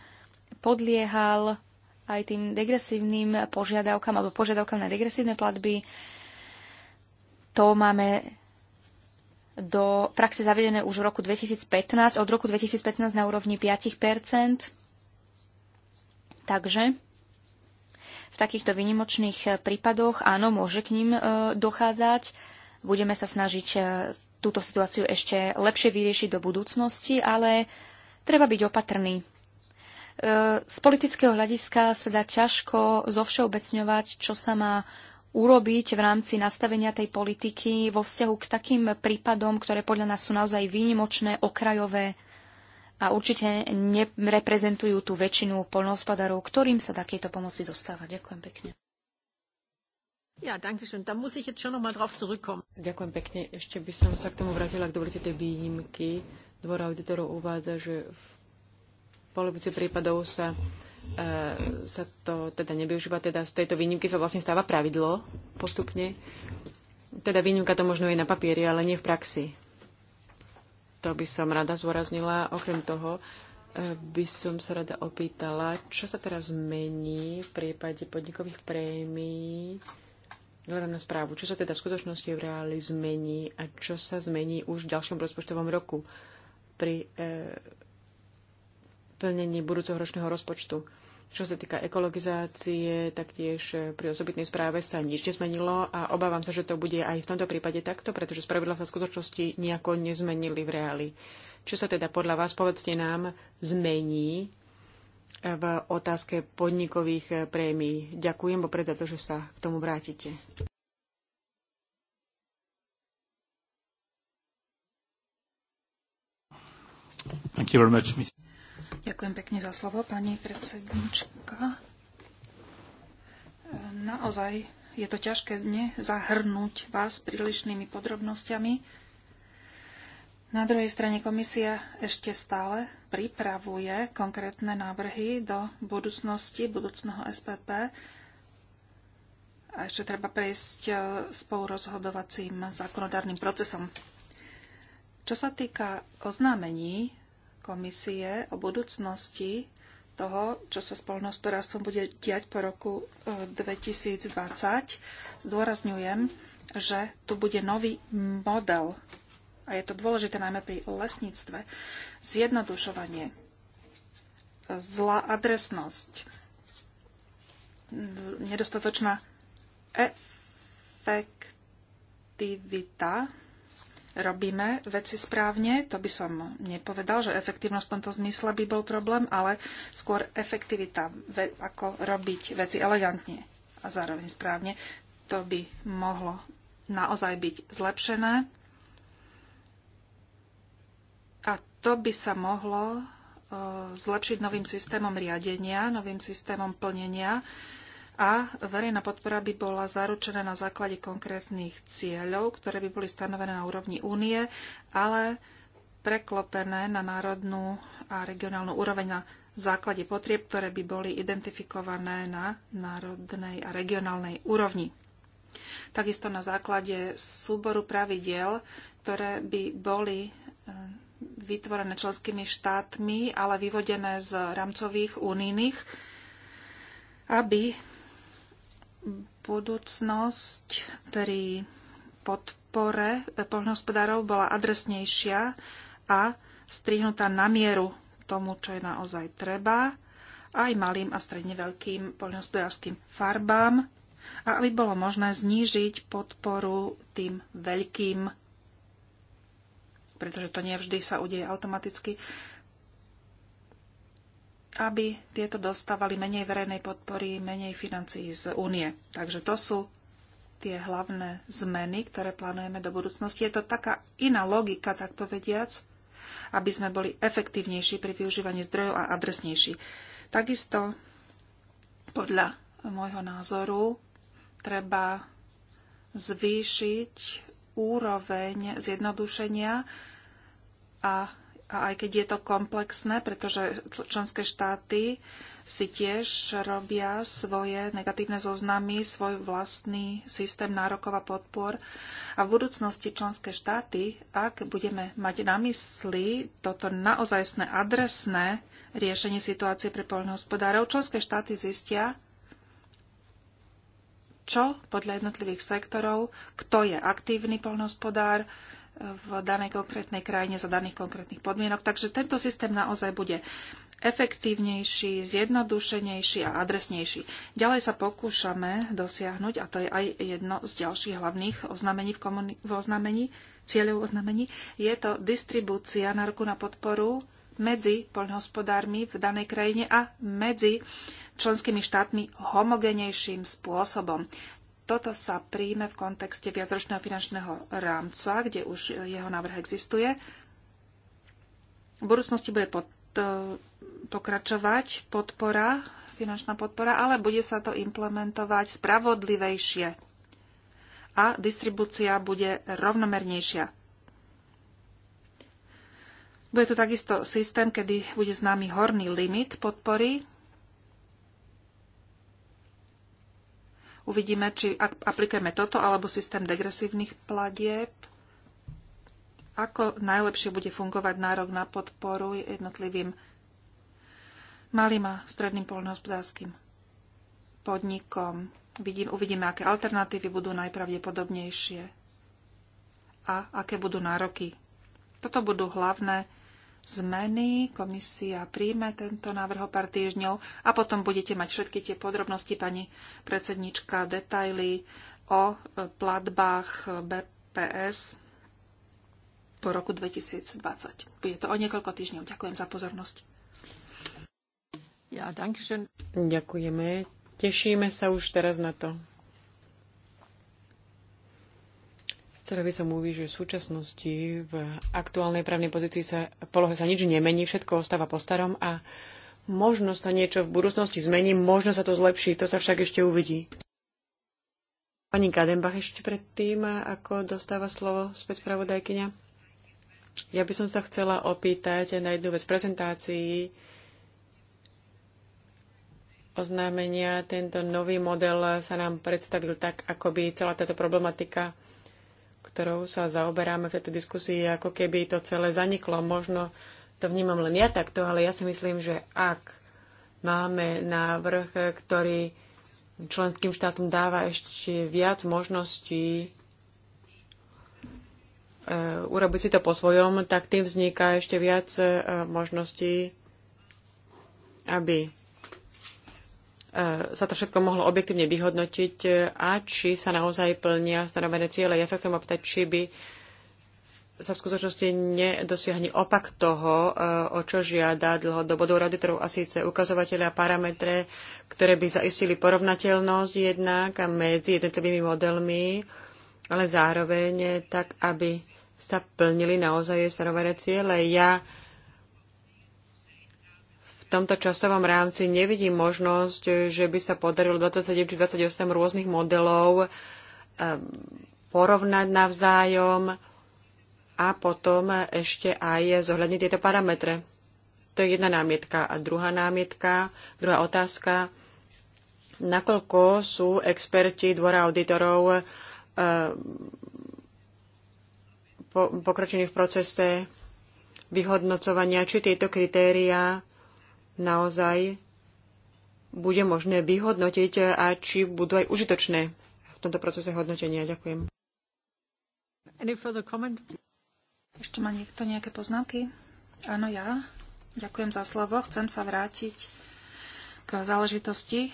podliehal aj tým degresívnym požiadavkám alebo požiadavkám na degresívne platby. To máme do praxe zavedené už v roku 2015, od roku 2015 na úrovni 5 Takže v takýchto vynimočných eh, prípadoch áno, môže k ním eh, dochádzať. Budeme sa snažiť eh, túto situáciu ešte lepšie vyriešiť do budúcnosti, ale treba byť opatrný. Z politického hľadiska sa dá ťažko zovšeobecňovať, čo sa má urobiť v rámci nastavenia tej politiky vo vzťahu k takým prípadom, ktoré podľa nás sú naozaj výnimočné, okrajové, a určite nereprezentujú tú väčšinu polnohospodárov, ktorým sa takéto pomoci dostáva. Ďakujem pekne. Ja, danke schön. Da muss ich jetzt schon noch mal drauf zurückkommen. Ďakujem pekne. Ešte by som sa k tomu vrátila, ak dovolíte tej výnimky. Dvor auditorov uvádza, že v polovici prípadov sa, e, sa to teda nevyužíva. Teda z tejto výnimky sa vlastne stáva pravidlo postupne. Teda výnimka to možno je na papieri, ale nie v praxi. To by som rada zúraznila. Okrem toho e, by som sa rada opýtala, čo sa teraz mení v prípade podnikových prémií Hľadám na správu, čo sa teda v skutočnosti v reáli zmení a čo sa zmení už v ďalšom rozpočtovom roku pri e, plnení budúceho ročného rozpočtu. Čo sa týka ekologizácie, taktiež eh, pri osobitnej správe sa nič nezmenilo a obávam sa, že to bude aj v tomto prípade takto, pretože spravidla sa v skutočnosti nejako nezmenili v reáli. Čo sa teda podľa vás, povedzte nám, zmení eh, v otázke podnikových eh, prémií? Ďakujem opred za to, že sa k tomu vrátite. Thank you very much, Ms. Ďakujem pekne za slovo, pani predsednička. E, naozaj je to ťažké dne zahrnúť vás prílišnými podrobnosťami. Na druhej strane komisia ešte stále pripravuje konkrétne návrhy do budúcnosti, budúcnoho SPP. A ešte treba prejsť e, rozhodovacím zákonodárnym procesom. Čo sa týka oznámení komisie o budúcnosti toho, čo sa s poľnohospodárstvom bude diať po roku 2020, e, zdôrazňujem, že tu bude nový model. A je to dôležité najmä pri lesníctve. Zjednodušovanie, zlá adresnosť, nedostatočná efektivita robíme veci správne. To by som nepovedal, že efektívnosť v tomto zmysle by bol problém, ale skôr efektivita, ako robiť veci elegantne a zároveň správne, to by mohlo naozaj byť zlepšené. A to by sa mohlo eh, zlepšiť novým systémom riadenia, novým systémom plnenia, a verejná podpora by bola zaručená na základe konkrétnych cieľov, ktoré by boli stanovené na úrovni únie, ale preklopené na národnú a regionálnu úroveň na základe potrieb, ktoré by boli identifikované na národnej a regionálnej úrovni. Takisto na základe súboru pravidiel, ktoré by boli e, vytvorené členskými štátmi, ale vyvodené z rámcových unijných, aby budúcnosť pri podpore poľnohospodárov bola adresnejšia a strihnutá na mieru tomu, čo je naozaj treba, aj malým a stredne veľkým poľnohospodárským farbám a aby bolo možné znížiť podporu tým veľkým, pretože to nevždy sa udeje automaticky aby tieto dostávali menej verejnej podpory, menej financií z únie. Takže to sú tie hlavné zmeny, ktoré plánujeme do budúcnosti. Je to taká iná logika, tak povediac, aby sme boli efektívnejší pri využívaní zdrojov a adresnejší. Takisto podľa môjho názoru treba zvýšiť úroveň zjednodušenia a a aj keď je to komplexné, pretože členské štáty si tiež robia svoje negatívne zoznamy, svoj vlastný systém nárokov a podpor. A v budúcnosti členské štáty, ak budeme mať na mysli toto naozajstné adresné riešenie situácie pre poľnohospodárov, členské štáty zistia, čo podľa jednotlivých sektorov, kto je aktívny poľnohospodár, v danej konkrétnej krajine za daných konkrétnych podmienok. Takže tento systém naozaj bude efektívnejší, zjednodušenejší a adresnejší. Ďalej sa pokúšame dosiahnuť, a to je aj jedno z ďalších hlavných oznamení v, komuni- v oznamení, cieľov oznamení, je to distribúcia ruku na podporu medzi poľnohospodármi v danej krajine a medzi členskými štátmi homogenejším spôsobom toto sa príjme v kontexte viacročného finančného rámca, kde už jeho návrh existuje. V budúcnosti bude pod, e, pokračovať podpora, finančná podpora, ale bude sa to implementovať spravodlivejšie a distribúcia bude rovnomernejšia. Bude tu takisto systém, kedy bude známy horný limit podpory Uvidíme, či aplikujeme toto alebo systém degresívnych platieb. Ako najlepšie bude fungovať nárok na podporu jednotlivým malým a stredným poľnohospodárským podnikom. Vidím, uvidíme, aké alternatívy budú najpravdepodobnejšie a aké budú nároky. Toto budú hlavné zmeny. Komisia príjme tento návrh o pár týždňov a potom budete mať všetky tie podrobnosti, pani predsednička, detaily o platbách BPS po roku 2020. Bude to o niekoľko týždňov. Ďakujem za pozornosť. Ja, Ďakujeme. Tešíme sa už teraz na to. Chcela by som uviť, že v súčasnosti v aktuálnej právnej pozícii sa polohe sa nič nemení, všetko ostáva po starom a možno sa niečo v budúcnosti zmení, možno sa to zlepší, to sa však ešte uvidí. Pani Kadenbach ešte predtým, ako dostáva slovo späť spravodajkyňa. Ja by som sa chcela opýtať na jednu vec prezentácií oznámenia. Tento nový model sa nám predstavil tak, ako by celá táto problematika ktorou sa zaoberáme v tejto diskusii, ako keby to celé zaniklo. Možno to vnímam len ja takto, ale ja si myslím, že ak máme návrh, ktorý členským štátom dáva ešte viac možností e, urobiť si to po svojom, tak tým vzniká ešte viac e, možností, aby E, sa to všetko mohlo objektívne vyhodnotiť e, a či sa naozaj plnia stanovené ciele. Ja sa chcem opýtať, či by sa v skutočnosti nedosiahne opak toho, e, o čo žiada dlhodobo do auditorov a síce ukazovateľe a parametre, ktoré by zaistili porovnateľnosť jednak a medzi jednotlivými modelmi, ale zároveň tak, aby sa plnili naozaj stanovené ciele. Ja tomto časovom rámci nevidím možnosť, že by sa podarilo 27 či 28 rôznych modelov um, porovnať navzájom a potom ešte aj zohľadniť tieto parametre. To je jedna námietka. A druhá námietka, druhá otázka, nakoľko sú experti dvora auditorov um, pokročení v procese vyhodnocovania, či tieto kritériá naozaj bude možné vyhodnotiť a či budú aj užitočné v tomto procese hodnotenia. Ďakujem. Ešte má niekto nejaké poznámky? Áno, ja. Ďakujem za slovo. Chcem sa vrátiť k záležitosti,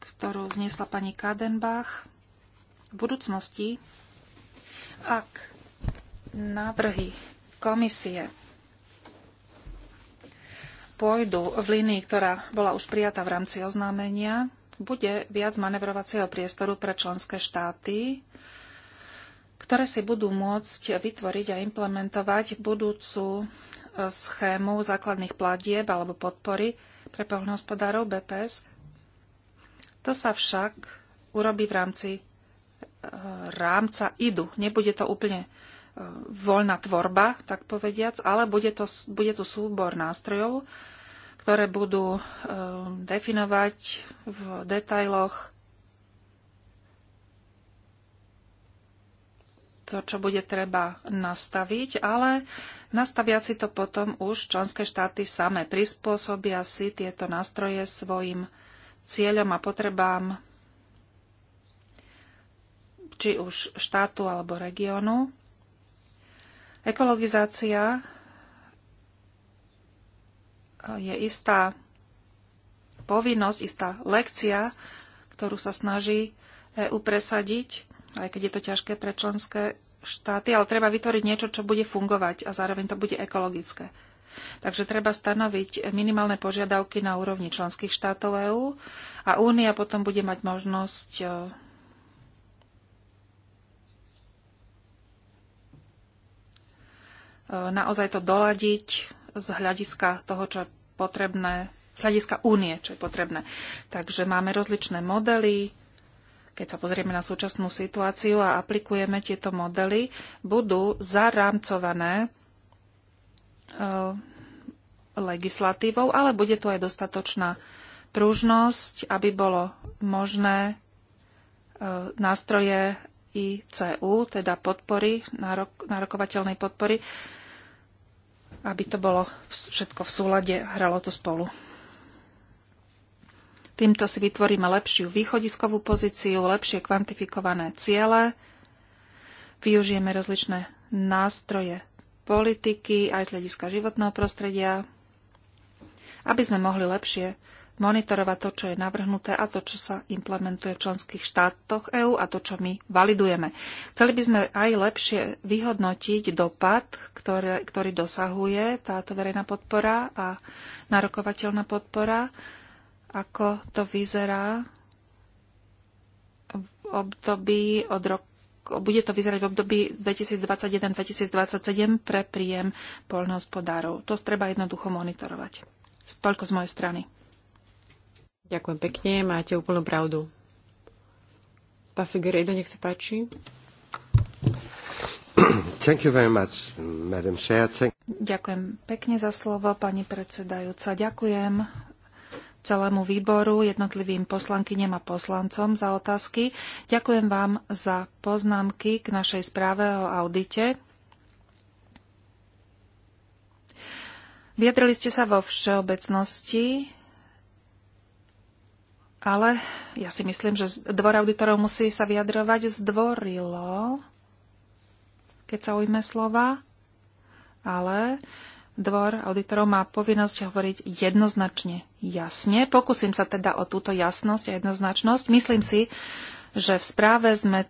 ktorú zniesla pani Kadenbach. V budúcnosti, ak návrhy komisie pôjdu v línii, ktorá bola už prijatá v rámci oznámenia, bude viac manevrovacieho priestoru pre členské štáty, ktoré si budú môcť vytvoriť a implementovať budúcu e, schému základných platieb alebo podpory pre poľnohospodárov BPS. To sa však urobí v rámci e, rámca IDU. Nebude to úplne e, voľná tvorba, tak povediac, ale bude, to, bude tu súbor nástrojov, ktoré budú eh, definovať v detailoch to, čo bude treba nastaviť, ale nastavia si to potom už členské štáty same. Prispôsobia si tieto nástroje svojim cieľom a potrebám či už štátu alebo regiónu. Ekologizácia je istá povinnosť, istá lekcia, ktorú sa snaží EU presadiť, aj keď je to ťažké pre členské štáty, ale treba vytvoriť niečo, čo bude fungovať a zároveň to bude ekologické. Takže treba stanoviť minimálne požiadavky na úrovni členských štátov EÚ a Únia potom bude mať možnosť e, e, naozaj to doladiť z hľadiska toho, čo je potrebné, z hľadiska únie, čo je potrebné. Takže máme rozličné modely, keď sa pozrieme na súčasnú situáciu a aplikujeme tieto modely, budú zarámcované e, legislatívou, ale bude tu aj dostatočná pružnosť, aby bolo možné e, nástroje ICU, teda podpory, nárok, nárokovateľnej podpory, aby to bolo všetko v súlade, hralo to spolu. Týmto si vytvoríme lepšiu východiskovú pozíciu, lepšie kvantifikované ciele, využijeme rozličné nástroje politiky aj z hľadiska životného prostredia, aby sme mohli lepšie monitorovať to, čo je navrhnuté a to, čo sa implementuje v členských štátoch EÚ a to, čo my validujeme. Chceli by sme aj lepšie vyhodnotiť dopad, ktorý, ktorý dosahuje táto verejná podpora a narokovateľná podpora, ako to vyzerá v období od roku bude to vyzerať v období 2021-2027 pre príjem poľnohospodárov. To treba jednoducho monitorovať. Toľko z mojej strany. Ďakujem pekne, máte úplnú pravdu. Pán Figueiredo, nech sa páči. Thank you very much, Madam Chair. Thank... Ďakujem pekne za slovo, pani predsedajúca. Ďakujem celému výboru, jednotlivým poslankyňam a poslancom za otázky. Ďakujem vám za poznámky k našej správe o audite. Vyjadrili ste sa vo všeobecnosti ale ja si myslím, že dvor auditorov musí sa vyjadrovať zdvorilo, keď sa ujme slova. Ale dvor auditorov má povinnosť hovoriť jednoznačne, jasne. Pokúsim sa teda o túto jasnosť a jednoznačnosť. Myslím si, že v správe sme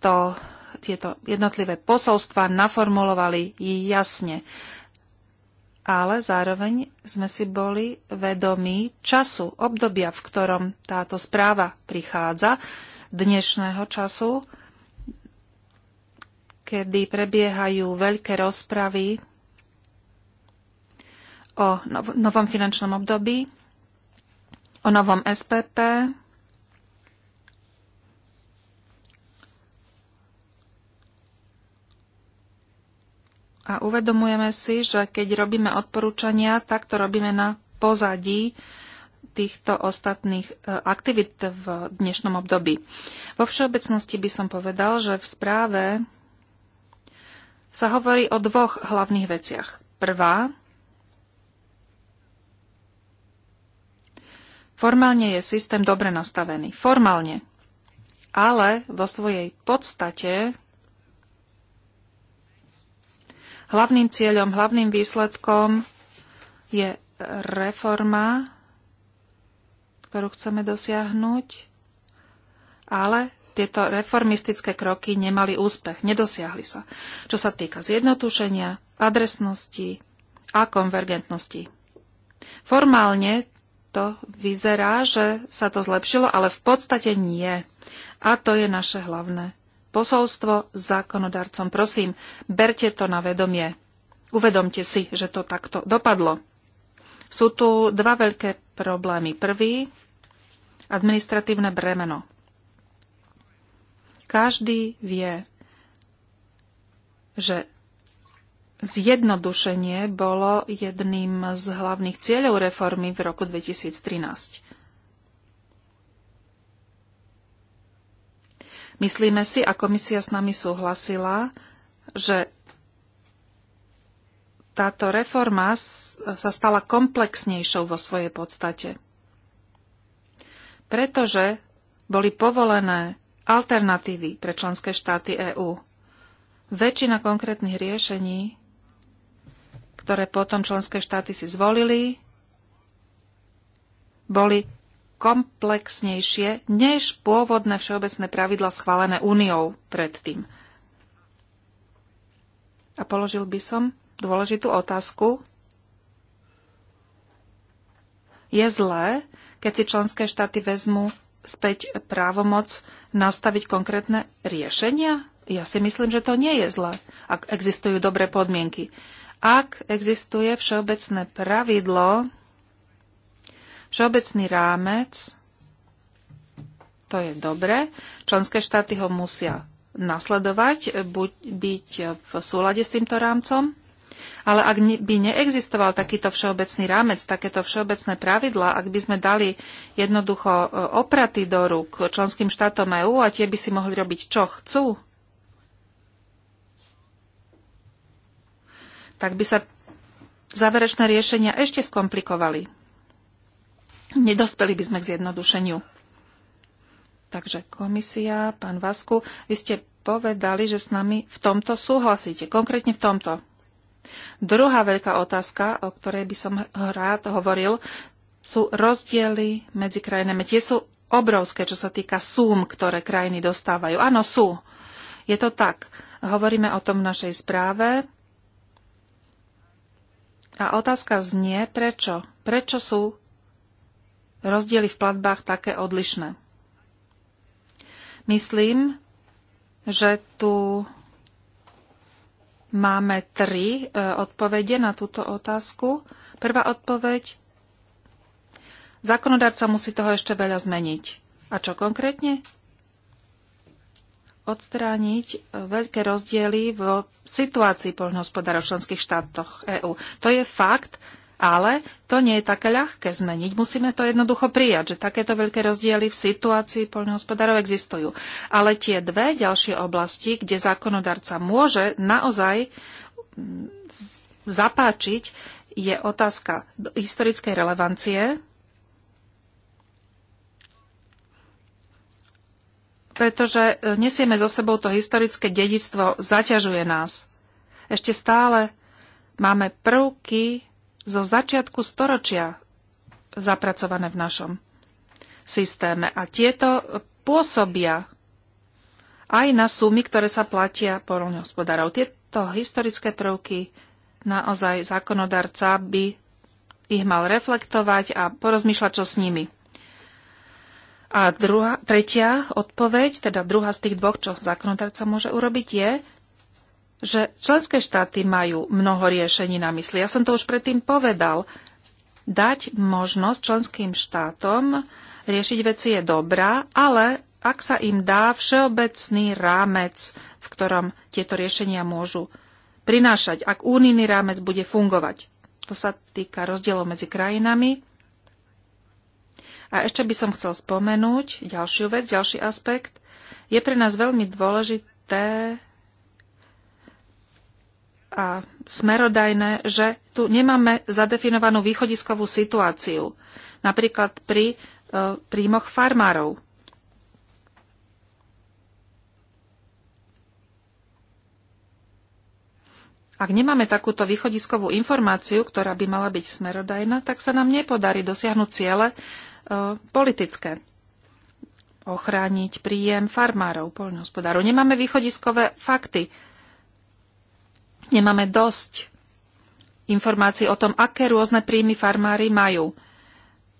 to, tieto jednotlivé posolstva naformulovali jasne ale zároveň sme si boli vedomí času, obdobia, v ktorom táto správa prichádza, dnešného času, kedy prebiehajú veľké rozpravy o novom finančnom období, o novom SPP, A uvedomujeme si, že keď robíme odporúčania, tak to robíme na pozadí týchto ostatných e, aktivít v dnešnom období. Vo všeobecnosti by som povedal, že v správe sa hovorí o dvoch hlavných veciach. Prvá, formálne je systém dobre nastavený. Formálne. Ale vo svojej podstate Hlavným cieľom, hlavným výsledkom je reforma, ktorú chceme dosiahnuť, ale tieto reformistické kroky nemali úspech, nedosiahli sa. Čo sa týka zjednotušenia, adresnosti a konvergentnosti. Formálne to vyzerá, že sa to zlepšilo, ale v podstate nie. A to je naše hlavné posolstvo zákonodarcom. Prosím, berte to na vedomie. Uvedomte si, že to takto dopadlo. Sú tu dva veľké problémy. Prvý, administratívne bremeno. Každý vie, že zjednodušenie bolo jedným z hlavných cieľov reformy v roku 2013. Myslíme si, a komisia s nami súhlasila, že táto reforma sa stala komplexnejšou vo svojej podstate. Pretože boli povolené alternatívy pre členské štáty EÚ. Väčšina konkrétnych riešení, ktoré potom členské štáty si zvolili, boli komplexnejšie než pôvodné všeobecné pravidla schválené úniou predtým. A položil by som dôležitú otázku. Je zlé, keď si členské štáty vezmú späť právomoc nastaviť konkrétne riešenia? Ja si myslím, že to nie je zlé, ak existujú dobré podmienky. Ak existuje všeobecné pravidlo, Všeobecný rámec, to je dobre, členské štáty ho musia nasledovať, buď byť v súlade s týmto rámcom, ale ak by neexistoval takýto všeobecný rámec, takéto všeobecné pravidlá, ak by sme dali jednoducho e, opraty do rúk členským štátom EÚ a tie by si mohli robiť, čo chcú, tak by sa záverečné riešenia ešte skomplikovali nedospeli by sme k zjednodušeniu. Takže komisia, pán Vasku, vy ste povedali, že s nami v tomto súhlasíte, konkrétne v tomto. Druhá veľká otázka, o ktorej by som rád hovoril, sú rozdiely medzi krajinami. Tie sú obrovské, čo sa týka súm, ktoré krajiny dostávajú. Áno, sú. Je to tak. Hovoríme o tom v našej správe. A otázka znie, prečo? Prečo sú rozdiely v platbách také odlišné. Myslím, že tu máme tri e, odpovede na túto otázku. Prvá odpoveď. Zákonodárca musí toho ešte veľa zmeniť. A čo konkrétne? odstrániť e, veľké rozdiely v situácii poľnohospodárov v členských štátoch EÚ. To je fakt, ale to nie je také ľahké zmeniť. Musíme to jednoducho prijať, že takéto veľké rozdiely v situácii poľnohospodárov existujú. Ale tie dve ďalšie oblasti, kde zákonodarca môže naozaj mm, zapáčiť, je otázka historickej relevancie pretože e, nesieme so sebou to historické dedictvo, zaťažuje nás. Ešte stále máme prvky zo začiatku storočia zapracované v našom systéme. A tieto pôsobia aj na sumy, ktoré sa platia poľnohospodárov. Tieto historické prvky naozaj zákonodarca by ich mal reflektovať a porozmýšľať, čo s nimi. A druhá, tretia odpoveď, teda druhá z tých dvoch, čo zákonodarca môže urobiť, je že členské štáty majú mnoho riešení na mysli. Ja som to už predtým povedal. Dať možnosť členským štátom riešiť veci je dobrá, ale ak sa im dá všeobecný rámec, v ktorom tieto riešenia môžu prinášať, ak únijný rámec bude fungovať. To sa týka rozdielov medzi krajinami. A ešte by som chcel spomenúť ďalšiu vec, ďalší aspekt. Je pre nás veľmi dôležité a smerodajné, že tu nemáme zadefinovanú východiskovú situáciu, napríklad pri e, príjmoch farmárov. Ak nemáme takúto východiskovú informáciu, ktorá by mala byť smerodajná, tak sa nám nepodarí dosiahnuť ciele e, politické. Ochrániť príjem farmárov, poľnohospodárov. Nemáme východiskové fakty Nemáme dosť informácií o tom, aké rôzne príjmy farmári majú.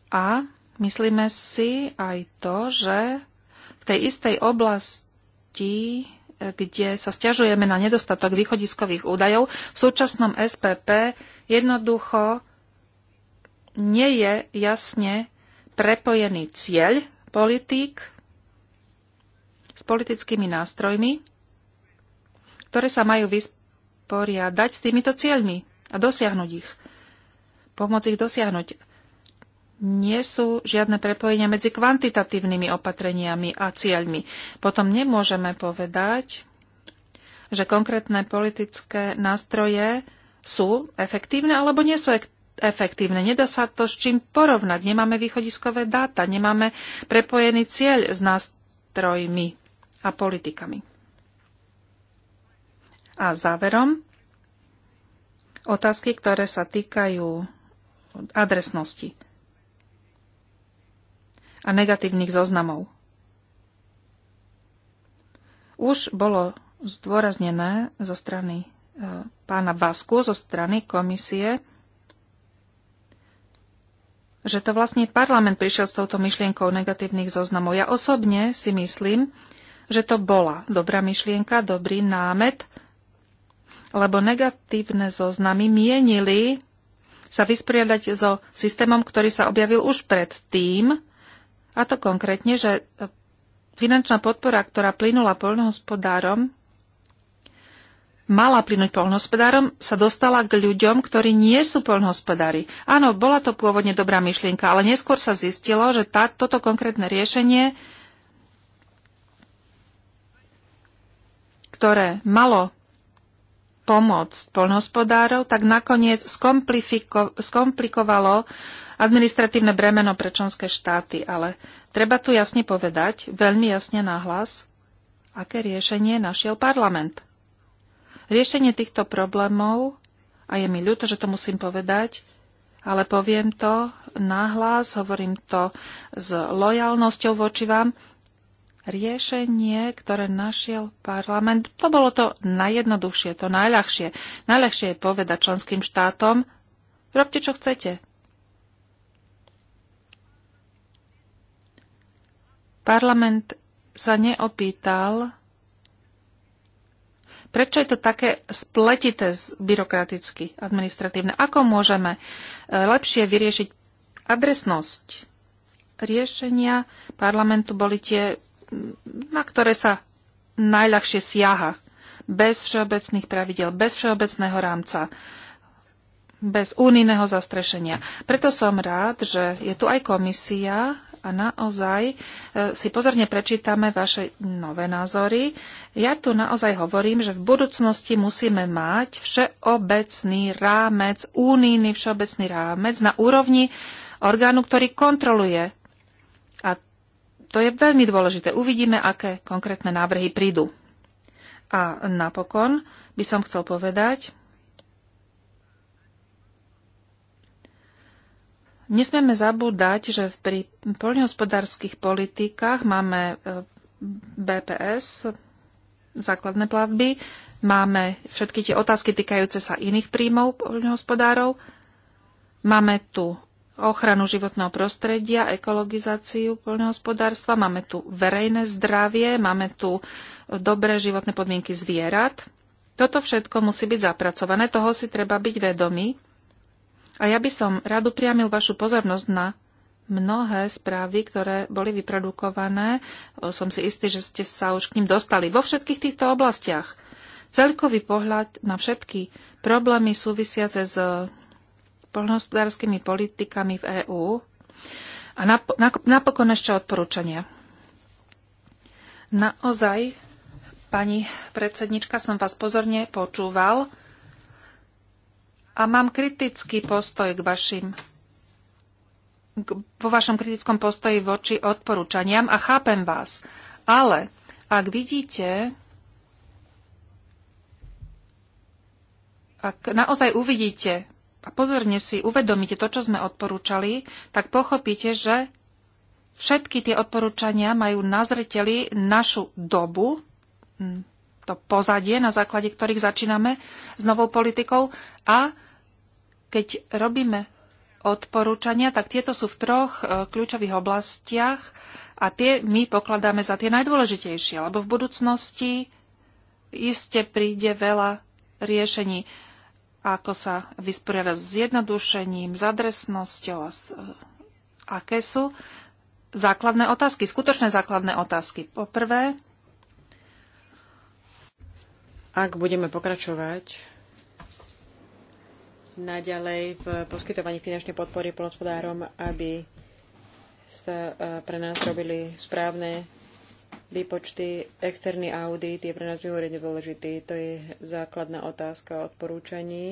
A myslíme si aj to, že v tej istej oblasti kde sa stiažujeme na nedostatok východiskových údajov, v súčasnom SPP jednoducho nie je jasne prepojený cieľ politík s politickými nástrojmi, ktoré sa majú vysp- vysporiadať s týmito cieľmi a dosiahnuť ich. Pomôcť ich dosiahnuť. Nie sú žiadne prepojenia medzi kvantitatívnymi opatreniami a cieľmi. Potom nemôžeme povedať, že konkrétne politické nástroje sú efektívne alebo nie sú efektívne. Nedá sa to s čím porovnať. Nemáme východiskové dáta, nemáme prepojený cieľ s nástrojmi a politikami. A záverom otázky, ktoré sa týkajú adresnosti a negatívnych zoznamov. Už bolo zdôraznené zo strany e, pána Basku, zo strany komisie, že to vlastne parlament prišiel s touto myšlienkou negatívnych zoznamov. Ja osobne si myslím, že to bola dobrá myšlienka, dobrý námet, lebo negatívne zoznamy mienili sa vysporiadať so systémom, ktorý sa objavil už pred tým, a to konkrétne, že finančná podpora, ktorá plynula poľnohospodárom, mala plynúť poľnohospodárom, sa dostala k ľuďom, ktorí nie sú poľnohospodári. Áno, bola to pôvodne dobrá myšlienka, ale neskôr sa zistilo, že tá, toto konkrétne riešenie, ktoré malo pomoc poľnohospodárov, tak nakoniec skomplikovalo administratívne bremeno pre členské štáty. Ale treba tu jasne povedať, veľmi jasne nahlas, aké riešenie našiel parlament. Riešenie týchto problémov, a je mi ľúto, že to musím povedať, ale poviem to nahlas, hovorím to s lojalnosťou voči vám, riešenie, ktoré našiel parlament, to bolo to najjednoduchšie, to najľahšie. Najľahšie je povedať členským štátom, robte čo chcete. Parlament sa neopýtal, prečo je to také spletité byrokraticky, administratívne. Ako môžeme eh, lepšie vyriešiť adresnosť riešenia parlamentu boli tie na ktoré sa najľahšie siaha. Bez všeobecných pravidel, bez všeobecného rámca, bez únijného zastrešenia. Preto som rád, že je tu aj komisia a naozaj e, si pozorne prečítame vaše nové názory. Ja tu naozaj hovorím, že v budúcnosti musíme mať všeobecný rámec, únijný všeobecný rámec na úrovni orgánu, ktorý kontroluje to je veľmi dôležité. Uvidíme, aké konkrétne návrhy prídu. A napokon by som chcel povedať, nesmieme zabúdať, že pri poľnohospodárskych politikách máme e, BPS, základné platby, máme všetky tie otázky týkajúce sa iných príjmov poľnohospodárov, máme tu ochranu životného prostredia, ekologizáciu poľnohospodárstva, máme tu verejné zdravie, máme tu dobré životné podmienky zvierat. Toto všetko musí byť zapracované, toho si treba byť vedomý. A ja by som rád upriamil vašu pozornosť na mnohé správy, ktoré boli vyprodukované. Som si istý, že ste sa už k ním dostali vo všetkých týchto oblastiach. Celkový pohľad na všetky problémy súvisiace s poľnohospodárskymi politikami v EÚ. A napokon ešte odporúčania. Naozaj, pani predsednička, som vás pozorne počúval a mám kritický postoj k vašim vo vašom kritickom postoji voči odporúčaniam a chápem vás. Ale ak vidíte, ak naozaj uvidíte a pozorne si uvedomíte to, čo sme odporúčali, tak pochopíte, že všetky tie odporúčania majú na zreteli našu dobu, to pozadie, na základe ktorých začíname s novou politikou a keď robíme odporúčania, tak tieto sú v troch e, kľúčových oblastiach a tie my pokladáme za tie najdôležitejšie, lebo v budúcnosti iste príde veľa riešení ako sa vysporiadať s jednodušením, s adresnosťou a aké sú základné otázky, skutočné základné otázky. Poprvé, ak budeme pokračovať naďalej v poskytovaní finančnej podpory polospodárom, aby sa eh, pre nás robili správne výpočty, externý audit je pre nás mimoriadne dôležitý. To je základná otázka o odporúčaní.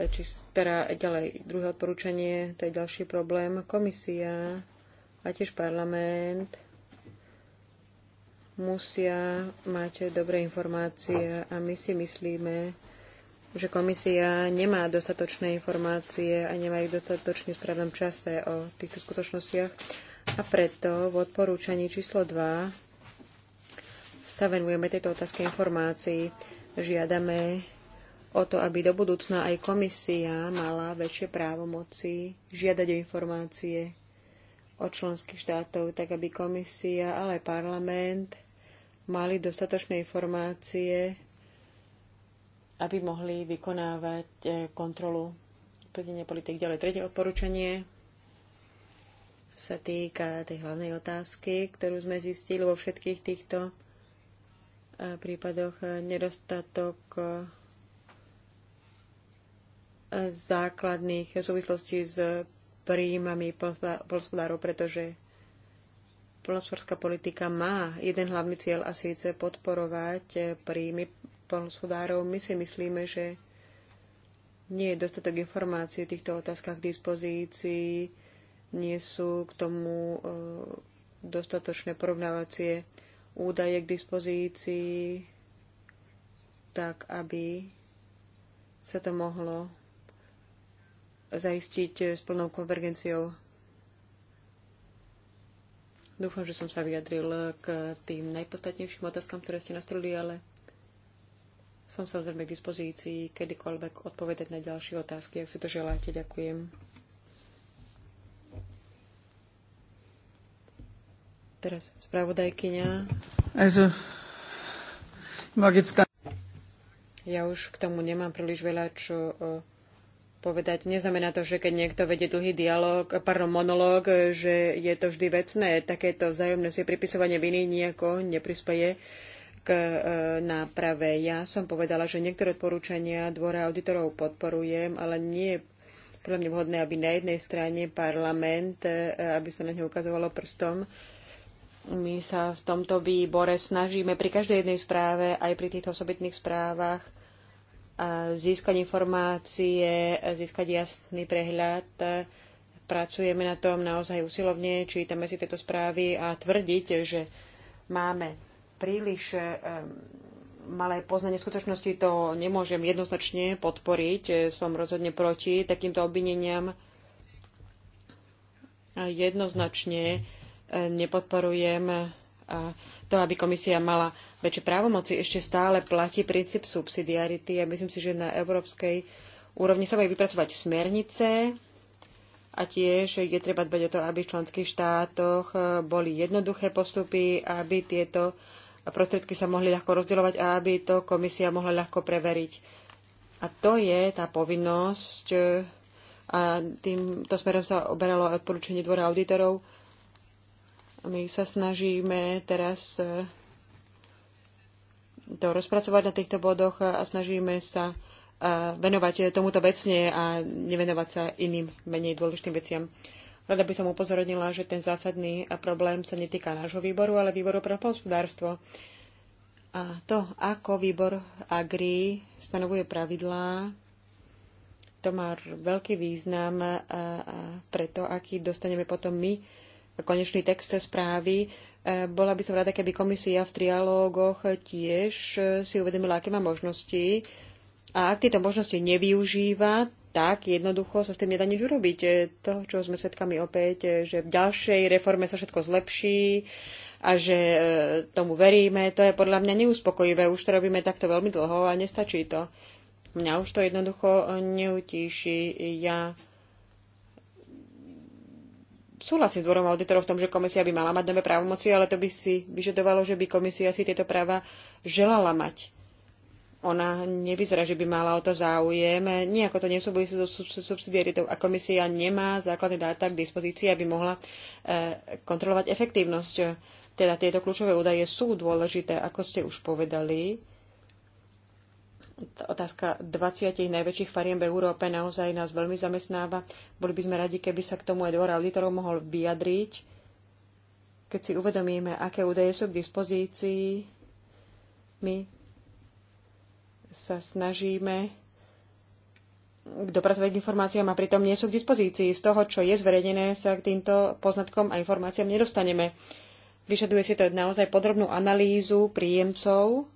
E, či, teda ďalej, druhé odporúčanie, to je ďalší problém. Komisia a tiež parlament musia mať dobré informácie a my si myslíme, že komisia nemá dostatočné informácie a nemá ich dostatočne v správnom čase o týchto skutočnostiach a preto v odporúčaní číslo 2 sa venujeme tejto otázke informácií. Žiadame o to, aby do budúcna aj komisia mala väčšie právomoci žiadať informácie o členských štátov, tak aby komisia, ale aj parlament mali dostatočné informácie, aby mohli vykonávať eh, kontrolu plnenia politik ďalej. Tretie odporúčanie sa týka tej hlavnej otázky, ktorú sme zistili vo všetkých týchto eh, prípadoch eh, nedostatok eh, základných súvislostí s príjmami polospodárov, pretože polospodárska politika má jeden hlavný cieľ a síce podporovať príjmy polospodárov. My si myslíme, že nie je dostatok informácií o týchto otázkach k dispozícii nie sú k tomu e, dostatočné porovnávacie údaje k dispozícii, tak aby sa to mohlo zaistiť e, s plnou konvergenciou. Dúfam, že som sa vyjadril k tým najpodstatnejším otázkam, ktoré ste nastrolili, ale som samozrejme k dispozícii kedykoľvek odpovedať na ďalšie otázky, ak si to želáte. Ďakujem. Teraz spravodajkyňa. Ja už k tomu nemám príliš veľa čo e, povedať. Neznamená to, že keď niekto vedie dlhý dialog, e, pardon, monológ, e, že je to vždy vecné. Takéto vzájomné si pripisovanie viny nejako neprispeje k náprave. Ja som povedala, že niektoré odporúčania dvora auditorov podporujem, ale nie je podľa mňa vhodné, aby na jednej strane parlament, aby sa na ňo ukazovalo prstom, my sa v tomto výbore snažíme pri každej jednej správe, aj pri týchto osobitných správach, získať informácie, získať jasný prehľad. Pracujeme na tom naozaj usilovne, čítame si tieto správy a tvrdiť, že máme príliš e, malé poznanie skutočnosti, to nemôžem jednoznačne podporiť. Som rozhodne proti takýmto obvineniam. Jednoznačne nepodporujem to, aby komisia mala väčšie právomoci. Ešte stále platí princíp subsidiarity a myslím si, že na európskej úrovni sa majú vypracovať smernice a tiež je treba dbať o to, aby v členských štátoch e, boli jednoduché postupy, aby tieto prostriedky sa mohli ľahko rozdielovať a aby to komisia mohla ľahko preveriť. A to je tá povinnosť e, a týmto smerom sa oberalo aj odporúčanie dvora auditorov, my sa snažíme teraz e, to rozpracovať na týchto bodoch a snažíme sa e, venovať tomuto vecne a nevenovať sa iným menej dôležitým veciam. Rada by som upozornila, že ten zásadný problém sa netýka nášho výboru, ale výboru pre hospodárstvo. A to, ako výbor Agri stanovuje pravidlá, to má veľký význam pre to, aký dostaneme potom my konečný text správy. E, bola by som rada, keby komisia v trialógoch tiež e, si uvedomila, aké má možnosti. A ak tieto možnosti nevyužíva, tak jednoducho sa s tým nedá nič urobiť. E, to, čo sme svedkami opäť, že v ďalšej reforme sa všetko zlepší a že tomu veríme, to je podľa mňa neuspokojivé. Už to robíme takto veľmi dlho a nestačí to. Mňa už to jednoducho neutíši. Ja súhlasím s dvorom auditorov v tom, že komisia by mala mať nové právomoci, ale to by si vyžadovalo, že by komisia si tieto práva želala mať. Ona nevyzerá, že by mala o to záujem. Nijako to nesúvisí so subsidiaritou a komisia nemá základné dáta k dispozícii, aby mohla eh, kontrolovať efektívnosť. Teda tieto kľúčové údaje sú dôležité, ako ste už povedali otázka 20 najväčších fariem v Európe naozaj nás veľmi zamestnáva. Boli by sme radi, keby sa k tomu aj dvor auditorov mohol vyjadriť, keď si uvedomíme, aké údaje sú k dispozícii. My sa snažíme dopracovať informáciám a pritom nie sú k dispozícii. Z toho, čo je zverejnené, sa k týmto poznatkom a informáciám nedostaneme. Vyžaduje si to naozaj podrobnú analýzu príjemcov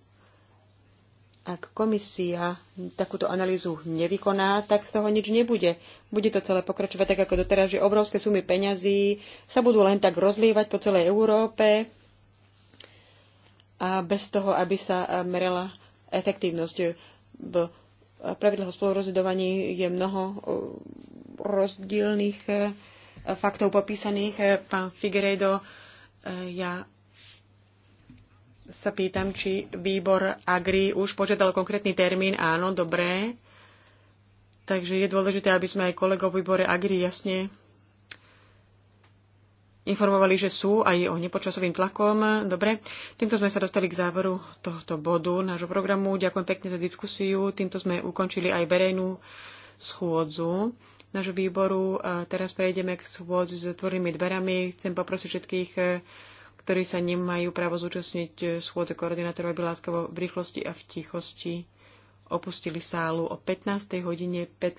ak komisia takúto analýzu nevykoná, tak z toho nič nebude. Bude to celé pokračovať tak ako doteraz, že obrovské sumy peňazí sa budú len tak rozlievať po celej Európe a bez toho, aby sa merala efektívnosť. V pravidlách o spolurozhodovaní je mnoho eh, rozdielných eh, faktov popísaných. Eh, pán Figueredo, ja sa pýtam, či výbor Agri už požiadal konkrétny termín. Áno, dobré. Takže je dôležité, aby sme aj kolegov v výbore Agri jasne informovali, že sú aj oni nepočasovým tlakom. Dobre, týmto sme sa dostali k záveru tohto bodu nášho programu. Ďakujem pekne za diskusiu. Týmto sme ukončili aj verejnú schôdzu nášho výboru. Teraz prejdeme k schôdzi s otvorenými dverami. Chcem poprosiť všetkých ktorí sa nemajú právo zúčastniť e, schôdze koordinátorov, aby láskavo v rýchlosti a v tichosti opustili sálu o 15. hodine 15.